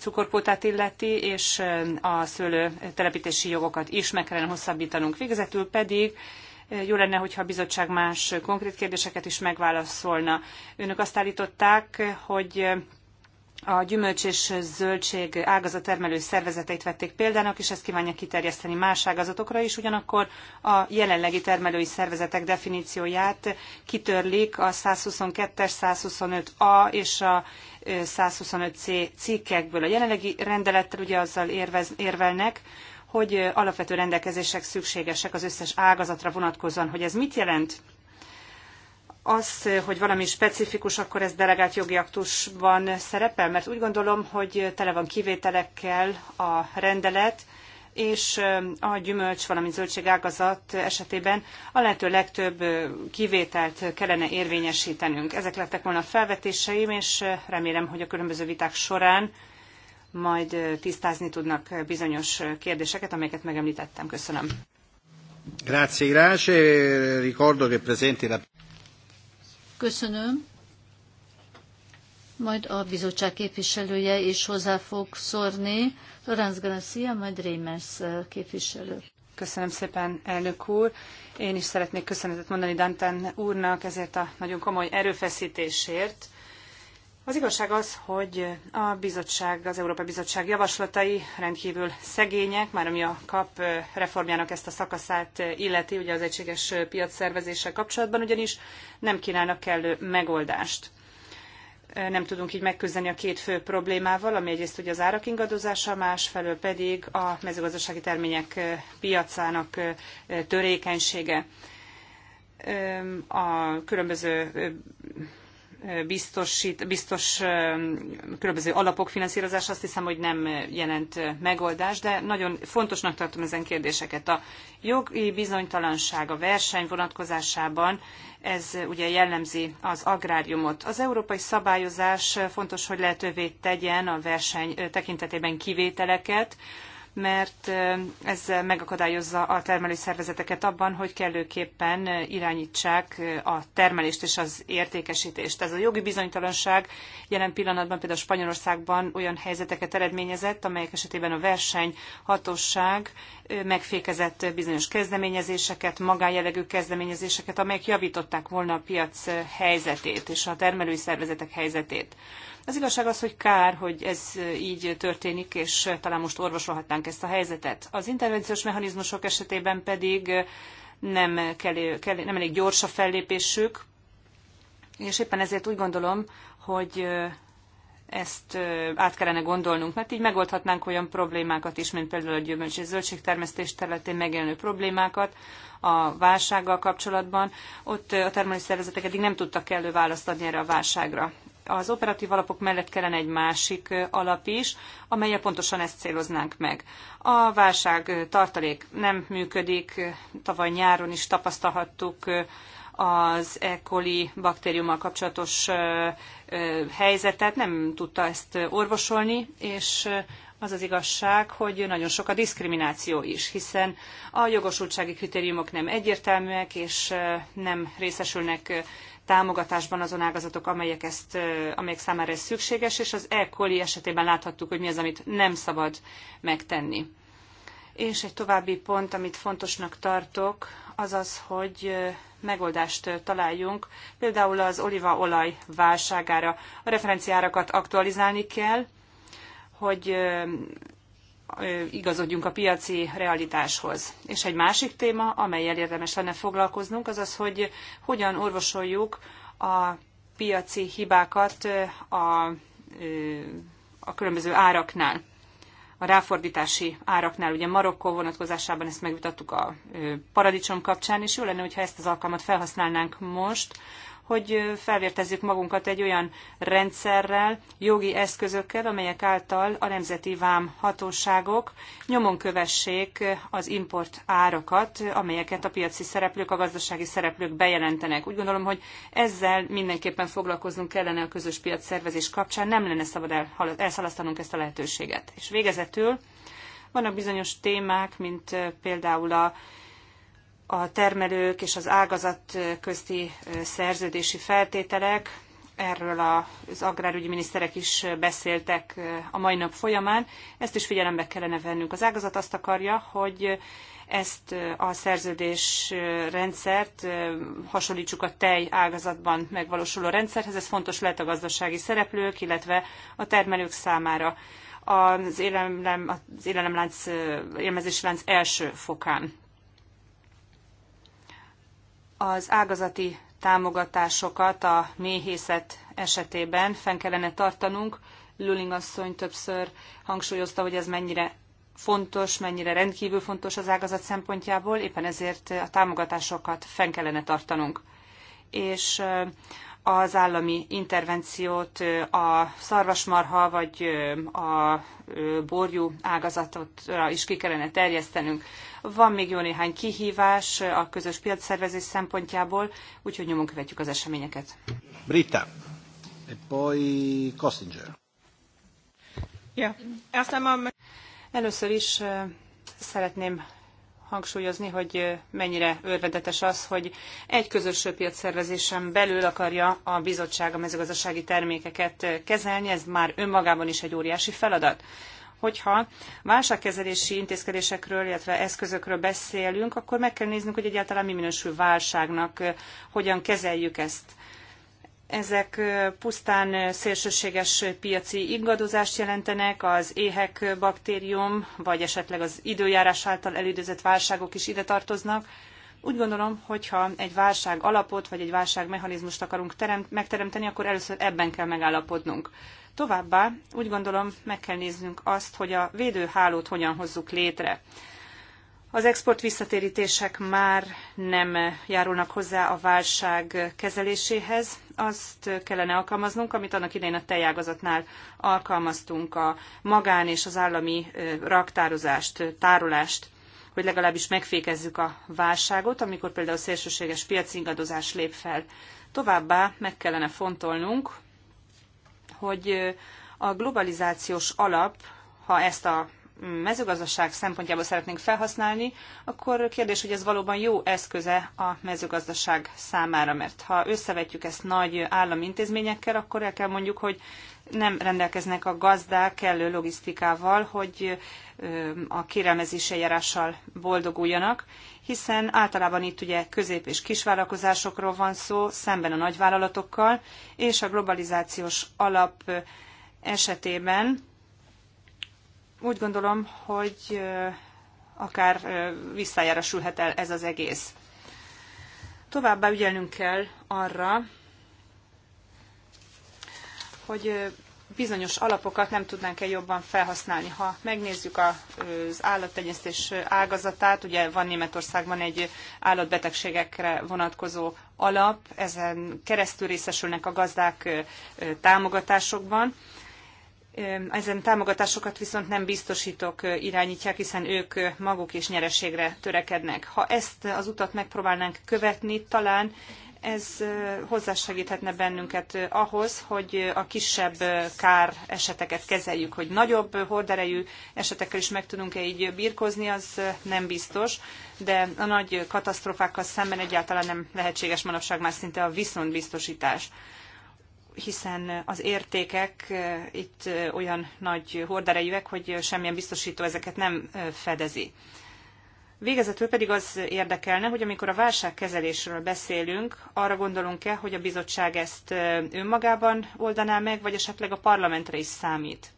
cukorkvótát illeti, és a szőlő telepítési jogokat is meg kellene hosszabbítanunk. Végezetül pedig jó lenne, hogyha a bizottság más konkrét kérdéseket is megválaszolna. Önök azt állították, hogy a gyümölcs és zöldség ágazat szervezeteit vették példának, és ezt kívánja kiterjeszteni más ágazatokra is, ugyanakkor a jelenlegi termelői szervezetek definícióját kitörlik a 122-es, 125A és a 125C cikkekből. A jelenlegi rendelettel ugye azzal érvez, érvelnek, hogy alapvető rendelkezések szükségesek az összes ágazatra vonatkozóan. Hogy ez mit jelent? az, hogy valami specifikus, akkor ez delegált jogi aktusban szerepel? Mert úgy gondolom, hogy tele van kivételekkel a rendelet, és a gyümölcs, valamint zöldségágazat esetében a lehető legtöbb kivételt kellene érvényesítenünk. Ezek lettek volna a felvetéseim, és remélem, hogy a különböző viták során majd tisztázni tudnak bizonyos kérdéseket, amelyeket megemlítettem. Köszönöm. Grazie, grazie. Ricordo che presenti la... Köszönöm. Majd a bizottság képviselője is hozzá fog szórni. Lorenz Garcia, majd Rémes eh, képviselő. Köszönöm szépen, elnök úr. Én is szeretnék köszönetet mondani Danten úrnak ezért a nagyon komoly erőfeszítésért, az igazság az, hogy a bizottság, az Európai Bizottság javaslatai rendkívül szegények, már ami a kap reformjának ezt a szakaszát illeti, ugye az egységes piac szervezéssel kapcsolatban, ugyanis nem kínálnak kellő megoldást. Nem tudunk így megküzdeni a két fő problémával, ami egyrészt ugye az árak ingadozása, másfelől pedig a mezőgazdasági termények piacának törékenysége. A különböző biztosít, biztos különböző alapok finanszírozása azt hiszem, hogy nem jelent megoldást, de nagyon fontosnak tartom ezen kérdéseket. A jogi bizonytalanság a verseny vonatkozásában, ez ugye jellemzi az agráriumot. Az európai szabályozás fontos, hogy lehetővé tegyen a verseny tekintetében kivételeket, mert ez megakadályozza a termelői szervezeteket abban, hogy kellőképpen irányítsák a termelést és az értékesítést. Ez a jogi bizonytalanság jelen pillanatban például Spanyolországban olyan helyzeteket eredményezett, amelyek esetében a versenyhatóság megfékezett bizonyos kezdeményezéseket, magánjellegű kezdeményezéseket, amelyek javították volna a piac helyzetét és a termelői szervezetek helyzetét. Az igazság az, hogy kár, hogy ez így történik, és talán most orvosolhatnánk ezt a helyzetet. Az intervenciós mechanizmusok esetében pedig nem, kell, kell, nem elég gyors a fellépésük, és éppen ezért úgy gondolom, hogy ezt át kellene gondolnunk, mert így megoldhatnánk olyan problémákat is, mint például a gyümölcs és zöldségtermesztés területén megjelenő problémákat a válsággal kapcsolatban. Ott a termelőszervezetek eddig nem tudtak kellő választ adni erre a válságra az operatív alapok mellett kellene egy másik alap is, amelyel pontosan ezt céloznánk meg. A válság tartalék nem működik, tavaly nyáron is tapasztalhattuk az E. coli baktériummal kapcsolatos helyzetet, nem tudta ezt orvosolni, és az az igazság, hogy nagyon sok a diszkrimináció is, hiszen a jogosultsági kritériumok nem egyértelműek, és nem részesülnek támogatásban azon ágazatok, amelyek, ezt, amelyek számára ez szükséges, és az e coli esetében láthattuk, hogy mi az, amit nem szabad megtenni. És egy további pont, amit fontosnak tartok, az az, hogy megoldást találjunk, például az olívaolaj válságára. A referenciárakat aktualizálni kell, hogy igazodjunk a piaci realitáshoz. És egy másik téma, amelyel érdemes lenne foglalkoznunk, az az, hogy hogyan orvosoljuk a piaci hibákat a, a különböző áraknál, a ráfordítási áraknál. Ugye Marokkó vonatkozásában ezt megvitattuk a paradicsom kapcsán, és jó lenne, hogyha ezt az alkalmat felhasználnánk most, hogy felvértezzük magunkat egy olyan rendszerrel, jogi eszközökkel, amelyek által a nemzeti vámhatóságok hatóságok nyomon kövessék az import árakat, amelyeket a piaci szereplők, a gazdasági szereplők bejelentenek. Úgy gondolom, hogy ezzel mindenképpen foglalkoznunk kellene a közös piac szervezés kapcsán, nem lenne szabad elszalasztanunk ezt a lehetőséget. És végezetül vannak bizonyos témák, mint például a a termelők és az ágazat közti szerződési feltételek, erről az agrárügyi miniszterek is beszéltek a mai nap folyamán. Ezt is figyelembe kellene vennünk. Az ágazat azt akarja, hogy ezt a szerződés rendszert hasonlítsuk a tej ágazatban megvalósuló rendszerhez. Ez fontos lehet a gazdasági szereplők, illetve a termelők számára az, élelem, élelemlánc, élmezési lánc első fokán az ágazati támogatásokat a méhészet esetében fenn kellene tartanunk. Luling asszony többször hangsúlyozta, hogy ez mennyire fontos, mennyire rendkívül fontos az ágazat szempontjából, éppen ezért a támogatásokat fenn kellene tartanunk. És az állami intervenciót, a szarvasmarha vagy a borjú ágazatotra is ki kellene terjesztenünk. Van még jó néhány kihívás a közös piacszervezés szempontjából, úgyhogy nyomon követjük az eseményeket. Brita, e poi Kostinger. Ja, aztán Először is szeretném hangsúlyozni, hogy mennyire örvendetes az, hogy egy közös piacszervezésen belül akarja a bizottság a mezőgazdasági termékeket kezelni, ez már önmagában is egy óriási feladat hogyha válságkezelési intézkedésekről, illetve eszközökről beszélünk, akkor meg kell néznünk, hogy egyáltalán mi minősül válságnak, hogyan kezeljük ezt. Ezek pusztán szélsőséges piaci ingadozást jelentenek, az éhek baktérium, vagy esetleg az időjárás által elidőzött válságok is ide tartoznak. Úgy gondolom, hogyha egy válság alapot, vagy egy válság mechanizmust akarunk teremt, megteremteni, akkor először ebben kell megállapodnunk. Továbbá úgy gondolom meg kell néznünk azt, hogy a védőhálót hogyan hozzuk létre. Az export visszatérítések már nem járulnak hozzá a válság kezeléséhez. Azt kellene alkalmaznunk, amit annak idején a tejágazatnál alkalmaztunk, a magán és az állami raktározást, tárolást, hogy legalábbis megfékezzük a válságot, amikor például szélsőséges piacingadozás lép fel. Továbbá meg kellene fontolnunk, hogy a globalizációs alap, ha ezt a mezőgazdaság szempontjából szeretnénk felhasználni, akkor kérdés, hogy ez valóban jó eszköze a mezőgazdaság számára, mert ha összevetjük ezt nagy állami intézményekkel, akkor el kell mondjuk, hogy nem rendelkeznek a gazdák kellő logisztikával, hogy a kérelmezési eljárással boldoguljanak, hiszen általában itt ugye közép- és kisvállalkozásokról van szó, szemben a nagyvállalatokkal, és a globalizációs alap esetében úgy gondolom, hogy akár visszajárasülhet el ez az egész. Továbbá ügyelnünk kell arra, hogy bizonyos alapokat nem tudnánk-e jobban felhasználni. Ha megnézzük az állattenyésztés ágazatát, ugye van Németországban egy állatbetegségekre vonatkozó alap, ezen keresztül részesülnek a gazdák támogatásokban. Ezen támogatásokat viszont nem biztosítok, irányítják, hiszen ők maguk is nyereségre törekednek. Ha ezt az utat megpróbálnánk követni, talán ez hozzásegíthetne bennünket ahhoz, hogy a kisebb kár eseteket kezeljük, hogy nagyobb horderejű esetekkel is meg tudunk-e így birkozni, az nem biztos, de a nagy katasztrofákkal szemben egyáltalán nem lehetséges manapság már szinte a viszonbiztosítás hiszen az értékek itt olyan nagy horderejűek, hogy semmilyen biztosító ezeket nem fedezi. Végezetül pedig az érdekelne, hogy amikor a válságkezelésről beszélünk, arra gondolunk-e, hogy a bizottság ezt önmagában oldaná meg, vagy esetleg a parlamentre is számít?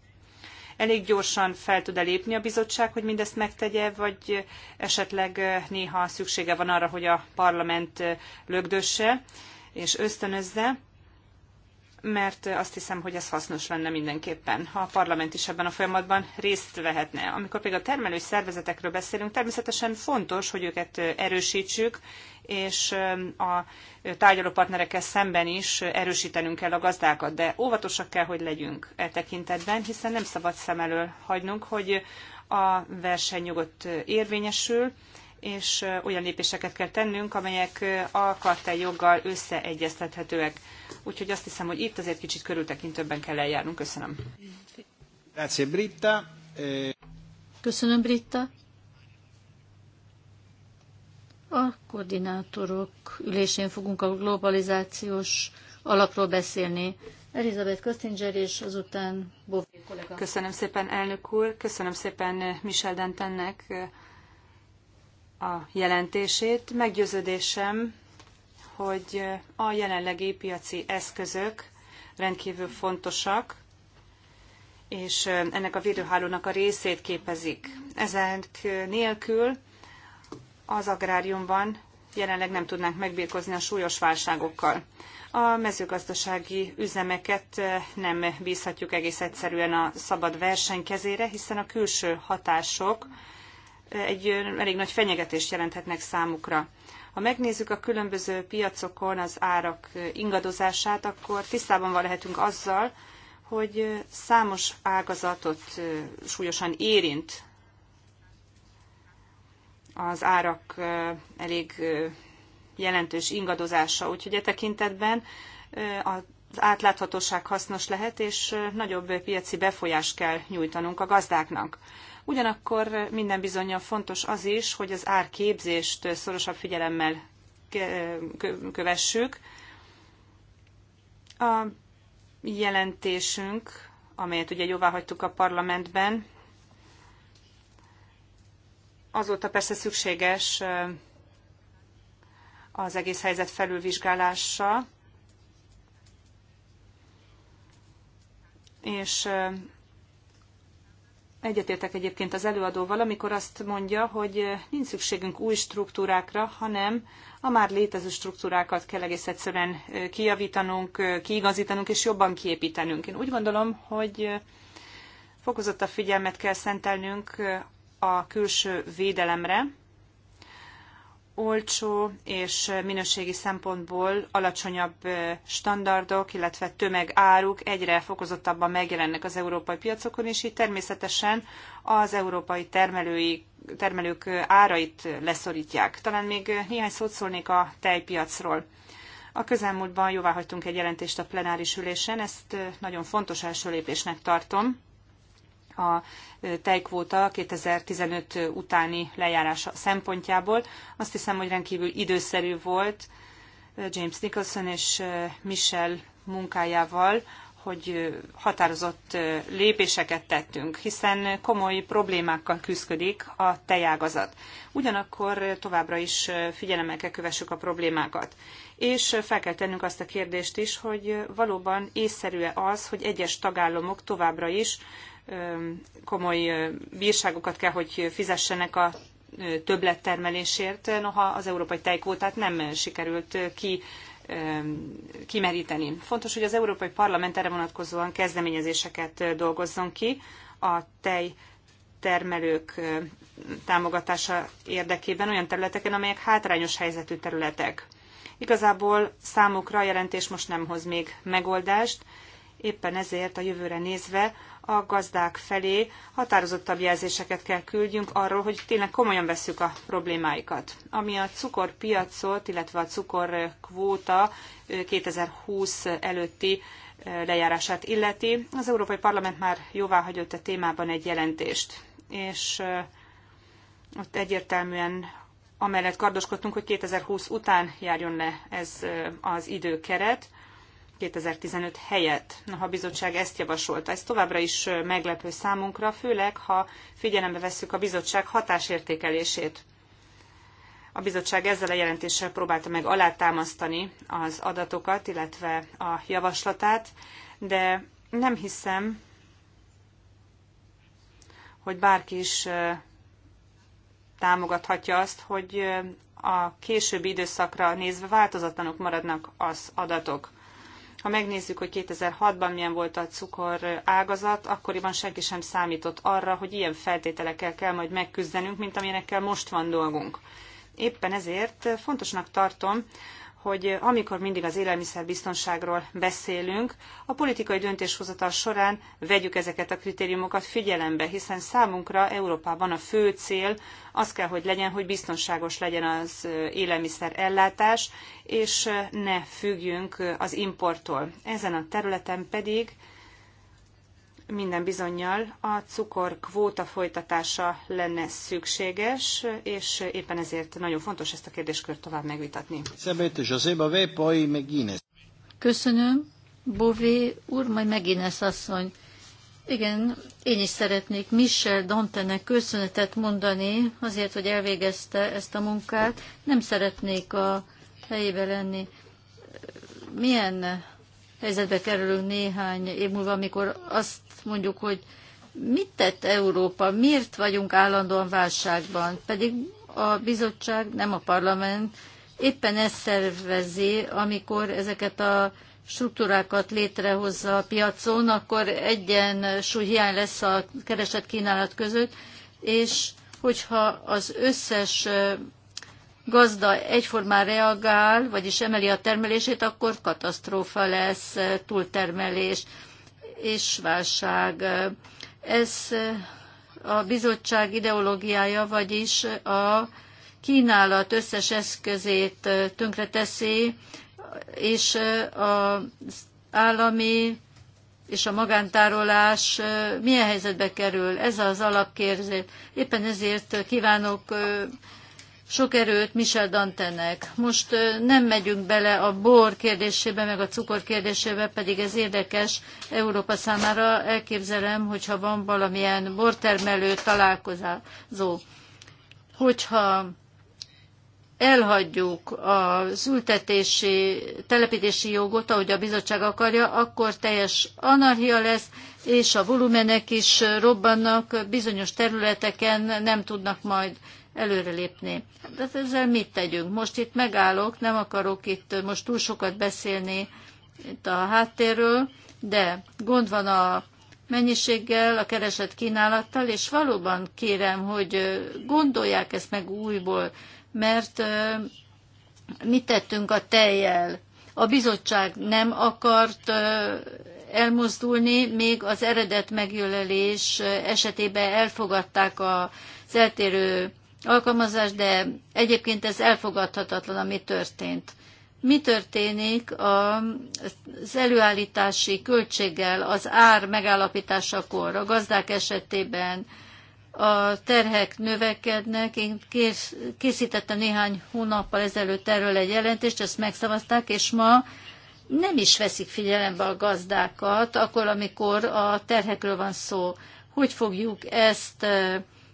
Elég gyorsan fel tud-e lépni a bizottság, hogy mindezt megtegye, vagy esetleg néha szüksége van arra, hogy a parlament lögdösse és ösztönözze, mert azt hiszem, hogy ez hasznos lenne mindenképpen, ha a parlament is ebben a folyamatban részt vehetne. Amikor pedig a termelői szervezetekről beszélünk, természetesen fontos, hogy őket erősítsük, és a tárgyalópartnerekkel szemben is erősítenünk kell a gazdákat, de óvatosak kell, hogy legyünk e tekintetben, hiszen nem szabad szem elől hagynunk, hogy a versenyjogot érvényesül, és olyan lépéseket kell tennünk, amelyek a kartel joggal összeegyeztethetőek. Úgyhogy azt hiszem, hogy itt azért kicsit körültekintőbben kell eljárnunk. Köszönöm. Grazie, Britta. E, Köszönöm, Britta. A koordinátorok ülésén fogunk a globalizációs alapról beszélni. Elizabeth Köstinger és azután Bové kollega. Köszönöm szépen, elnök úr. Köszönöm szépen Michel Dantennek a jelentését. Meggyőződésem, hogy a jelenlegi piaci eszközök rendkívül fontosak, és ennek a védőhálónak a részét képezik. Ezek nélkül az agráriumban jelenleg nem tudnánk megbírkozni a súlyos válságokkal. A mezőgazdasági üzemeket nem bízhatjuk egész egyszerűen a szabad verseny kezére, hiszen a külső hatások, egy elég nagy fenyegetést jelenthetnek számukra. Ha megnézzük a különböző piacokon az árak ingadozását, akkor tisztában van lehetünk azzal, hogy számos ágazatot súlyosan érint az árak elég jelentős ingadozása. Úgyhogy e tekintetben az átláthatóság hasznos lehet, és nagyobb piaci befolyást kell nyújtanunk a gazdáknak. Ugyanakkor minden bizonyal fontos az is, hogy az árképzést szorosabb figyelemmel kövessük. A jelentésünk, amelyet ugye jóvá hagytuk a parlamentben, azóta persze szükséges az egész helyzet felülvizsgálása, és Egyetértek egyébként az előadóval, amikor azt mondja, hogy nincs szükségünk új struktúrákra, hanem a már létező struktúrákat kell egész egyszerűen kijavítanunk, kiigazítanunk és jobban kiépítenünk. Én úgy gondolom, hogy fokozottabb figyelmet kell szentelnünk a külső védelemre, olcsó és minőségi szempontból alacsonyabb standardok, illetve tömegáruk egyre fokozottabban megjelennek az európai piacokon, és így természetesen az európai termelői, termelők árait leszorítják. Talán még néhány szót szólnék a tejpiacról. A közelmúltban jóváhagytunk egy jelentést a plenáris ülésen, ezt nagyon fontos első lépésnek tartom a tejkvóta 2015 utáni lejárása szempontjából. Azt hiszem, hogy rendkívül időszerű volt eh, James Nicholson és eh, Michelle munkájával, hogy eh, határozott lépéseket tettünk, hiszen komoly problémákkal küzdik a tejágazat. Ugyanakkor továbbra is figyelemmel kell kövessük a problémákat. És fel kell tennünk azt a kérdést is, hogy valóban észszerű-e az, hogy egyes tagállamok továbbra is komoly bírságokat kell, hogy fizessenek a többlettermelésért, noha az európai tejkvótát nem sikerült ki kimeríteni. Fontos, hogy az Európai Parlament erre vonatkozóan kezdeményezéseket dolgozzon ki a tej termelők támogatása érdekében olyan területeken, amelyek hátrányos helyzetű területek. Igazából számukra a jelentés most nem hoz még megoldást, éppen ezért a jövőre nézve a gazdák felé határozottabb jelzéseket kell küldjünk arról, hogy tényleg komolyan vesszük a problémáikat. Ami a cukorpiacot, illetve a cukorkvóta 2020 előtti lejárását illeti, az Európai Parlament már jóváhagyott a témában egy jelentést, és ott egyértelműen amellett kardoskodtunk, hogy 2020 után járjon le ez az időkeret, 2015 helyett. Noha a bizottság ezt javasolta, ez továbbra is meglepő számunkra, főleg ha figyelembe vesszük a bizottság hatásértékelését. A bizottság ezzel a jelentéssel próbálta meg alátámasztani az adatokat, illetve a javaslatát, de nem hiszem, hogy bárki is támogathatja azt, hogy a későbbi időszakra nézve változatlanok maradnak az adatok. Ha megnézzük, hogy 2006-ban milyen volt a cukor ágazat, akkoriban senki sem számított arra, hogy ilyen feltételekkel kell majd megküzdenünk, mint amilyenekkel most van dolgunk. Éppen ezért fontosnak tartom, hogy amikor mindig az élelmiszerbiztonságról beszélünk, a politikai döntéshozatal során vegyük ezeket a kritériumokat figyelembe, hiszen számunkra Európában a fő cél az kell, hogy legyen, hogy biztonságos legyen az élelmiszer ellátás, és ne függjünk az importtól. Ezen a területen pedig minden bizonyal a cukor kvóta folytatása lenne szükséges, és éppen ezért nagyon fontos ezt a kérdéskört tovább megvitatni. Köszönöm, Bové úr, majd Megines asszony. Igen, én is szeretnék Michel Dantenek köszönetet mondani azért, hogy elvégezte ezt a munkát. Nem szeretnék a helyébe lenni. Milyen helyzetbe kerülünk néhány év múlva, amikor azt azt mondjuk, hogy mit tett Európa, miért vagyunk állandóan válságban, pedig a bizottság, nem a parlament, éppen ezt szervezi, amikor ezeket a struktúrákat létrehozza a piacon, akkor súly hiány lesz a kereset-kínálat között, és hogyha az összes gazda egyformán reagál, vagyis emeli a termelését, akkor katasztrófa lesz, túltermelés és válság. Ez a bizottság ideológiája, vagyis a kínálat összes eszközét tönkreteszi, és az állami és a magántárolás milyen helyzetbe kerül. Ez az alapkérdés. Éppen ezért kívánok sok erőt Michel Dantennek. Most nem megyünk bele a bor kérdésébe, meg a cukor kérdésébe, pedig ez érdekes Európa számára. Elképzelem, hogyha van valamilyen bortermelő találkozó, hogyha elhagyjuk az ültetési, telepítési jogot, ahogy a bizottság akarja, akkor teljes anarchia lesz, és a volumenek is robbannak, bizonyos területeken nem tudnak majd előrelépni. De hát ezzel mit tegyünk? Most itt megállok, nem akarok itt most túl sokat beszélni itt a háttérről, de gond van a mennyiséggel, a keresett kínálattal, és valóban kérem, hogy gondolják ezt meg újból, mert mit tettünk a tejjel? A bizottság nem akart elmozdulni, még az eredet megjelölés esetében elfogadták az eltérő alkalmazás, de egyébként ez elfogadhatatlan, ami történt. Mi történik az előállítási költséggel, az ár megállapításakor, a gazdák esetében, a terhek növekednek. Én készítettem néhány hónappal ezelőtt erről egy jelentést, ezt megszavazták, és ma nem is veszik figyelembe a gazdákat, akkor, amikor a terhekről van szó. Hogy fogjuk ezt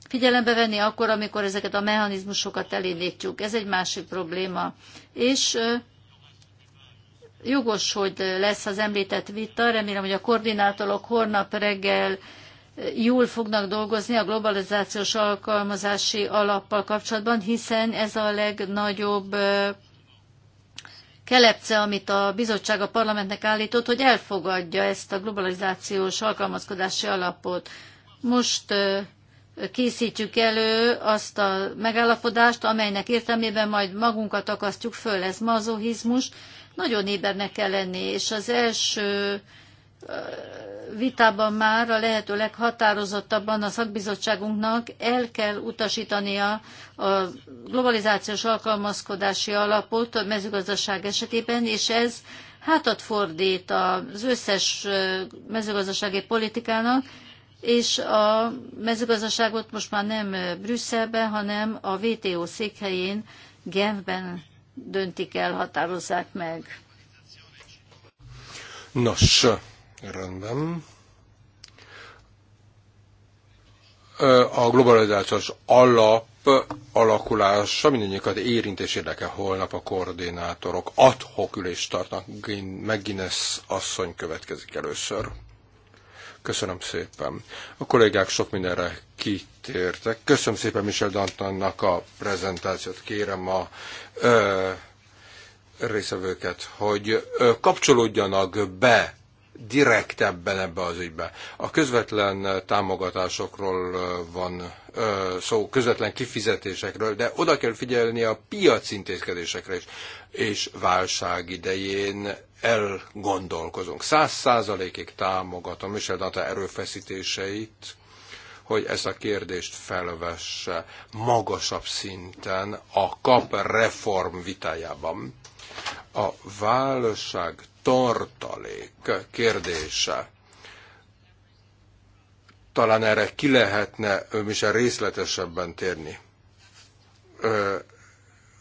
figyelembe venni akkor, amikor ezeket a mechanizmusokat elindítjuk. Ez egy másik probléma. És jogos, hogy lesz az említett vita. Remélem, hogy a koordinátorok holnap reggel jól fognak dolgozni a globalizációs alkalmazási alappal kapcsolatban, hiszen ez a legnagyobb kelepce, amit a bizottság a parlamentnek állított, hogy elfogadja ezt a globalizációs alkalmazkodási alapot. Most készítjük elő azt a megállapodást, amelynek értelmében majd magunkat akasztjuk föl. Ez mazohizmus. Nagyon ébernek kell lenni, és az első vitában már a lehető leghatározottabban a szakbizottságunknak el kell utasítania a globalizációs alkalmazkodási alapot a mezőgazdaság esetében, és ez hátat fordít az összes mezőgazdasági politikának, és a mezőgazdaságot most már nem Brüsszelben, hanem a WTO székhelyén, Genfben döntik el, határozzák meg. Nos, rendben. A globalizációs alap alakulása mindannyiukat érint és érdeke holnap a koordinátorok. Adhok ülést tartnak, Guinness asszony következik először. Köszönöm szépen. A kollégák sok mindenre kitértek. Köszönöm szépen Michel Dantannak a prezentációt. Kérem a ö, hogy ö, kapcsolódjanak be direktebben ebbe az ügybe. A közvetlen támogatásokról van szó, közvetlen kifizetésekről, de oda kell figyelni a piac intézkedésekre is és válság idején elgondolkozunk. Száz százalékig támogatom Michel Data erőfeszítéseit, hogy ezt a kérdést felvesse magasabb szinten a kap reform vitájában. A válság tartalék kérdése talán erre ki lehetne is részletesebben térni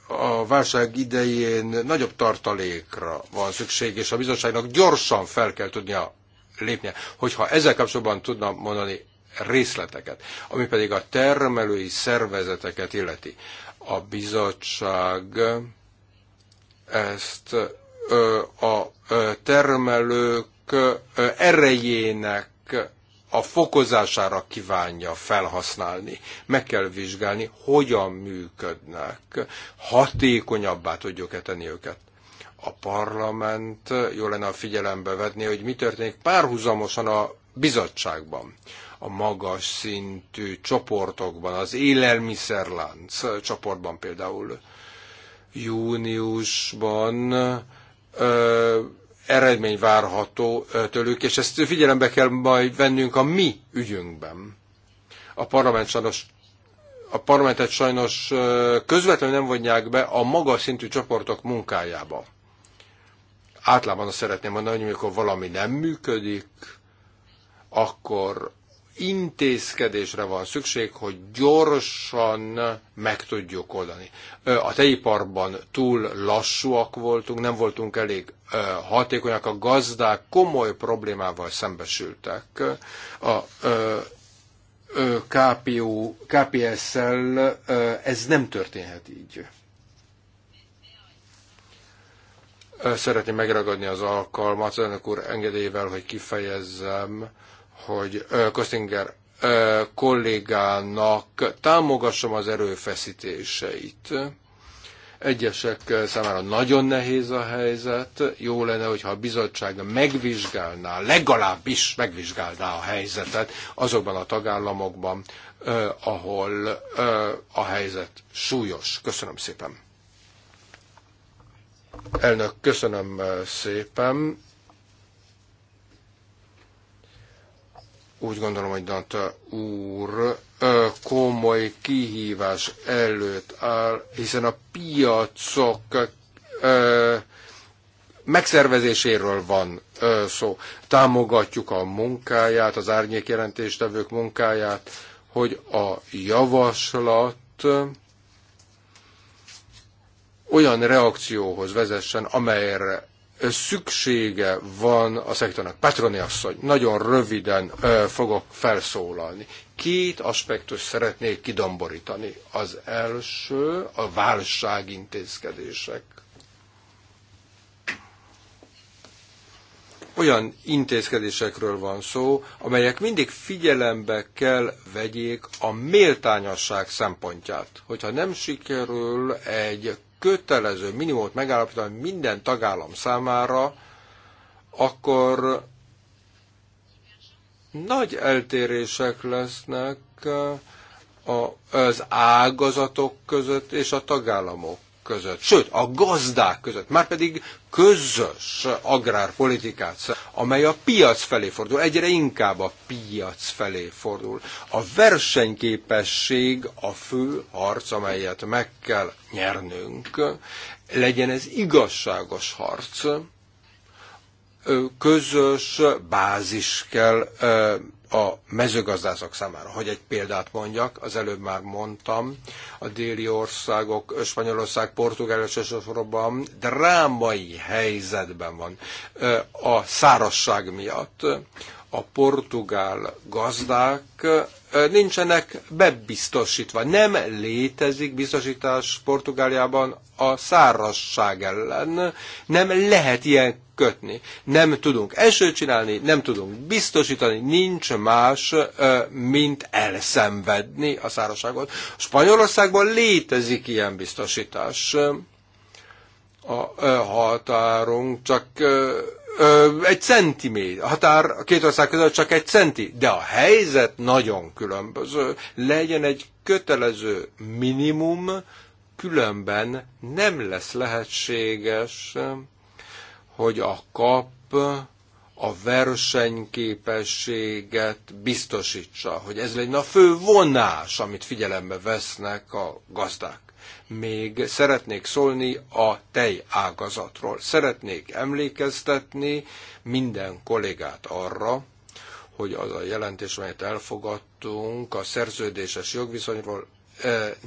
a válság idején nagyobb tartalékra van szükség, és a bizottságnak gyorsan fel kell tudnia lépnie. Hogyha ezzel kapcsolatban tudna mondani részleteket, ami pedig a termelői szervezeteket illeti. A bizottság ezt a termelők erejének a fokozására kívánja felhasználni. Meg kell vizsgálni, hogyan működnek, hatékonyabbá tudjuk-e tenni őket. A parlament jó lenne a figyelembe vetni, hogy mi történik párhuzamosan a bizottságban, a magas szintű csoportokban, az élelmiszerlánc csoportban például júniusban ö, eredmény várható tőlük, és ezt figyelembe kell majd vennünk a mi ügyünkben. A parlament sajnos a parlamentet sajnos közvetlenül nem vonják be a magas szintű csoportok munkájába. Általában azt szeretném mondani, hogy amikor valami nem működik, akkor intézkedésre van szükség, hogy gyorsan meg tudjuk oldani. A teiparban túl lassúak voltunk, nem voltunk elég hatékonyak, a gazdák komoly problémával szembesültek. A KPU, kps szel ez nem történhet így. Szeretném megragadni az alkalmat, elnök úr engedélyével, hogy kifejezzem, hogy Köszinger kollégának támogassam az erőfeszítéseit. Egyesek számára nagyon nehéz a helyzet. Jó lenne, hogyha a bizottság megvizsgálná, legalábbis megvizsgálná a helyzetet azokban a tagállamokban, ahol a helyzet súlyos. Köszönöm szépen. Elnök, köszönöm szépen. Úgy gondolom, hogy Dante úr komoly kihívás előtt áll, hiszen a piacok megszervezéséről van szó. Támogatjuk a munkáját, az árnyék jelentéstevők munkáját, hogy a javaslat olyan reakcióhoz vezessen, amelyre szüksége van a szektornak. Petroni asszony, nagyon röviden fogok felszólalni. Két aspektus szeretnék kidomborítani. Az első a válságintézkedések. Olyan intézkedésekről van szó, amelyek mindig figyelembe kell vegyék a méltányosság szempontját. Hogyha nem sikerül egy kötelező minimumot megállapítani minden tagállam számára, akkor nagy eltérések lesznek az ágazatok között és a tagállamok között, sőt a gazdák között, már pedig közös agrárpolitikát, amely a piac felé fordul, egyre inkább a piac felé fordul. A versenyképesség a fő harc, amelyet meg kell nyernünk, legyen ez igazságos harc, közös bázis kell a mezőgazdászok számára. Hogy egy példát mondjak, az előbb már mondtam, a déli országok, Spanyolország, Portugál és Sosorban drámai helyzetben van a szárasság miatt. A portugál gazdák nincsenek bebiztosítva. Nem létezik biztosítás Portugáliában a szárazság ellen. Nem lehet ilyen kötni. Nem tudunk esőt csinálni, nem tudunk biztosítani, nincs más, mint elszenvedni a szárazságot. Spanyolországban létezik ilyen biztosítás. A határunk csak ö, egy centiméter, a határ a két ország között csak egy centi, de a helyzet nagyon különböző. Legyen egy kötelező minimum, különben nem lesz lehetséges, hogy a kap a versenyképességet biztosítsa, hogy ez legyen a fő vonás, amit figyelembe vesznek a gazdák még szeretnék szólni a tej ágazatról. Szeretnék emlékeztetni minden kollégát arra, hogy az a jelentés, amelyet elfogadtunk a szerződéses jogviszonyról,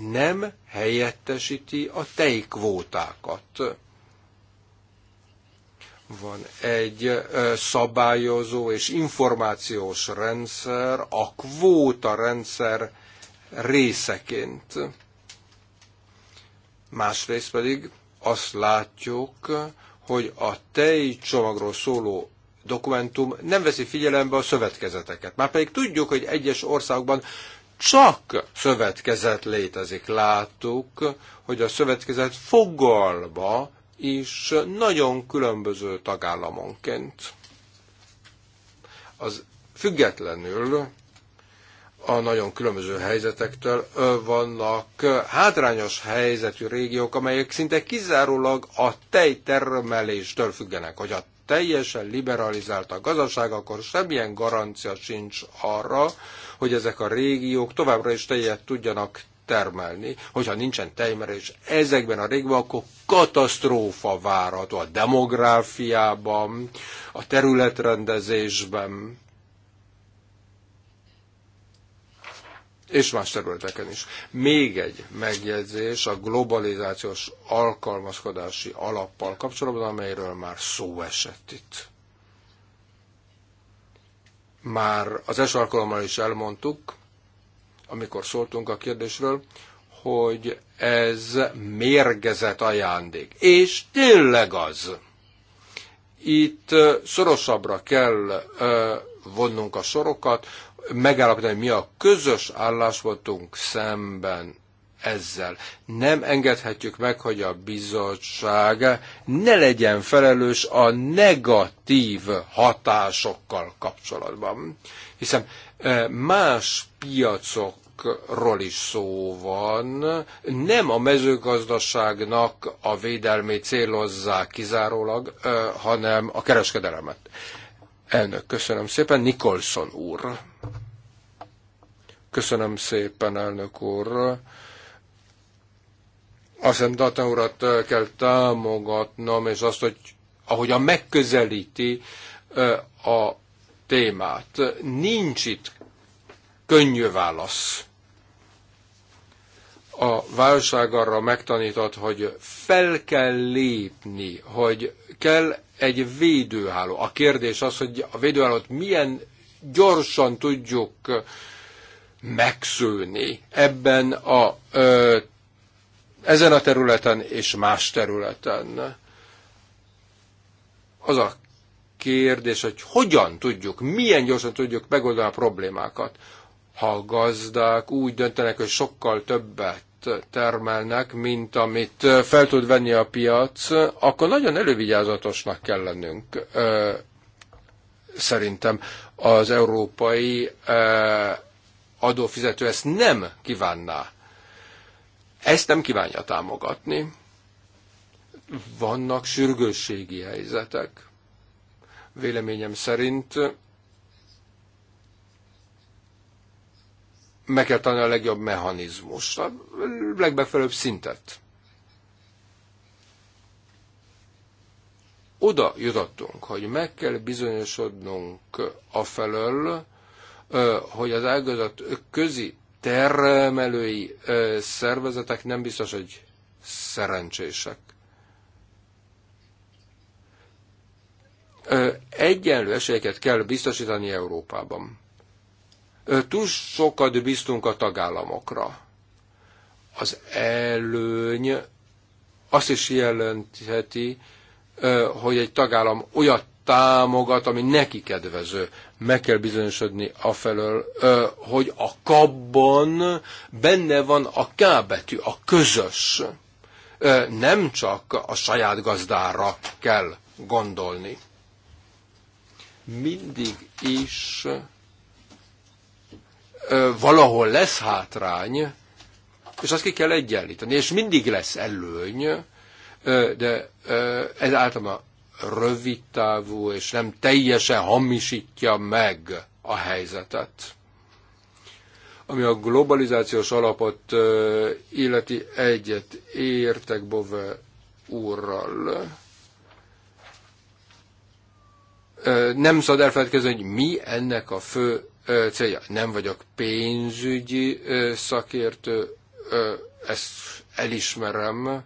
nem helyettesíti a tejkvótákat. Van egy szabályozó és információs rendszer, a kvóta rendszer részeként Másrészt pedig azt látjuk, hogy a tejcsomagról szóló dokumentum nem veszi figyelembe a szövetkezeteket. Már pedig tudjuk, hogy egyes országokban csak szövetkezet létezik. Láttuk, hogy a szövetkezet fogalma is nagyon különböző tagállamonként. Az függetlenül a nagyon különböző helyzetektől vannak hátrányos helyzetű régiók, amelyek szinte kizárólag a tejtermeléstől függenek. Hogy a teljesen liberalizált a gazdaság, akkor semmilyen garancia sincs arra, hogy ezek a régiók továbbra is tejet tudjanak termelni, hogyha nincsen tejmerés ezekben a régiókban, akkor katasztrófa várható a demográfiában, a területrendezésben és más területeken is. Még egy megjegyzés a globalizációs alkalmazkodási alappal kapcsolatban, amelyről már szó esett itt. Már az első alkalommal is elmondtuk, amikor szóltunk a kérdésről, hogy ez mérgezett ajándék. És tényleg az. Itt szorosabbra kell vonnunk a sorokat, megállapítani, mi a közös álláspontunk szemben ezzel. Nem engedhetjük meg, hogy a bizottság ne legyen felelős a negatív hatásokkal kapcsolatban. Hiszen e, más piacok ról is szó van. Nem a mezőgazdaságnak a védelmét célozzák kizárólag, e, hanem a kereskedelemet. Elnök, köszönöm szépen. Nicholson úr. Köszönöm szépen, elnök úr. Azt hiszem, Data urat kell támogatnom, és azt, hogy ahogyan megközelíti a témát. Nincs itt könnyű válasz. A válság arra megtanított, hogy fel kell lépni, hogy kell egy védőháló. A kérdés az, hogy a védőhálót milyen gyorsan tudjuk megszőni ebben a, ö, ezen a területen és más területen. Az a kérdés, hogy hogyan tudjuk, milyen gyorsan tudjuk megoldani a problémákat. Ha a gazdák úgy döntenek, hogy sokkal többet termelnek, mint amit fel tud venni a piac, akkor nagyon elővigyázatosnak kell lennünk szerintem az európai adófizető ezt nem kívánná. Ezt nem kívánja támogatni. Vannak sürgősségi helyzetek. Véleményem szerint meg kell találni a legjobb mechanizmus, a legbefelőbb szintet. Oda jutottunk, hogy meg kell bizonyosodnunk felől, hogy az ágazat közi termelői szervezetek nem biztos, hogy szerencsések. Egyenlő esélyeket kell biztosítani Európában Túl sokat bíztunk a tagállamokra. Az előny azt is jelentheti, hogy egy tagállam olyat támogat, ami neki kedvező. Meg kell bizonyosodni afelől, hogy a kabban benne van a K betű, a közös. Nem csak a saját gazdára kell gondolni. Mindig is valahol lesz hátrány, és azt ki kell egyenlíteni, és mindig lesz előny, de ez általában rövid távú, és nem teljesen hamisítja meg a helyzetet. Ami a globalizációs alapot illeti egyet értek Bove úrral. Nem szabad elfelejtkezni, hogy mi ennek a fő célja. Nem vagyok pénzügyi szakértő, ezt elismerem.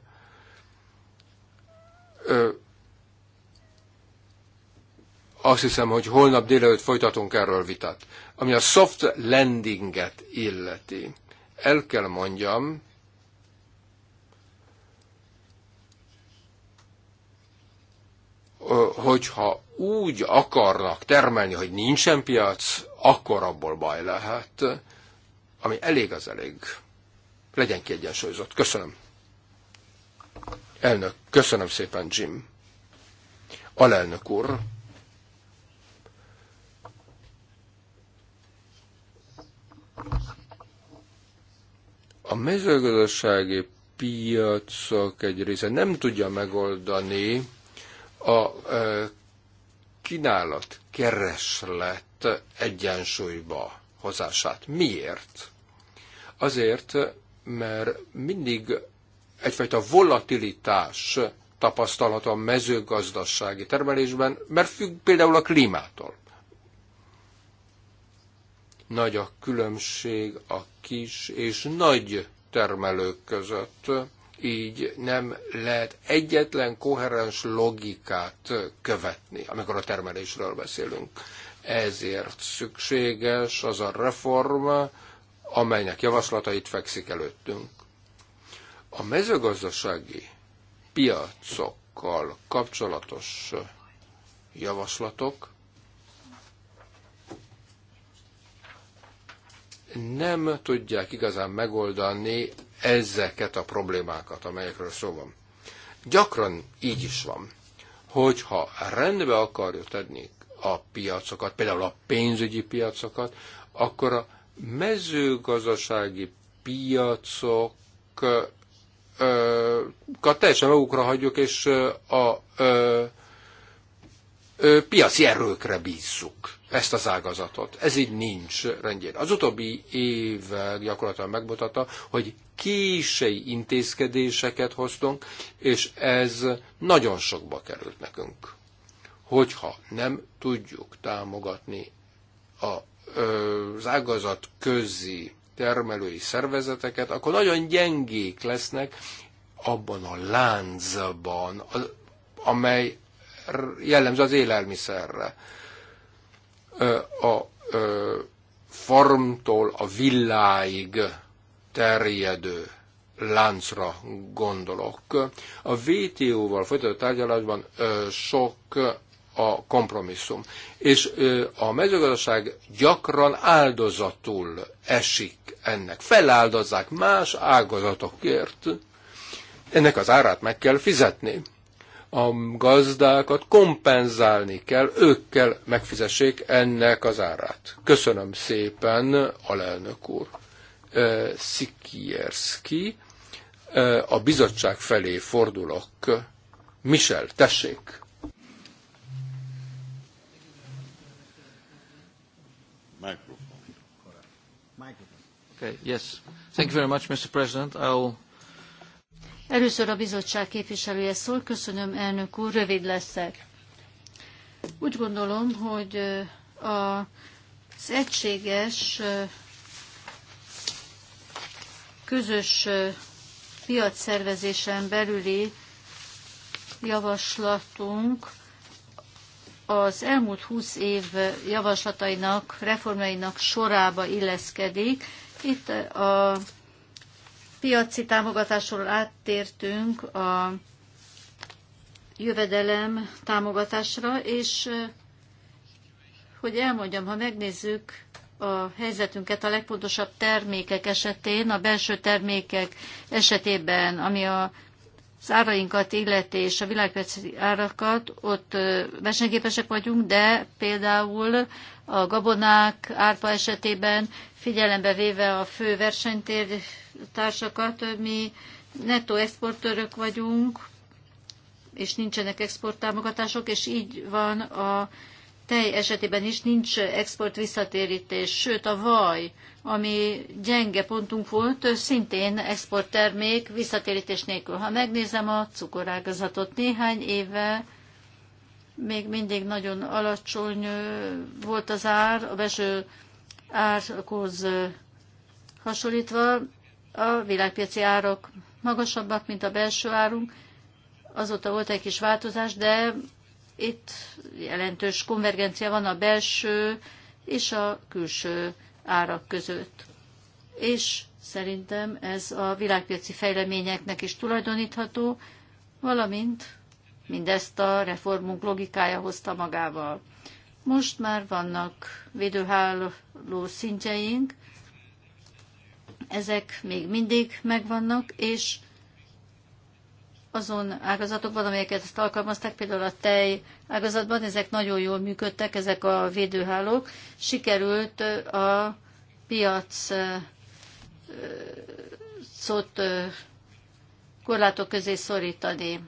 Azt hiszem, hogy holnap délelőtt folytatunk erről vitát. Ami a soft landinget illeti, el kell mondjam, hogyha úgy akarnak termelni, hogy nincsen piac, akkor abból baj lehet, ami elég az elég. Legyen kiegyensúlyozott. Köszönöm. Elnök, köszönöm szépen, Jim. Alelnök úr. A mezőgazdasági piacok egy része nem tudja megoldani a kínálat, kereslet egyensúlyba hozását. Miért? Azért, mert mindig egyfajta volatilitás tapasztalható a mezőgazdasági termelésben, mert függ például a klímától. Nagy a különbség a kis és nagy termelők között, így nem lehet egyetlen koherens logikát követni, amikor a termelésről beszélünk. Ezért szükséges az a reform, amelynek javaslatait fekszik előttünk. A mezőgazdasági piacokkal kapcsolatos javaslatok nem tudják igazán megoldani ezeket a problémákat, amelyekről szó van. Gyakran így is van, hogyha rendbe akarjuk tenni a piacokat, például a pénzügyi piacokat, akkor a mezőgazdasági piacok teljesen magukra hagyjuk, és a ö, ö, piaci erőkre bízzuk ezt az ágazatot. Ez így nincs rendjén. Az utóbbi évvel gyakorlatilag megmutatta, hogy kései intézkedéseket hoztunk, és ez nagyon sokba került nekünk. Hogyha nem tudjuk támogatni a, ö, az ágazat közi termelői szervezeteket, akkor nagyon gyengék lesznek abban a láncban, amely jellemző az élelmiszerre. A farmtól a villáig terjedő láncra gondolok. A VTO-val folytatott tárgyalásban sok a kompromisszum. És a mezőgazdaság gyakran áldozatul esik ennek. Feláldozzák más ágazatokért. Ennek az árát meg kell fizetni. A gazdákat kompenzálni kell, ők kell megfizessék ennek az árát. Köszönöm szépen, alelnök úr. Szikierszki, a bizottság felé fordulok. Michel, tessék! Okay, yes. Thank you very much, Mr. President. I'll... Először a bizottság képviselője szól. Köszönöm, elnök úr, rövid leszek. Úgy gondolom, hogy az egységes közös piacszervezésen belüli javaslatunk az elmúlt húsz év javaslatainak, reformjainak sorába illeszkedik, itt a piaci támogatásról áttértünk a jövedelem támogatásra, és hogy elmondjam, ha megnézzük a helyzetünket a legfontosabb termékek esetén, a belső termékek esetében, ami a az árainkat illeti és a világpiaci árakat, ott versenyképesek vagyunk, de például a gabonák árpa esetében figyelembe véve a fő versenytársakat, mi netto exportőrök vagyunk, és nincsenek exporttámogatások, és így van a tej esetében is nincs export visszatérítés, sőt a vaj, ami gyenge pontunk volt, szintén exporttermék visszatérítés nélkül. Ha megnézem a cukorágazatot néhány éve, még mindig nagyon alacsony volt az ár, a belső árakhoz hasonlítva a világpiaci árak magasabbak, mint a belső árunk. Azóta volt egy kis változás, de itt jelentős konvergencia van a belső és a külső árak között. És szerintem ez a világpiaci fejleményeknek is tulajdonítható, valamint mindezt a reformunk logikája hozta magával. Most már vannak védőháló szintjeink, ezek még mindig megvannak, és azon ágazatokban, amelyeket ezt alkalmazták, például a tej ágazatban, ezek nagyon jól működtek, ezek a védőhálók. Sikerült a piac szót korlátok közé szorítani.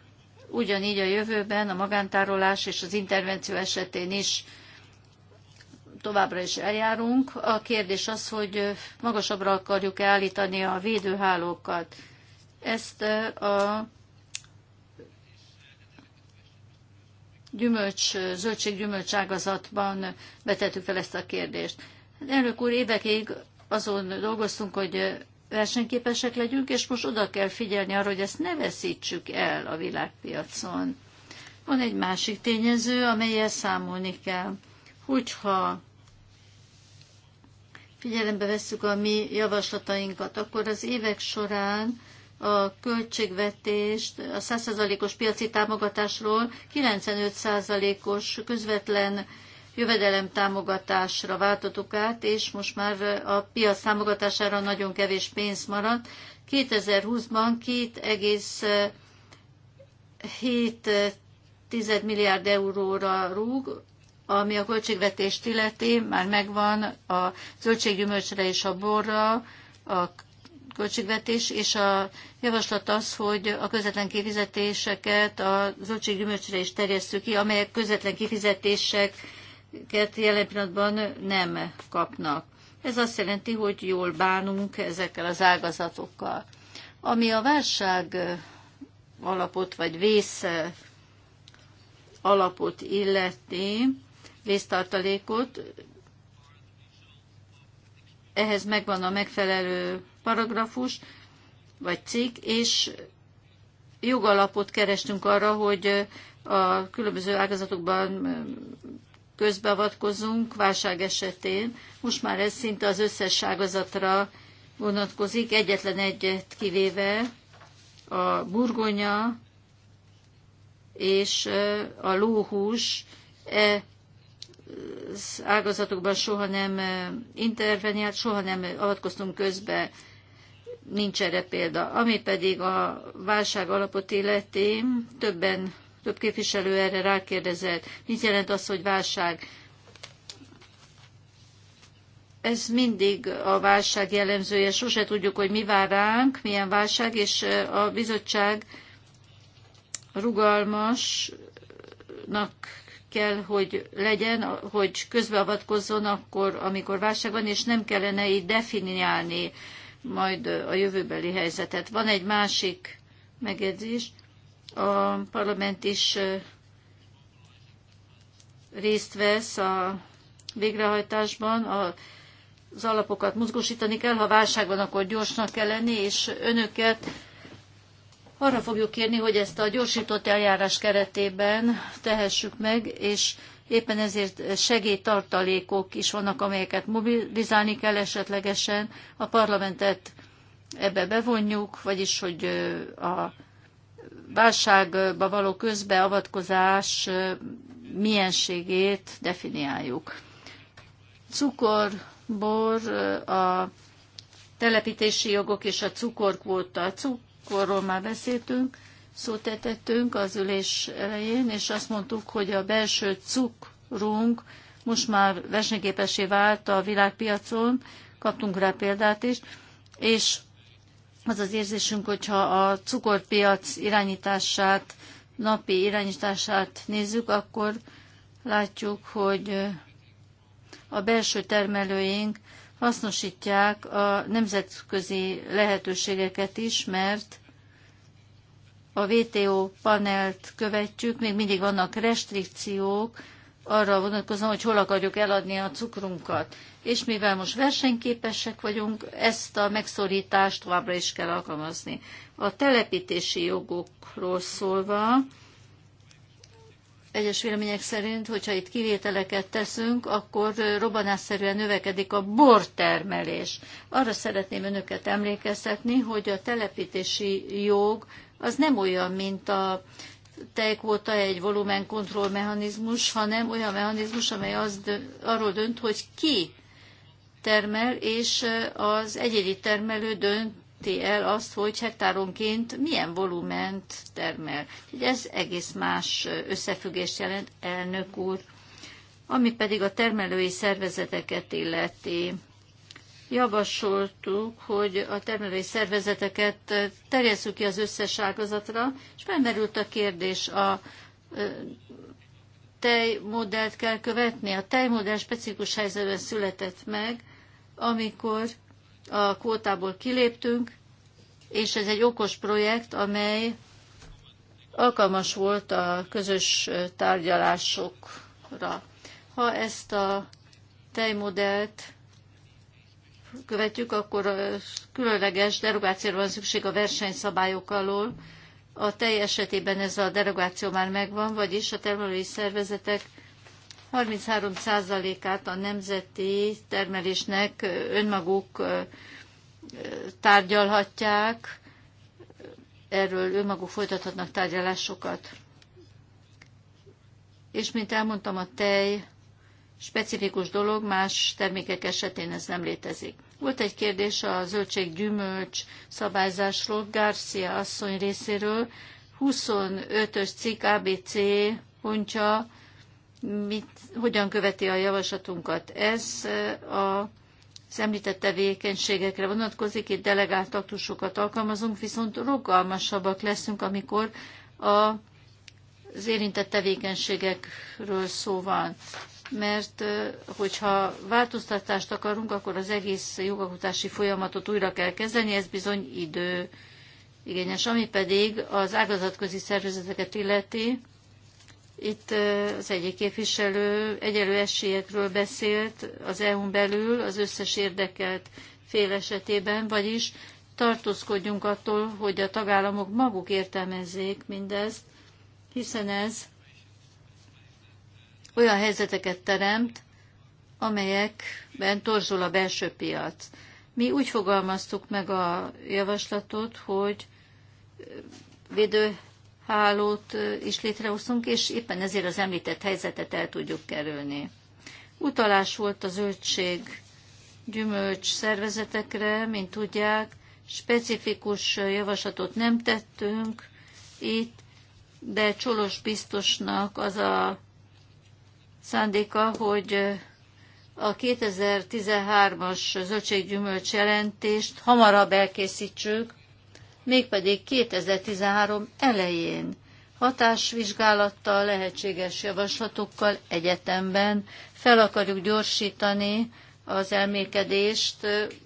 Ugyanígy a jövőben a magántárolás és az intervenció esetén is továbbra is eljárunk. A kérdés az, hogy magasabbra akarjuk-e állítani a védőhálókat. Ezt a gyümölcs, zöldség gyümölcságazatban betettük fel ezt a kérdést. Elnök úr, évekig azon dolgoztunk, hogy versenyképesek legyünk, és most oda kell figyelni arra, hogy ezt ne veszítsük el a világpiacon. Van egy másik tényező, amelyel számolni kell. Hogyha figyelembe vesszük a mi javaslatainkat, akkor az évek során a költségvetést a 100%-os piaci támogatásról 95%-os közvetlen jövedelem támogatásra váltottuk át, és most már a piac támogatására nagyon kevés pénz maradt. 2020-ban 2,7 milliárd euróra rúg, ami a költségvetést illeti, már megvan a zöldséggyümölcsre és a borra a költségvetés, és a javaslat az, hogy a közvetlen kifizetéseket a zöldséggyümölcsre is terjesszük ki, amelyek közvetlen kifizetéseket jelen pillanatban nem kapnak. Ez azt jelenti, hogy jól bánunk ezekkel az ágazatokkal. Ami a válság alapot vagy vész alapot illeti, vésztartalékot. Ehhez megvan a megfelelő paragrafus vagy cikk, és jogalapot kerestünk arra, hogy a különböző ágazatokban közbeavatkozunk válság esetén. Most már ez szinte az összes ágazatra vonatkozik, egyetlen egyet kivéve a burgonya és a lóhús e az ágazatokban soha nem interveniált, soha nem avatkoztunk közbe, nincs erre példa. Ami pedig a válság alapot illeti, többen, több képviselő erre rákérdezett, mit jelent az, hogy válság? ez mindig a válság jellemzője. Sose tudjuk, hogy mi vár ránk, milyen válság, és a bizottság rugalmasnak kell, hogy legyen, hogy közbeavatkozzon akkor, amikor válság van, és nem kellene így definiálni majd a jövőbeli helyzetet. Van egy másik megjegyzés. A parlament is részt vesz a végrehajtásban, a az alapokat mozgósítani kell, ha válság van, akkor gyorsnak kell lenni, és önöket arra fogjuk kérni, hogy ezt a gyorsított eljárás keretében tehessük meg, és éppen ezért segélytartalékok is vannak, amelyeket mobilizálni kell esetlegesen. A parlamentet ebbe bevonjuk, vagyis hogy a válságba való közbeavatkozás mienségét definiáljuk. Cukor, bor, a telepítési jogok és a cukorkvóta. A cuk korról már beszéltünk, szót etettünk az ülés elején, és azt mondtuk, hogy a belső cukrunk most már versenyképesé vált a világpiacon, kaptunk rá példát is, és az az érzésünk, hogyha a cukorpiac irányítását, napi irányítását nézzük, akkor látjuk, hogy a belső termelőink hasznosítják a nemzetközi lehetőségeket is, mert a WTO panelt követjük, még mindig vannak restrikciók arra vonatkozóan, hogy hol akarjuk eladni a cukrunkat. És mivel most versenyképesek vagyunk, ezt a megszorítást továbbra is kell alkalmazni. A telepítési jogokról szólva, egyes vélemények szerint, hogyha itt kivételeket teszünk, akkor robbanásszerűen növekedik a bortermelés. Arra szeretném önöket emlékeztetni, hogy a telepítési jog az nem olyan, mint a tejkvóta egy volumenkontroll mechanizmus, hanem olyan mechanizmus, amely az, arról dönt, hogy ki termel, és az egyéni termelő dönt dönti el azt, hogy hektáronként milyen volument termel. Így ez egész más összefüggés jelent, elnök úr. Ami pedig a termelői szervezeteket illeti, javasoltuk, hogy a termelői szervezeteket terjesszük ki az összes ágazatra, és felmerült a kérdés, a tejmodellt kell követni. A tejmodell specifikus helyzetben született meg, amikor a kvótából kiléptünk, és ez egy okos projekt, amely alkalmas volt a közös tárgyalásokra. Ha ezt a tejmodellt követjük, akkor különleges derogációra van szükség a versenyszabályok alól. A tej esetében ez a derogáció már megvan, vagyis a termelői szervezetek 33%-át a nemzeti termelésnek önmaguk tárgyalhatják, erről önmaguk folytathatnak tárgyalásokat. És mint elmondtam, a tej specifikus dolog, más termékek esetén ez nem létezik. Volt egy kérdés a zöldséggyümölcs szabályzásról, Garcia asszony részéről. 25-ös cikk ABC pontja mit, hogyan követi a javaslatunkat. Ez a az említett tevékenységekre vonatkozik, itt delegált aktusokat alkalmazunk, viszont rugalmasabbak leszünk, amikor a, az érintett tevékenységekről szó van. Mert hogyha változtatást akarunk, akkor az egész jogalkotási folyamatot újra kell kezdeni, ez bizony idő igényes. Ami pedig az ágazatközi szervezeteket illeti, itt az egyik képviselő egyelő esélyekről beszélt az EU-n belül az összes érdekelt fél esetében, vagyis tartózkodjunk attól, hogy a tagállamok maguk értelmezzék mindezt, hiszen ez olyan helyzeteket teremt, amelyekben torzul a belső piac. Mi úgy fogalmaztuk meg a javaslatot, hogy védő hálót is létrehoztunk, és éppen ezért az említett helyzetet el tudjuk kerülni. Utalás volt a zöldség gyümölcs szervezetekre, mint tudják, specifikus javaslatot nem tettünk itt, de Csolos biztosnak az a szándéka, hogy a 2013-as zöldséggyümölcs jelentést hamarabb elkészítsük, mégpedig 2013 elején hatásvizsgálattal, lehetséges javaslatokkal egyetemben fel akarjuk gyorsítani az elmékedést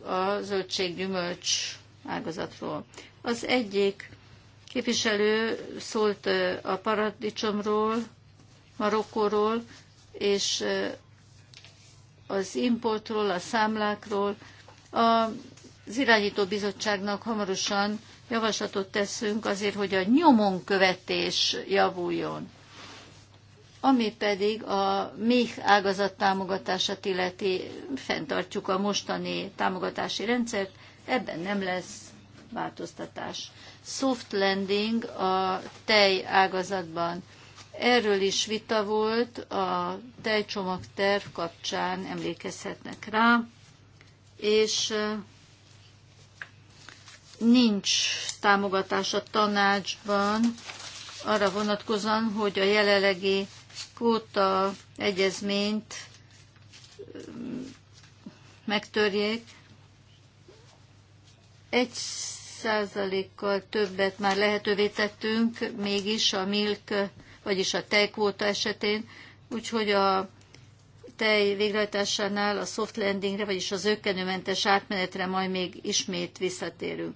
a zöldséggyümölcs ágazatról. Az egyik képviselő szólt a paradicsomról, Marokkóról, és az importról, a számlákról. Az irányító bizottságnak hamarosan javaslatot teszünk azért, hogy a nyomon követés javuljon. Ami pedig a még ágazat támogatását illeti, fenntartjuk a mostani támogatási rendszert, ebben nem lesz változtatás. Soft landing a tej ágazatban. Erről is vita volt a tejcsomagterv kapcsán, emlékezhetnek rá, és nincs támogatás a tanácsban arra vonatkozóan, hogy a jelenlegi kóta egyezményt um, megtörjék. Egy százalékkal többet már lehetővé tettünk, mégis a milk, vagyis a tejkóta esetén, úgyhogy a tej végrehajtásánál a soft landingre, vagyis az ökkenőmentes átmenetre majd még ismét visszatérünk.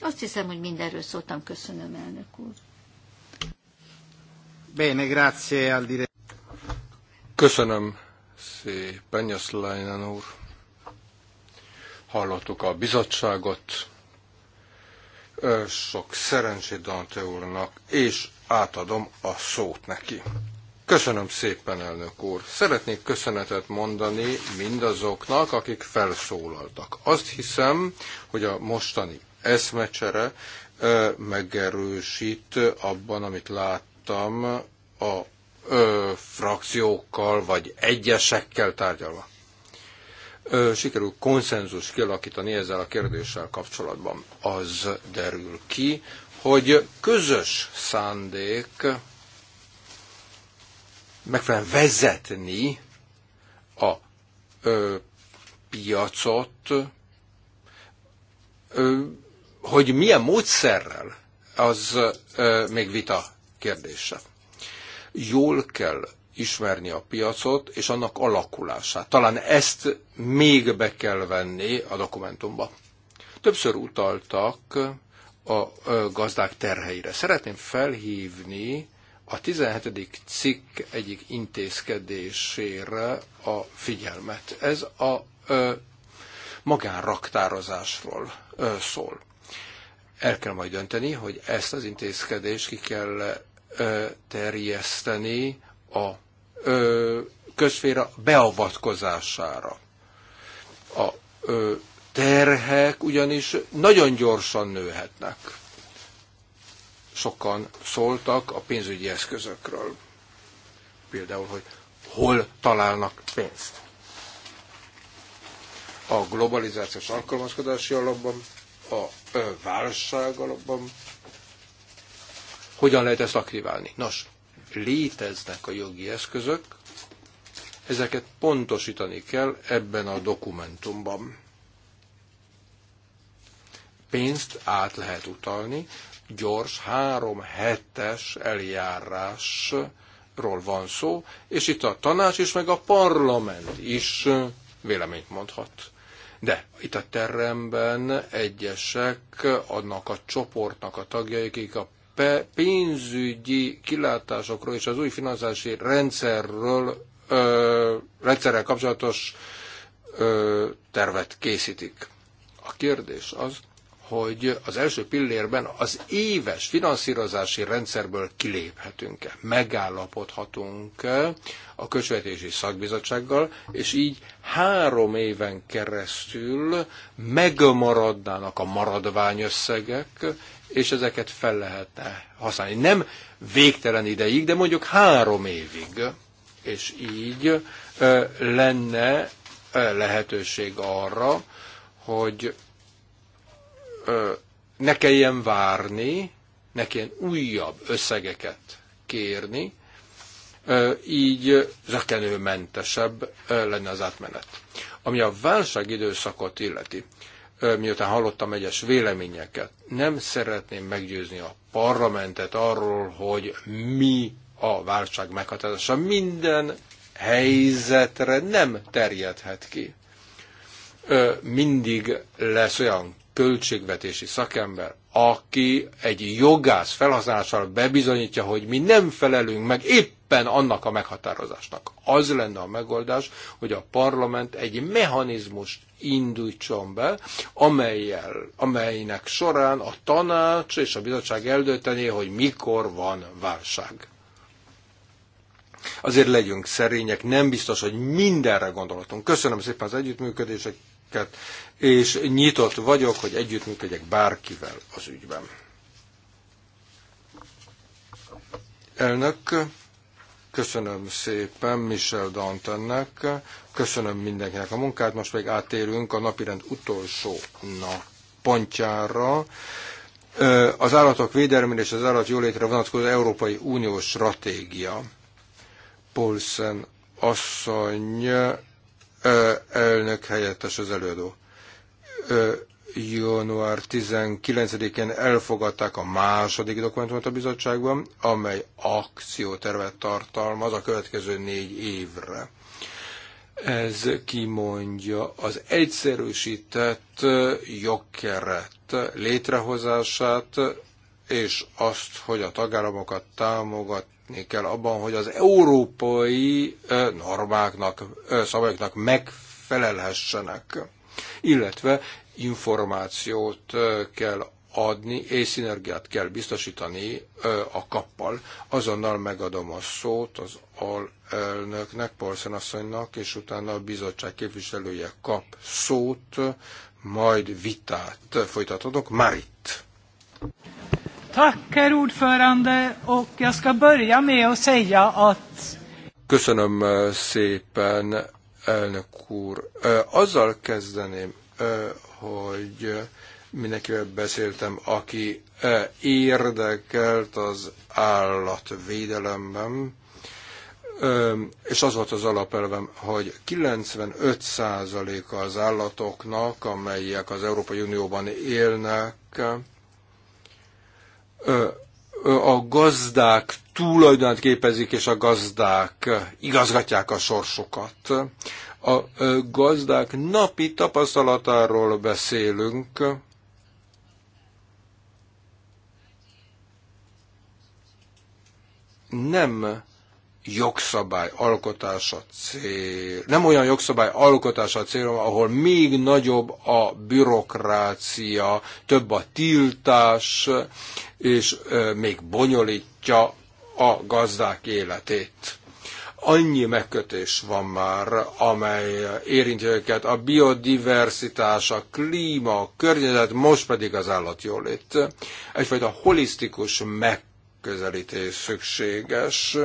Azt hiszem, hogy mindenről szóltam. Köszönöm, elnök úr. Bene, grazie al Köszönöm szépen, Jaszlájnán úr. Hallottuk a bizottságot. Sok szerencsét Dante úrnak, és átadom a szót neki. Köszönöm szépen, elnök úr. Szeretnék köszönetet mondani mindazoknak, akik felszólaltak. Azt hiszem, hogy a mostani eszmecsere megerősít abban, amit láttam a ö, frakciókkal vagy egyesekkel tárgyalva. Ö, sikerül konszenzus kialakítani ezzel a kérdéssel kapcsolatban. Az derül ki, hogy közös szándék megfelelően vezetni a ö, piacot, ö, hogy milyen módszerrel, az ö, még vita kérdése. Jól kell ismerni a piacot és annak alakulását. Talán ezt még be kell venni a dokumentumba. Többször utaltak a gazdák terheire. Szeretném felhívni a 17. cikk egyik intézkedésére a figyelmet. Ez a ö, magánraktározásról ö, szól. El kell majd dönteni, hogy ezt az intézkedést ki kell ö, terjeszteni a ö, közféra beavatkozására. A ö, terhek ugyanis nagyon gyorsan nőhetnek sokan szóltak a pénzügyi eszközökről. Például, hogy hol találnak pénzt. A globalizációs alkalmazkodási alapban, a válság alapban. Hogyan lehet ezt aktiválni? Nos, léteznek a jogi eszközök, ezeket pontosítani kell ebben a dokumentumban. Pénzt át lehet utalni gyors, három hetes eljárásról van szó, és itt a tanács is, meg a parlament is véleményt mondhat. De itt a teremben egyesek adnak a csoportnak a tagjai, akik a pénzügyi kilátásokról és az új finanszási rendszerről, ö, rendszerrel kapcsolatos ö, tervet készítik. A kérdés az, hogy az első pillérben az éves finanszírozási rendszerből kiléphetünk-e, megállapodhatunk-e a Köcsvetési Szakbizottsággal, és így három éven keresztül megmaradnának a maradványösszegek, és ezeket fel lehetne használni. Nem végtelen ideig, de mondjuk három évig. És így lenne lehetőség arra, hogy ne kelljen várni, ne kelljen újabb összegeket kérni, így zökenőmentesebb lenne az átmenet. Ami a válság időszakot illeti, miután hallottam egyes véleményeket, nem szeretném meggyőzni a parlamentet arról, hogy mi a válság meghatározása. Minden helyzetre nem terjedhet ki. Mindig lesz olyan költségvetési szakember, aki egy jogász felhasználással bebizonyítja, hogy mi nem felelünk meg éppen annak a meghatározásnak. Az lenne a megoldás, hogy a parlament egy mechanizmust indítson be, amelyel, amelynek során a tanács és a bizottság eldöntené, hogy mikor van válság. Azért legyünk szerények, nem biztos, hogy mindenre gondolhatunk. Köszönöm szépen az együttműködést, önöket, és nyitott vagyok, hogy együttműködjek bárkivel az ügyben. Elnök, köszönöm szépen Michel Dantennek, köszönöm mindenkinek a munkát, most még átérünk a napirend utolsó pontjára az állatok védelmére és az állat jólétre vonatkozó Európai Uniós stratégia. Polsen asszony elnök helyettes az előadó. Január 19-én elfogadták a második dokumentumot a bizottságban, amely akciótervet tartalmaz a következő négy évre. Ez kimondja az egyszerűsített jogkeret létrehozását, és azt, hogy a tagállamokat támogat, kell abban, hogy az európai normáknak, szabályoknak megfelelhessenek, illetve információt kell adni, és szinergiát kell biztosítani a kappal. Azonnal megadom a szót az alelnöknek, Polszen asszonynak, és utána a bizottság képviselője kap szót, majd vitát folytatodok. Marit! Tack, herr ordförande, och jag ska börja med att säga att... Köszönöm eh, szépen, elnök úr. Eh, azzal kezdeném, eh, hogy mindenkivel beszéltem, aki érdekelt az állatvédelemben, és az volt az alapelvem, hogy 95%-a az állatoknak, amelyek az Európai Unióban élnek, a gazdák tulajdonát képezik, és a gazdák igazgatják a sorsokat. A gazdák napi tapasztalatáról beszélünk, nem jogszabály alkotása cél, nem olyan jogszabály alkotása célom, ahol még nagyobb a bürokrácia, több a tiltás, és még bonyolítja a gazdák életét. Annyi megkötés van már, amely érinti őket, a biodiversitás, a klíma, a környezet, most pedig az állatjólét. Egyfajta holisztikus megközelítés szükséges.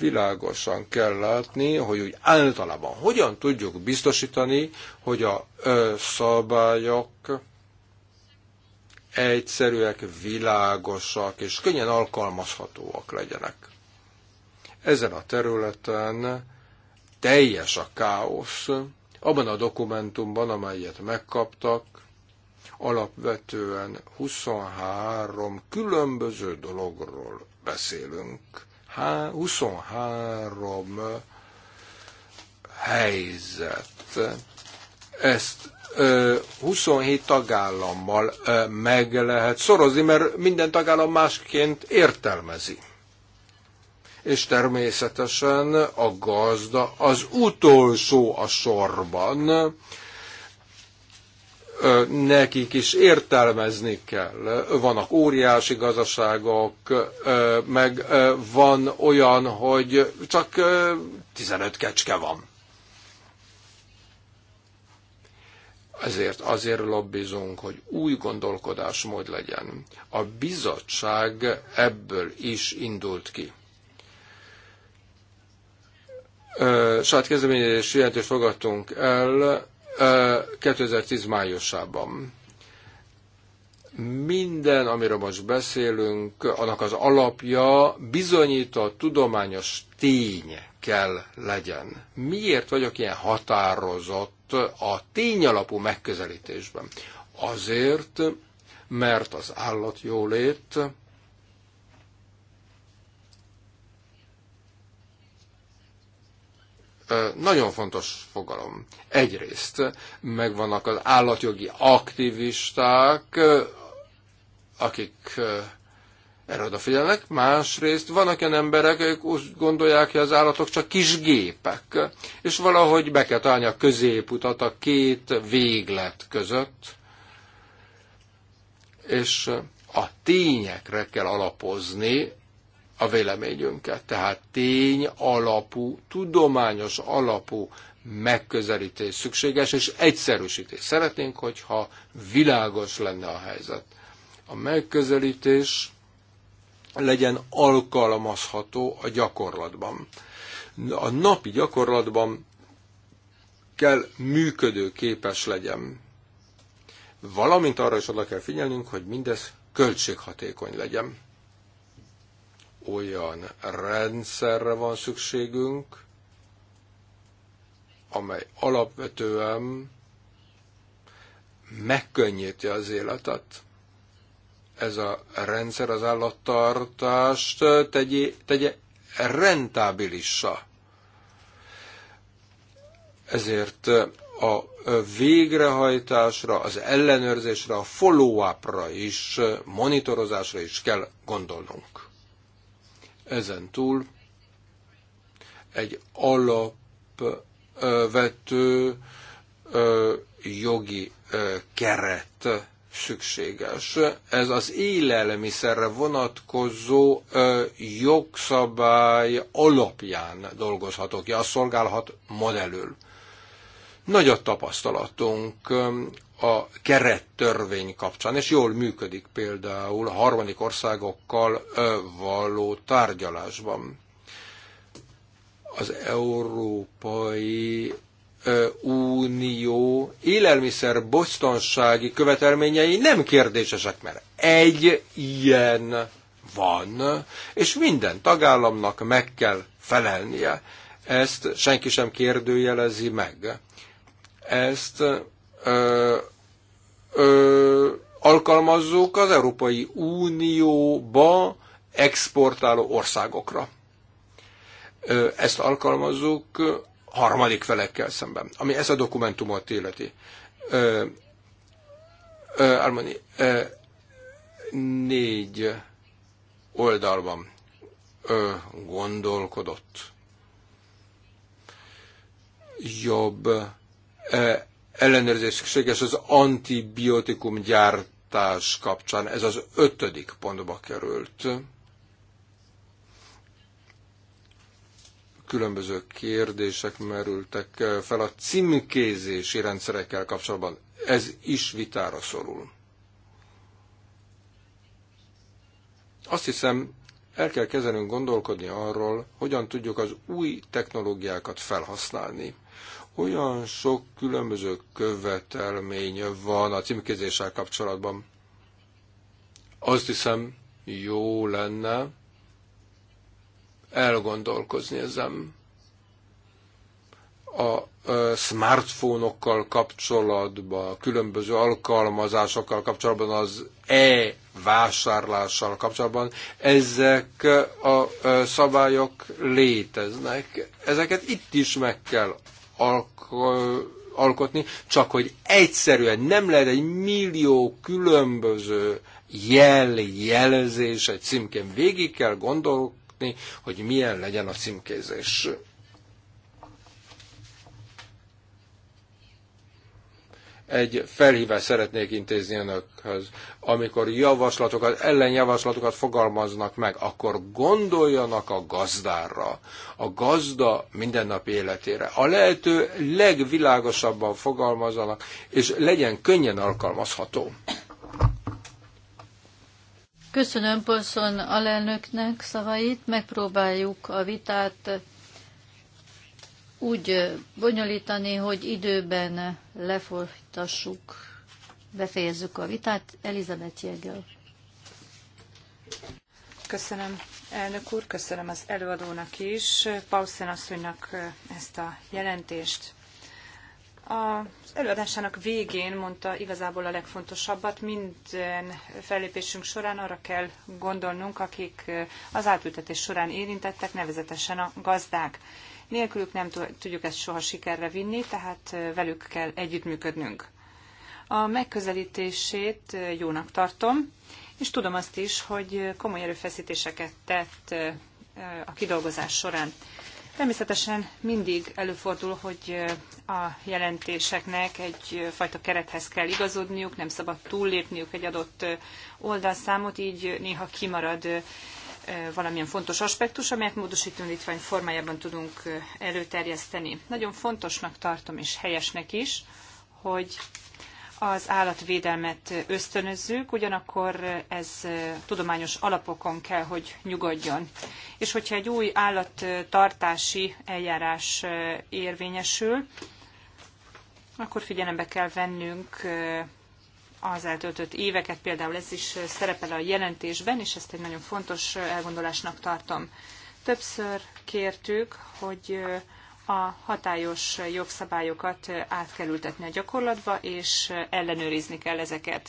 Világosan kell látni, hogy úgy általában hogyan tudjuk biztosítani, hogy a szabályok egyszerűek, világosak és könnyen alkalmazhatóak legyenek. Ezen a területen teljes a káosz. Abban a dokumentumban, amelyet megkaptak, alapvetően 23 különböző dologról beszélünk. Há, 23 helyzet. Ezt 27 tagállammal meg lehet szorozni, mert minden tagállam másként értelmezi. És természetesen a gazda az utolsó a sorban, nekik is értelmezni kell. Vannak óriási gazdaságok, meg van olyan, hogy csak 15 kecske van. Ezért azért lobbizunk, hogy új gondolkodásmód legyen. A bizottság ebből is indult ki. Saját kezdeményezés jelentést fogadtunk el 2010 májusában. Minden, amiről most beszélünk, annak az alapja bizonyított tudományos tények kell legyen. Miért vagyok ilyen határozott a tényalapú megközelítésben? Azért, mert az állatjólét nagyon fontos fogalom. Egyrészt megvannak az állatjogi aktivisták, akik erre odafigyelnek. Másrészt vannak olyan emberek, akik úgy gondolják, hogy az állatok csak kis gépek, és valahogy be kell találni a középutat a két véglet között, és a tényekre kell alapozni a véleményünket. Tehát tény alapú, tudományos alapú megközelítés szükséges, és egyszerűsítés. Szeretnénk, hogyha világos lenne a helyzet. A megközelítés legyen alkalmazható a gyakorlatban. A napi gyakorlatban kell működőképes legyen. Valamint arra is oda kell figyelnünk, hogy mindez költséghatékony legyen. Olyan rendszerre van szükségünk, amely alapvetően megkönnyíti az életet, ez a rendszer az állattartást tegye, tegye rentábilissa. Ezért a végrehajtásra, az ellenőrzésre, a follow-upra is, monitorozásra is kell gondolnunk. Ezen túl egy alapvető jogi keret szükséges. Ez az élelmiszerre vonatkozó ö, jogszabály alapján dolgozhatok ki, az szolgálhat modellül. Nagy a tapasztalatunk a kerettörvény kapcsán, és jól működik például a harmadik országokkal való tárgyalásban. Az európai Unió élelmiszer bosztonsági követelményei nem kérdésesek, mert egy ilyen van, és minden tagállamnak meg kell felelnie. Ezt senki sem kérdőjelezi meg. Ezt ö, ö, alkalmazzuk az Európai Unióba exportáló országokra. Ezt alkalmazzuk harmadik felekkel szemben, ami ez a dokumentumot illeti. Armani, négy oldalban ö, gondolkodott. Jobb ö, ellenőrzés szükséges az antibiotikum gyártás kapcsán. Ez az ötödik pontba került. különböző kérdések merültek eh, fel a címkézési rendszerekkel kapcsolatban. Ez is vitára szorul. Azt hiszem, el kell kezdenünk gondolkodni arról, hogyan tudjuk az új technológiákat felhasználni. Olyan sok különböző követelmény van a címkézéssel kapcsolatban. Azt hiszem, jó lenne, elgondolkozni ezen. A smartfónokkal kapcsolatban, a különböző alkalmazásokkal kapcsolatban, az e-vásárlással kapcsolatban, ezek a szabályok léteznek. Ezeket itt is meg kell alkotni, csak hogy egyszerűen nem lehet egy millió különböző jel, jelzés egy címkén. Végig kell gondolni, látni, hogy milyen legyen a címkézés. egy felhívást szeretnék intézni önökhöz. Amikor javaslatokat, ellenjavaslatokat fogalmaznak meg, akkor gondoljanak a gazdára, a gazda mindennapi életére. A lehető legvilágosabban fogalmazanak, és legyen könnyen alkalmazható. Köszönöm Polszon alelnöknek szavait, megpróbáljuk a vitát úgy bonyolítani, hogy időben lefolytassuk, befejezzük a vitát. Elizabeth Jegel. Köszönöm, elnök úr, köszönöm az előadónak is, Paulsen asszonynak ezt a jelentést. Az előadásának végén mondta igazából a legfontosabbat, minden fellépésünk során arra kell gondolnunk, akik az átültetés során érintettek, nevezetesen a gazdák. Nélkülük nem tudjuk ezt soha sikerre vinni, tehát velük kell együttműködnünk. A megközelítését jónak tartom, és tudom azt is, hogy komoly erőfeszítéseket tett a kidolgozás során. Természetesen mindig előfordul, hogy eh, a jelentéseknek egyfajta eh, kerethez kell igazodniuk, nem szabad túllépniük egy adott eh, oldalszámot, így néha kimarad valamilyen fontos aspektus, amelyet módosító indítvány formájában tudunk előterjeszteni. Nagyon fontosnak tartom és helyesnek is, hogy az állatvédelmet ösztönözzük, ugyanakkor ez tudományos alapokon kell, hogy nyugodjon. És hogyha egy új állattartási eljárás érvényesül, akkor figyelembe kell vennünk az eltöltött éveket, például ez is szerepel a jelentésben, és ezt egy nagyon fontos elgondolásnak tartom. Többször kértük, hogy a hatályos jogszabályokat át kell ültetni a gyakorlatba, és ellenőrizni kell ezeket.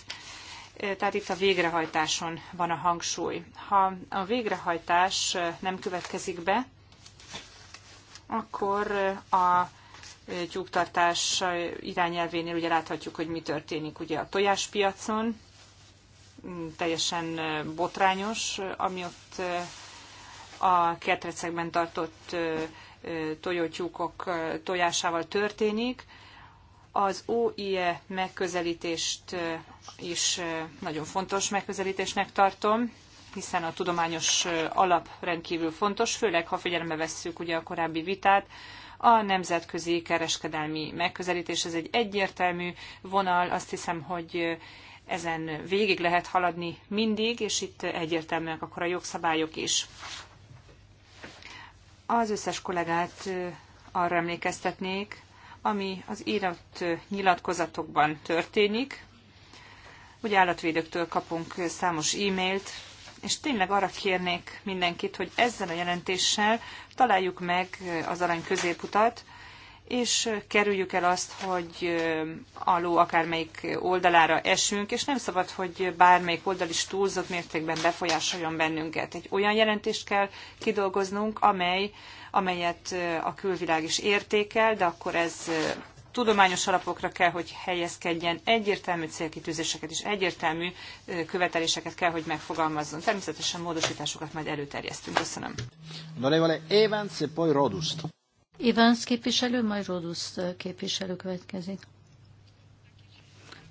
Tehát itt a végrehajtáson van a hangsúly. Ha a végrehajtás nem következik be, akkor a tyúktartás irányelvénél ugye láthatjuk, hogy mi történik ugye a tojáspiacon, mm, teljesen botrányos, ami ott a kertrecekben tartott tojótyúkok tojásával történik. Az OIE megközelítést is nagyon fontos megközelítésnek tartom, hiszen a tudományos alap rendkívül fontos, főleg ha figyelembe vesszük ugye a korábbi vitát, a nemzetközi kereskedelmi megközelítés, ez egy egyértelmű vonal, azt hiszem, hogy ezen végig lehet haladni mindig, és itt egyértelműek akkor a jogszabályok is. Az összes kollégát arra emlékeztetnék, ami az írott nyilatkozatokban történik. Ugye állatvédőktől kapunk számos e-mailt, és tényleg arra kérnék mindenkit, hogy ezzel a jelentéssel találjuk meg az arany középutat, és kerüljük el azt, hogy a ló akármelyik oldalára esünk, és nem szabad, hogy bármelyik oldal is túlzott mértékben befolyásoljon bennünket. Egy olyan jelentést kell kidolgoznunk, amely, amelyet a külvilág is értékel, de akkor ez tudományos alapokra kell, hogy helyezkedjen, egyértelmű célkitűzéseket és egyértelmű követeléseket kell, hogy megfogalmazzon. Természetesen módosításokat majd előterjesztünk. Köszönöm. Evans, e poi Rodust. Ivánsz képviselő, majd Rodusz képviselő következik.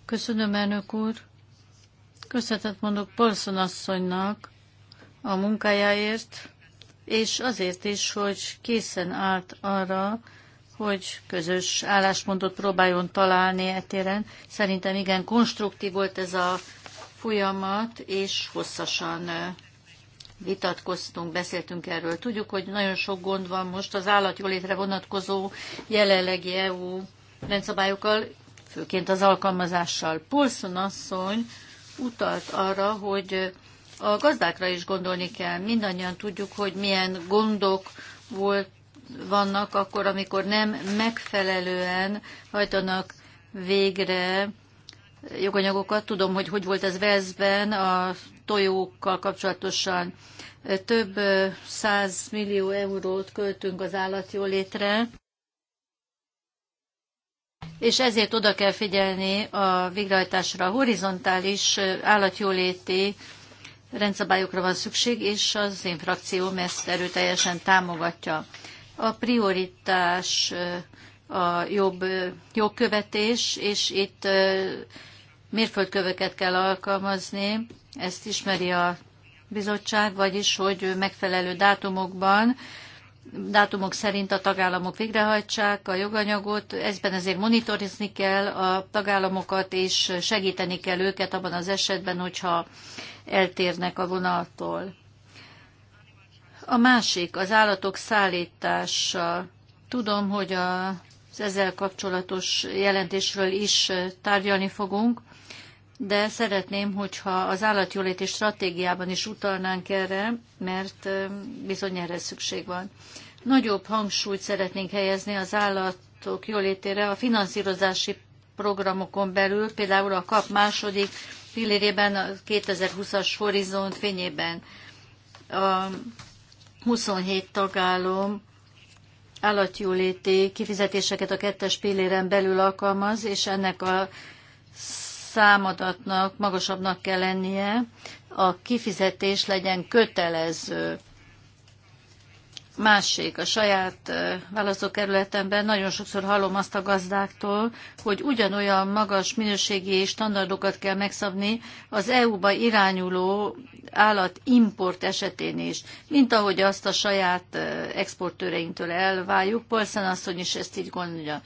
Köszönöm, elnök úr. Köszönetet mondok Polszon asszonynak a munkájáért, és azért is, hogy készen állt arra, hogy közös álláspontot próbáljon találni etéren. Szerintem igen, konstruktív volt ez a folyamat, és hosszasan vitatkoztunk, beszéltünk erről. Tudjuk, hogy nagyon sok gond van most az állatjólétre vonatkozó jelenlegi EU rendszabályokkal, főként az alkalmazással. Polszon asszony utalt arra, hogy a gazdákra is gondolni kell. Mindannyian tudjuk, hogy milyen gondok volt, vannak akkor, amikor nem megfelelően hajtanak végre joganyagokat. Tudom, hogy hogy volt ez Veszben, a tojókkal kapcsolatosan több száz millió eurót költünk az állatjólétre, és ezért oda kell figyelni a végrehajtásra. A horizontális állatjóléti rendszabályokra van szükség, és az én frakcióm ezt erőteljesen támogatja. A prioritás a jobb jogkövetés, és itt mérföldköveket kell alkalmazni ezt ismeri a bizottság, vagyis hogy megfelelő dátumokban, dátumok szerint a tagállamok végrehajtsák a joganyagot, ezben ezért monitorizni kell a tagállamokat, és segíteni kell őket abban az esetben, hogyha eltérnek a vonaltól. A másik, az állatok szállítása. Tudom, hogy a, az ezzel kapcsolatos jelentésről is tárgyalni fogunk de szeretném, hogyha az állatjóléti stratégiában is utalnánk erre, mert bizony erre szükség van. Nagyobb hangsúlyt szeretnénk helyezni az állatok jólétére a finanszírozási programokon belül, például a KAP második pillérében, a 2020-as horizont fényében a 27 tagállom állatjóléti kifizetéseket a kettes pilléren belül alkalmaz, és ennek a számadatnak magasabbnak kell lennie, a kifizetés legyen kötelező. Másik, a saját választókerületemben nagyon sokszor hallom azt a gazdáktól, hogy ugyanolyan magas minőségi standardokat kell megszabni az EU-ba irányuló állat import esetén is, mint ahogy azt a saját exportőreinktől elváljuk. Polszen asszony is ezt így gondolja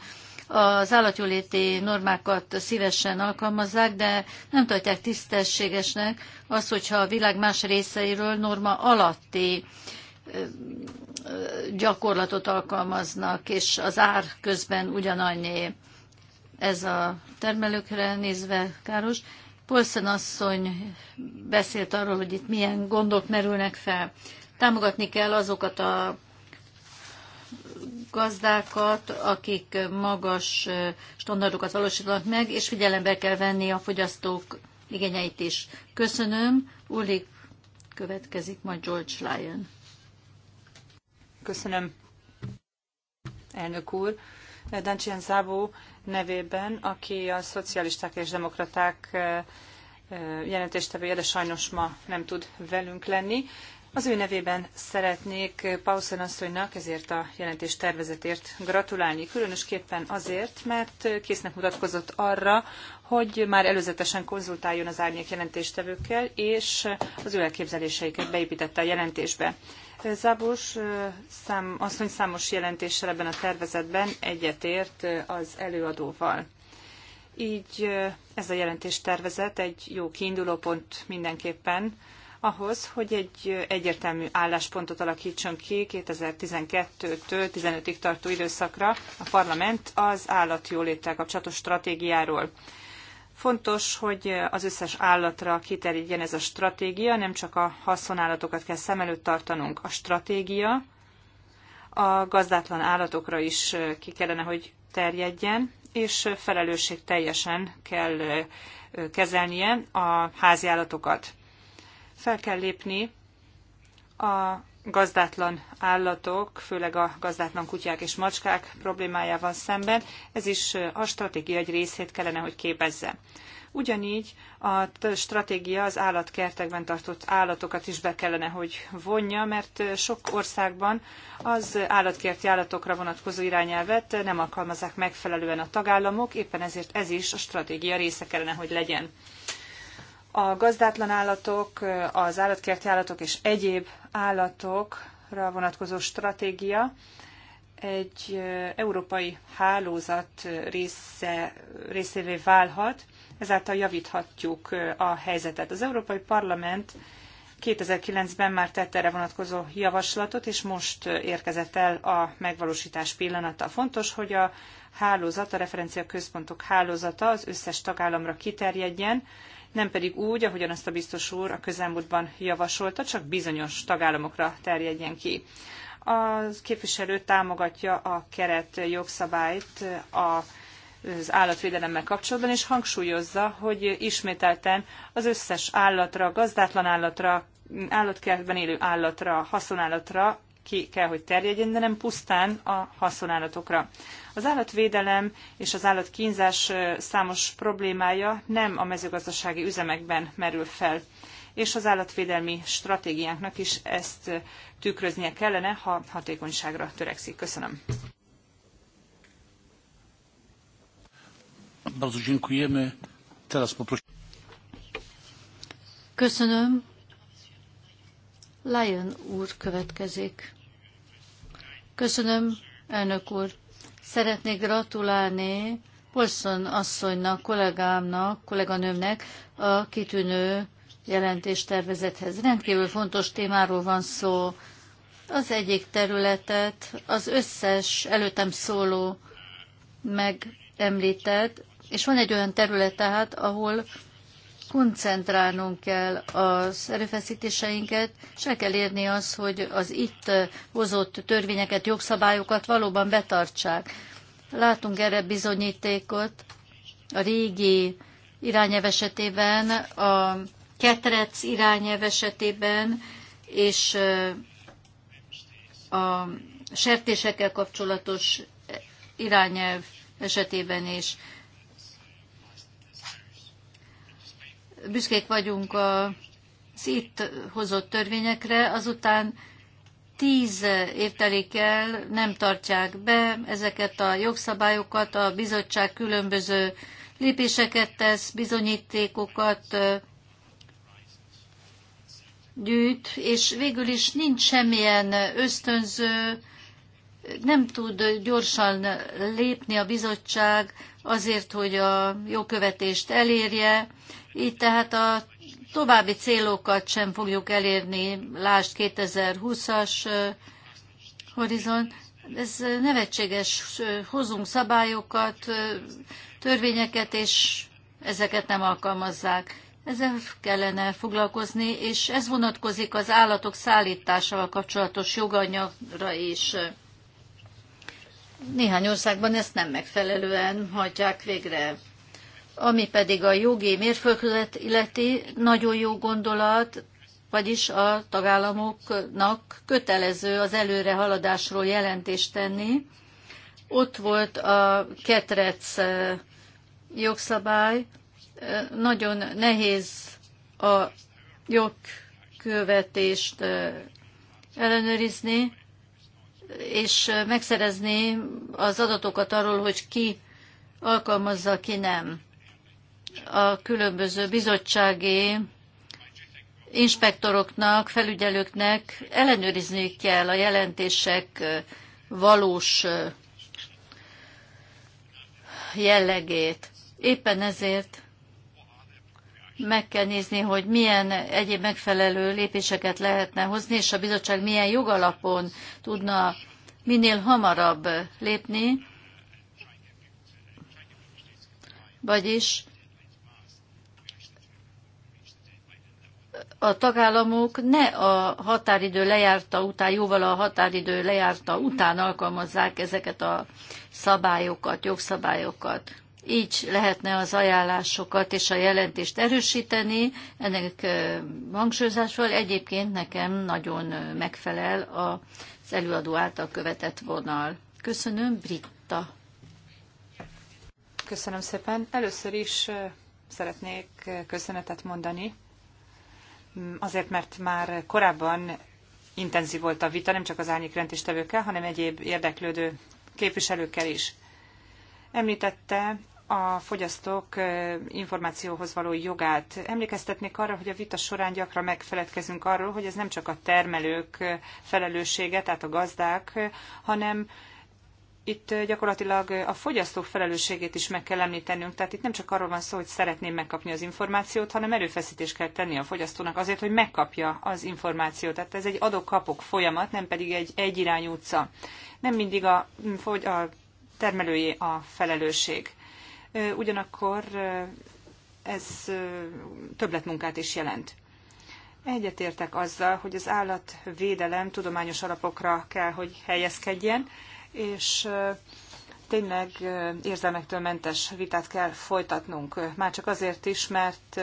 az állatjóléti normákat szívesen alkalmazzák, de nem tartják tisztességesnek az, hogyha a világ más részeiről norma alatti gyakorlatot alkalmaznak, és az ár közben ugyanannyi ez a termelőkre nézve káros. Polszen asszony beszélt arról, hogy itt milyen gondok merülnek fel. Támogatni kell azokat a gazdákat, akik magas standardokat valósítanak meg, és figyelembe kell venni a fogyasztók igényeit is. Köszönöm. Ulik következik majd George Lyon. Köszönöm, elnök úr. Dancsian Zábó nevében, aki a szocialisták és demokraták eh, eh, jelentéstevője, de sajnos ma nem tud velünk lenni. Az ő nevében szeretnék Paulsen asszonynak ezért a jelentés tervezetért gratulálni, különösképpen azért, mert késznek mutatkozott arra, hogy már előzetesen konzultáljon az árnyék jelentéstevőkkel, és az ő elképzeléseiket beépítette a jelentésbe. Zábus szám, asszony számos jelentéssel ebben a tervezetben egyetért az előadóval. Így ez a jelentéstervezet egy jó kiindulópont mindenképpen ahhoz, hogy egy egyértelmű álláspontot alakítson ki 2012-től 15-ig tartó időszakra a parlament az állatjóléttel kapcsolatos stratégiáról. Fontos, hogy az összes állatra kiterjedjen ez a stratégia, nem csak a haszonállatokat kell szem előtt tartanunk. A stratégia a gazdátlan állatokra is ki kellene, hogy terjedjen, és felelősség teljesen kell kezelnie a háziállatokat. Fel kell lépni a gazdátlan állatok, főleg a gazdátlan kutyák és macskák problémájával szemben, ez is a stratégia egy részét kellene, hogy képezze. Ugyanígy a stratégia az állatkertekben tartott állatokat is be kellene, hogy vonja, mert sok országban az állatkerti állatokra vonatkozó irányelvet nem alkalmazzák megfelelően a tagállamok, éppen ezért ez is a stratégia része kellene, hogy legyen a gazdátlan állatok, az állatkerti állatok és egyéb állatokra vonatkozó stratégia egy európai hálózat része, részévé válhat, ezáltal javíthatjuk a helyzetet. Az Európai Parlament 2009-ben már tett erre vonatkozó javaslatot, és most érkezett el a megvalósítás pillanata. Fontos, hogy a hálózat, a referencia központok hálózata az összes tagállamra kiterjedjen, nem pedig úgy, ahogyan azt a biztos úr a közelmúltban javasolta, csak bizonyos tagállamokra terjedjen ki. A képviselő támogatja a keret jogszabályt a az állatvédelemmel kapcsolatban, és hangsúlyozza, hogy ismételten az összes állatra, gazdátlan állatra, állatkertben élő állatra, haszonállatra ki kell, hogy terjedjen, de nem pusztán a haszonállatokra. Az állatvédelem és az állatkínzás számos problémája nem a mezőgazdasági üzemekben merül fel és az állatvédelmi stratégiánknak is ezt tükröznie kellene, ha hatékonyságra törekszik. Köszönöm. Köszönöm. Lion úr következik. Köszönöm, elnök úr. Szeretnék gratulálni Polszon asszonynak, kollégámnak, kolléganőmnek a kitűnő jelentéstervezethez. Rendkívül fontos témáról van szó. Az egyik területet az összes előttem szóló megemlített, és van egy olyan terület tehát, ahol koncentrálnunk kell az erőfeszítéseinket, és el kell érni az, hogy az itt hozott törvényeket, jogszabályokat valóban betartsák. Látunk erre bizonyítékot a régi irányelv esetében, a ketrec irányelv esetében, és a sertésekkel kapcsolatos irányelv esetében is. büszkék vagyunk az itt hozott törvényekre, azután tíz év telik el, nem tartják be ezeket a jogszabályokat, a bizottság különböző lépéseket tesz, bizonyítékokat gyűjt, és végül is nincs semmilyen ösztönző, nem tud gyorsan lépni a bizottság azért, hogy a jogkövetést elérje, így tehát a további célokat sem fogjuk elérni, lásd 2020-as horizont. Ez nevetséges, hozunk szabályokat, törvényeket, és ezeket nem alkalmazzák. Ezzel kellene foglalkozni, és ez vonatkozik az állatok szállításával kapcsolatos joganyagra is. Néhány országban ezt nem megfelelően hagyják végre. Ami pedig a jogi mérföldet illeti, nagyon jó gondolat, vagyis a tagállamoknak kötelező az előre haladásról jelentést tenni. Ott volt a ketrec jogszabály, nagyon nehéz a jogkövetést ellenőrizni, és megszerezni az adatokat arról, hogy ki alkalmazza, ki nem a különböző bizottsági inspektoroknak, felügyelőknek ellenőrizni kell a jelentések valós jellegét. Éppen ezért meg kell nézni, hogy milyen egyéb megfelelő lépéseket lehetne hozni, és a bizottság milyen jogalapon tudna minél hamarabb lépni, vagyis a tagállamok ne a határidő lejárta után, jóval a határidő lejárta után alkalmazzák ezeket a szabályokat, jogszabályokat. Így lehetne az ajánlásokat és a jelentést erősíteni, ennek hangsúlyozásról egyébként nekem nagyon megfelel az előadó által követett vonal. Köszönöm, Britta. Köszönöm szépen. Először is szeretnék köszönetet mondani azért, mert már korábban intenzív volt a vita, nem csak az árnyék rendtéstevőkkel, hanem egyéb érdeklődő képviselőkkel is. Említette a fogyasztók információhoz való jogát. Emlékeztetnék arra, hogy a vita során gyakran megfeledkezünk arról, hogy ez nem csak a termelők felelőssége, tehát a gazdák, hanem itt eh, gyakorlatilag eh, a fogyasztók felelősségét is meg kell említenünk, tehát itt nem csak arról van szó, hogy szeretném megkapni az információt, hanem erőfeszítést kell tenni a fogyasztónak azért, hogy megkapja az információt. Tehát ez egy adok-kapok folyamat, nem pedig egy egyirányú utca. Nem mindig a, a termelői a felelősség. Ugyanakkor ez többletmunkát is jelent. Egyetértek azzal, hogy az állatvédelem tudományos alapokra kell, hogy helyezkedjen, és tényleg érzelmektől mentes vitát kell folytatnunk. Már csak azért is, mert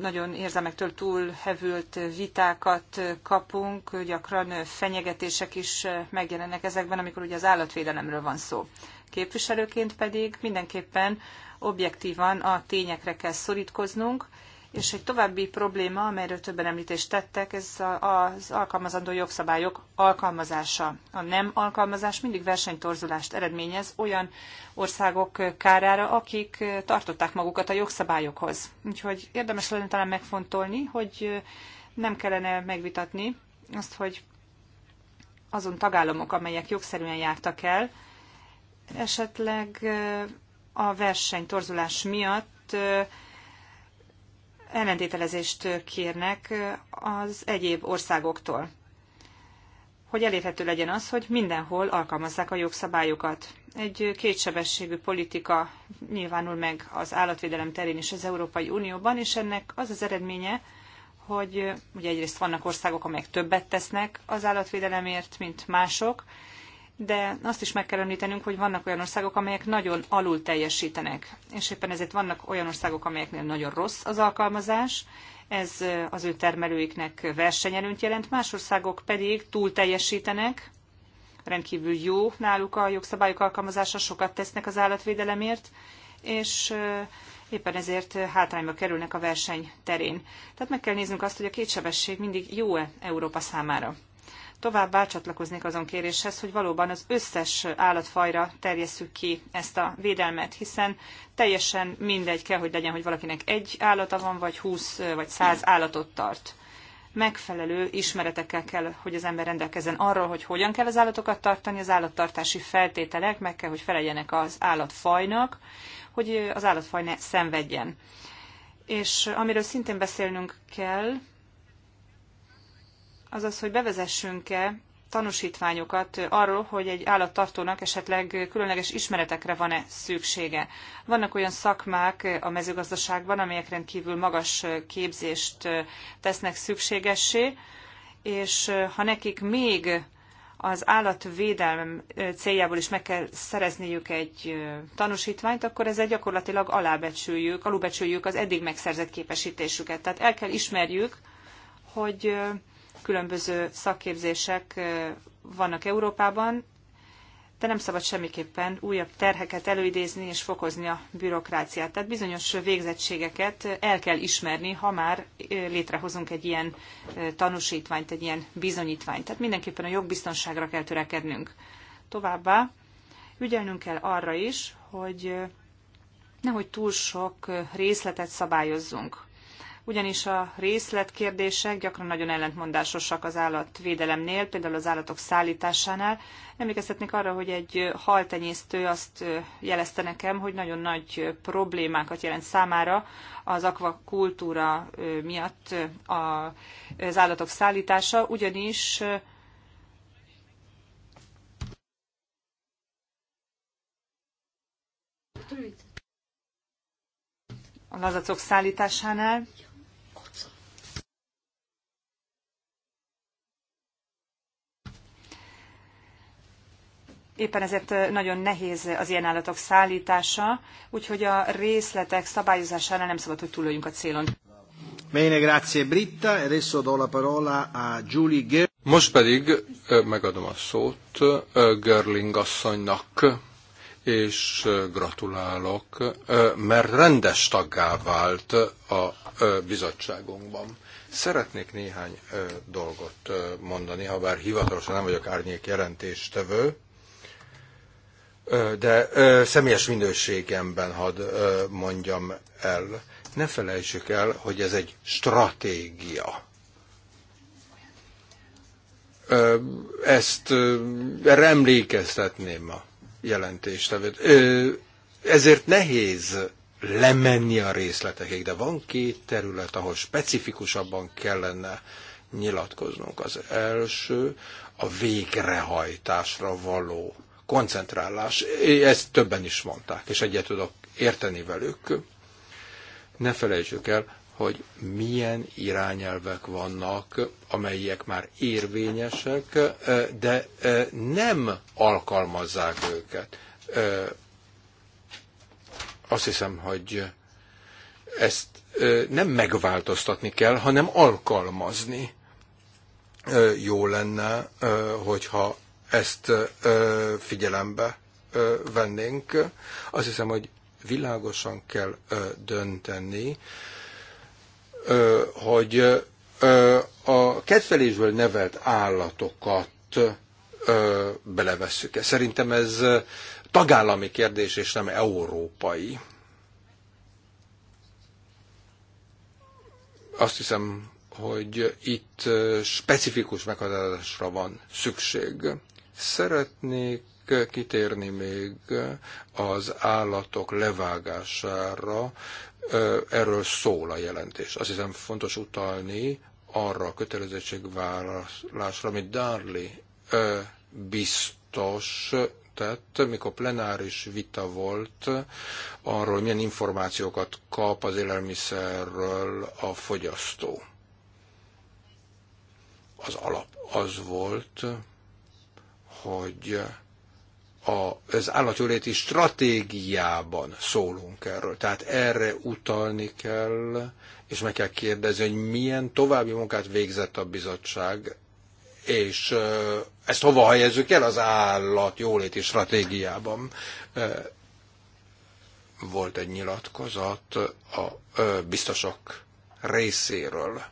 nagyon érzelmektől túlhevült vitákat kapunk, gyakran fenyegetések is megjelennek ezekben, amikor ugye az állatvédelemről van szó. Képviselőként pedig mindenképpen objektívan a tényekre kell szorítkoznunk, és egy további probléma, amelyről többen említést tettek, ez az alkalmazandó jogszabályok alkalmazása. A nem alkalmazás mindig versenytorzulást eredményez olyan országok kárára, akik tartották magukat a jogszabályokhoz. Úgyhogy érdemes lenne talán megfontolni, hogy nem kellene megvitatni azt, hogy azon tagállamok, amelyek jogszerűen jártak el, esetleg a versenytorzulás miatt ellentételezést kérnek az egyéb országoktól, hogy elérhető legyen az, hogy mindenhol alkalmazzák a jogszabályokat. Egy kétsebességű politika nyilvánul meg az állatvédelem terén is az Európai Unióban, és ennek az az eredménye, hogy ugye egyrészt vannak országok, amelyek többet tesznek az állatvédelemért, mint mások, de azt is meg kell említenünk, hogy vannak olyan országok, amelyek nagyon alul teljesítenek, és éppen ezért vannak olyan országok, amelyeknél nagyon rossz az alkalmazás, ez az ő termelőiknek versenyelőnyt jelent, más országok pedig túl teljesítenek, rendkívül jó náluk a jogszabályok alkalmazása, sokat tesznek az állatvédelemért, és éppen ezért hátrányba kerülnek a verseny terén. Tehát meg kell néznünk azt, hogy a kétsebesség mindig jó-e Európa számára. Továbbá csatlakoznék azon kéréshez, hogy valóban az összes állatfajra terjesszük ki ezt a védelmet, hiszen teljesen mindegy kell, hogy legyen, hogy valakinek egy állata van, vagy húsz, vagy száz állatot tart megfelelő ismeretekkel kell, hogy az ember rendelkezzen arról, hogy hogyan kell az állatokat tartani, az állattartási feltételek meg kell, hogy feleljenek az állatfajnak, hogy az állatfaj ne szenvedjen. És amiről szintén beszélnünk kell, azaz, hogy bevezessünk-e tanúsítványokat arról, hogy egy állattartónak esetleg különleges ismeretekre van-e szüksége. Vannak olyan szakmák a mezőgazdaságban, amelyek rendkívül magas képzést tesznek szükségessé, és ha nekik még az állatvédelem céljából is meg kell szerezniük egy tanúsítványt, akkor ezzel gyakorlatilag alábecsüljük, alulbecsüljük az eddig megszerzett képesítésüket. Tehát el kell ismerjük, hogy különböző szakképzések vannak Európában, de nem szabad semmiképpen újabb terheket előidézni és fokozni a bürokráciát. Tehát bizonyos végzettségeket el kell ismerni, ha már létrehozunk egy ilyen tanúsítványt, egy ilyen bizonyítványt. Tehát mindenképpen a jogbiztonságra kell törekednünk. Továbbá ügyelnünk kell arra is, hogy nehogy túl sok részletet szabályozzunk ugyanis a részletkérdések gyakran nagyon ellentmondásosak az állatvédelemnél, például az állatok szállításánál. Emlékeztetnék arra, hogy egy haltenyésztő azt jelezte nekem, hogy nagyon nagy problémákat jelent számára az akvakultúra miatt az állatok szállítása, ugyanis a lazacok szállításánál Éppen ezért nagyon nehéz az ilyen állatok szállítása, úgyhogy a részletek szabályozásánál nem szabad, hogy túloljunk a célon. Bene, grazie Britta. Adesso do la parola a Julie Ger- Most pedig megadom a szót Görling asszonynak, és gratulálok, mert rendes taggá vált a bizottságunkban. Szeretnék néhány dolgot mondani, ha bár hivatalosan nem vagyok árnyék jelentéstevő, de személyes minőségemben hadd mondjam el. Ne felejtsük el, hogy ez egy stratégia. Ezt emlékeztetném a jelentéstevőt. Ezért nehéz lemenni a részletekig, de van két terület, ahol specifikusabban kellene nyilatkoznunk. Az első a végrehajtásra való koncentrálás. Ezt többen is mondták, és egyet tudok érteni velük. Ne felejtsük el, hogy milyen irányelvek vannak, amelyek már érvényesek, de nem alkalmazzák őket. Azt hiszem, hogy ezt nem megváltoztatni kell, hanem alkalmazni. Jó lenne, hogyha ezt figyelembe vennénk. Azt hiszem, hogy világosan kell dönteni, hogy a kedvelésből nevelt állatokat belevesszük-e. Szerintem ez tagállami kérdés, és nem európai. Azt hiszem, hogy itt specifikus meghatározásra van szükség. Szeretnék kitérni még az állatok levágására, erről szól a jelentés. Azt hiszem fontos utalni arra a kötelezettségvállalásra, amit Darli biztos tett, mikor plenáris vita volt arról, milyen információkat kap az élelmiszerről a fogyasztó. Az alap az volt, hogy az állatjóléti stratégiában szólunk erről. Tehát erre utalni kell, és meg kell kérdezni, hogy milyen további munkát végzett a bizottság, és ezt hova helyezzük el az állatjóléti stratégiában. Volt egy nyilatkozat a biztosok részéről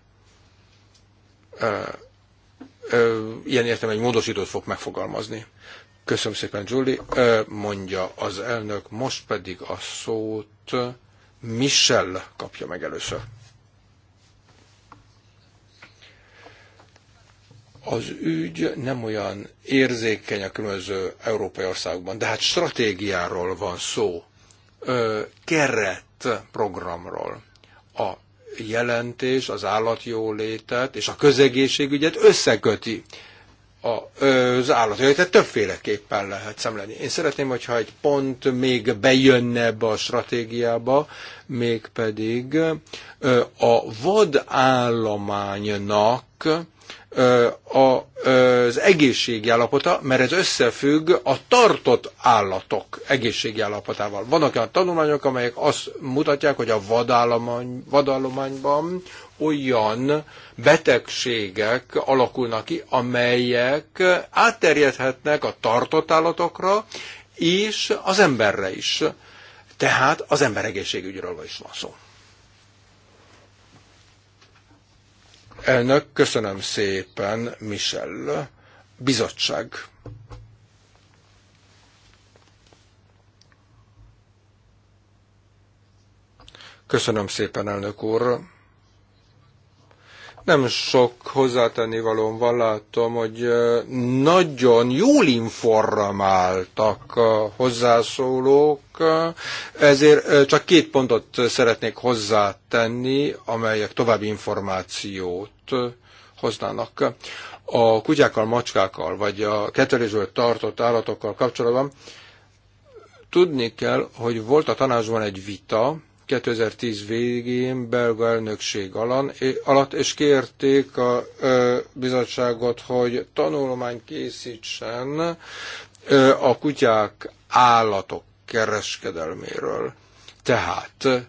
ilyen értem egy módosítót fog megfogalmazni. Köszönöm szépen, Julie. Mondja az elnök, most pedig a szót Michel kapja meg először. Az ügy nem olyan érzékeny a különböző európai országokban, de hát stratégiáról van szó, keretprogramról jelentés az állatjólétet és a közegészségügyet összeköti. A, az állatjólétet többféleképpen lehet szemlelni. Én szeretném, hogyha egy pont még bejönne ebbe a stratégiába, mégpedig a vadállománynak az egészségi állapota, mert ez összefügg a tartott állatok egészségi állapotával. Vannak olyan tanulmányok, amelyek azt mutatják, hogy a vadállomány, vadállományban olyan betegségek alakulnak ki, amelyek átterjedhetnek a tartott állatokra és az emberre is. Tehát az ember egészségügyről is van szó. Elnök, köszönöm szépen, Michel. Bizottság. Köszönöm szépen, elnök úr. Nem sok hozzátenni valóm van, látom, hogy nagyon jól informáltak a hozzászólók, ezért csak két pontot szeretnék hozzátenni, amelyek további információt hoznának. A kutyákkal, macskákkal, vagy a ketelésből tartott állatokkal kapcsolatban tudni kell, hogy volt a tanácsban egy vita, 2010 végén belga elnökség alatt, és kérték a bizottságot, hogy tanulmány készítsen a kutyák állatok kereskedelméről. Tehát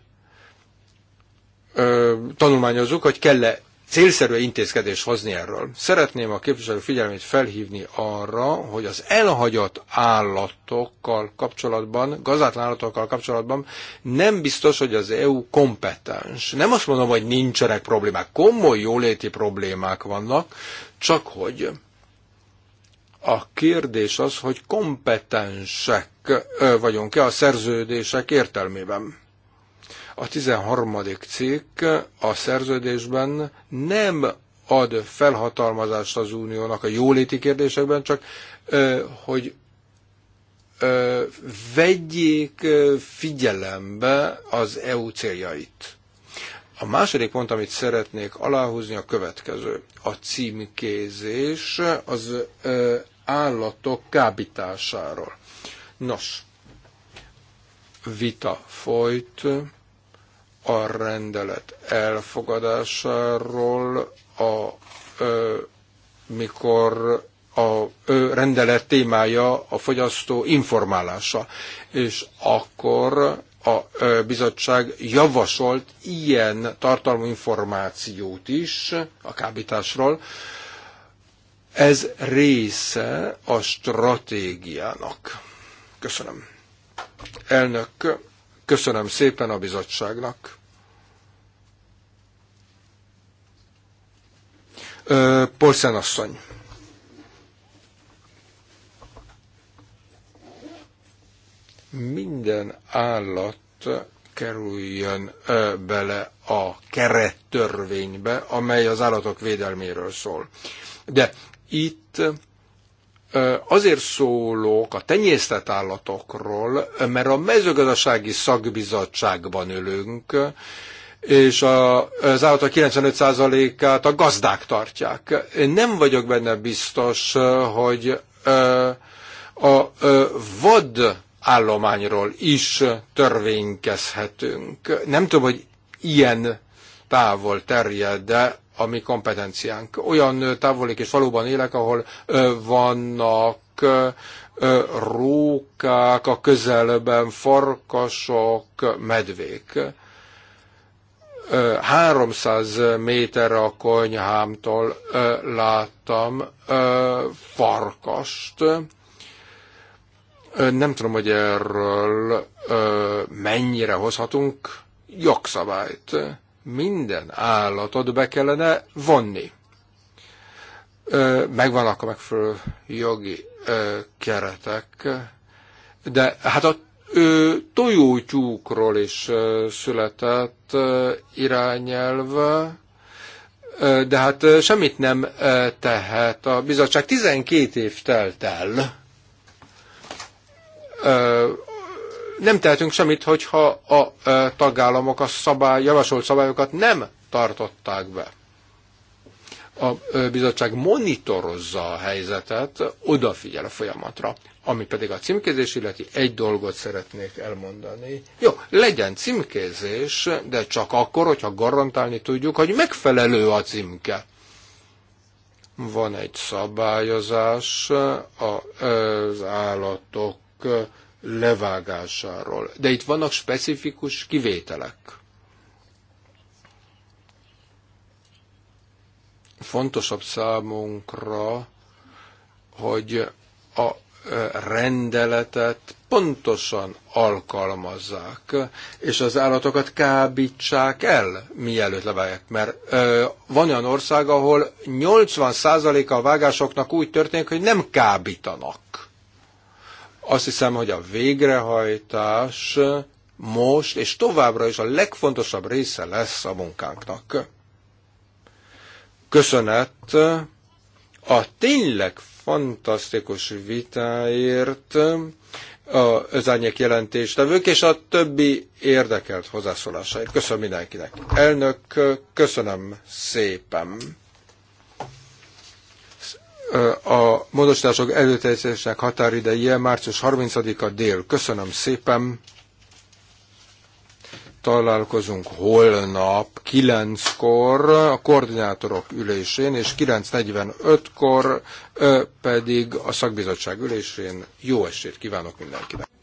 tanulmányozzuk, hogy kell-e célszerű intézkedés hozni erről. Szeretném a képviselő figyelmét felhívni arra, hogy az elhagyott állatokkal kapcsolatban, gazdátlan állatokkal kapcsolatban nem biztos, hogy az EU kompetens. Nem azt mondom, hogy nincsenek problémák. Komoly jóléti problémák vannak, csak hogy a kérdés az, hogy kompetensek vagyunk-e a szerződések értelmében. A 13. cikk a szerződésben nem ad felhatalmazást az uniónak a jóléti kérdésekben, csak hogy vegyék figyelembe az EU céljait. A második pont, amit szeretnék aláhúzni, a következő. A címkézés az állatok kábításáról. Nos, vita folyt a rendelet elfogadásáról, a, ö, mikor a ö, rendelet témája a fogyasztó informálása, és akkor a ö, bizottság javasolt ilyen tartalmú információt is a kábításról, ez része a stratégiának. Köszönöm. Elnök, Köszönöm szépen a bizottságnak. Polszen asszony. Minden állat kerüljön bele a kerettörvénybe, amely az állatok védelméről szól. De itt azért szólok a tenyésztett állatokról, mert a mezőgazdasági szakbizottságban ülünk, és a, az állatok 95%-át a gazdák tartják. Én nem vagyok benne biztos, hogy a vad állományról is törvénykezhetünk. Nem tudom, hogy ilyen távol terjed, de a mi kompetenciánk. Olyan távolik és valóban élek, ahol vannak rókák, a közelben farkasok, medvék. 300 méter a konyhámtól láttam farkast. Nem tudom, hogy erről mennyire hozhatunk jogszabályt minden állatot be kellene vonni. Megvannak a megfelelő jogi keretek, de hát a tojótyúkról is született irányelv, de hát semmit nem tehet. A bizottság 12 év telt el nem tehetünk semmit, hogyha a tagállamok a szabály, javasolt szabályokat nem tartották be. A bizottság monitorozza a helyzetet, odafigyel a folyamatra. Ami pedig a címkézés illeti, egy dolgot szeretnék elmondani. Jó, legyen címkézés, de csak akkor, hogyha garantálni tudjuk, hogy megfelelő a címke van egy szabályozás az állatok levágásáról. De itt vannak specifikus kivételek. Fontosabb számunkra, hogy a rendeletet pontosan alkalmazzák, és az állatokat kábítsák el, mielőtt levágják. Mert ö, van olyan ország, ahol 80%-a a vágásoknak úgy történik, hogy nem kábítanak. Azt hiszem, hogy a végrehajtás most és továbbra is a legfontosabb része lesz a munkánknak. Köszönet a tényleg fantasztikus vitáért az árnyék jelentéstevők és a többi érdekelt hozzászólásait. Köszönöm mindenkinek. Elnök, köszönöm szépen. A módosítások előterjesztésének határideje március 30-a dél. Köszönöm szépen. Találkozunk holnap 9-kor a koordinátorok ülésén, és 9.45-kor pedig a szakbizottság ülésén. Jó estét kívánok mindenkinek!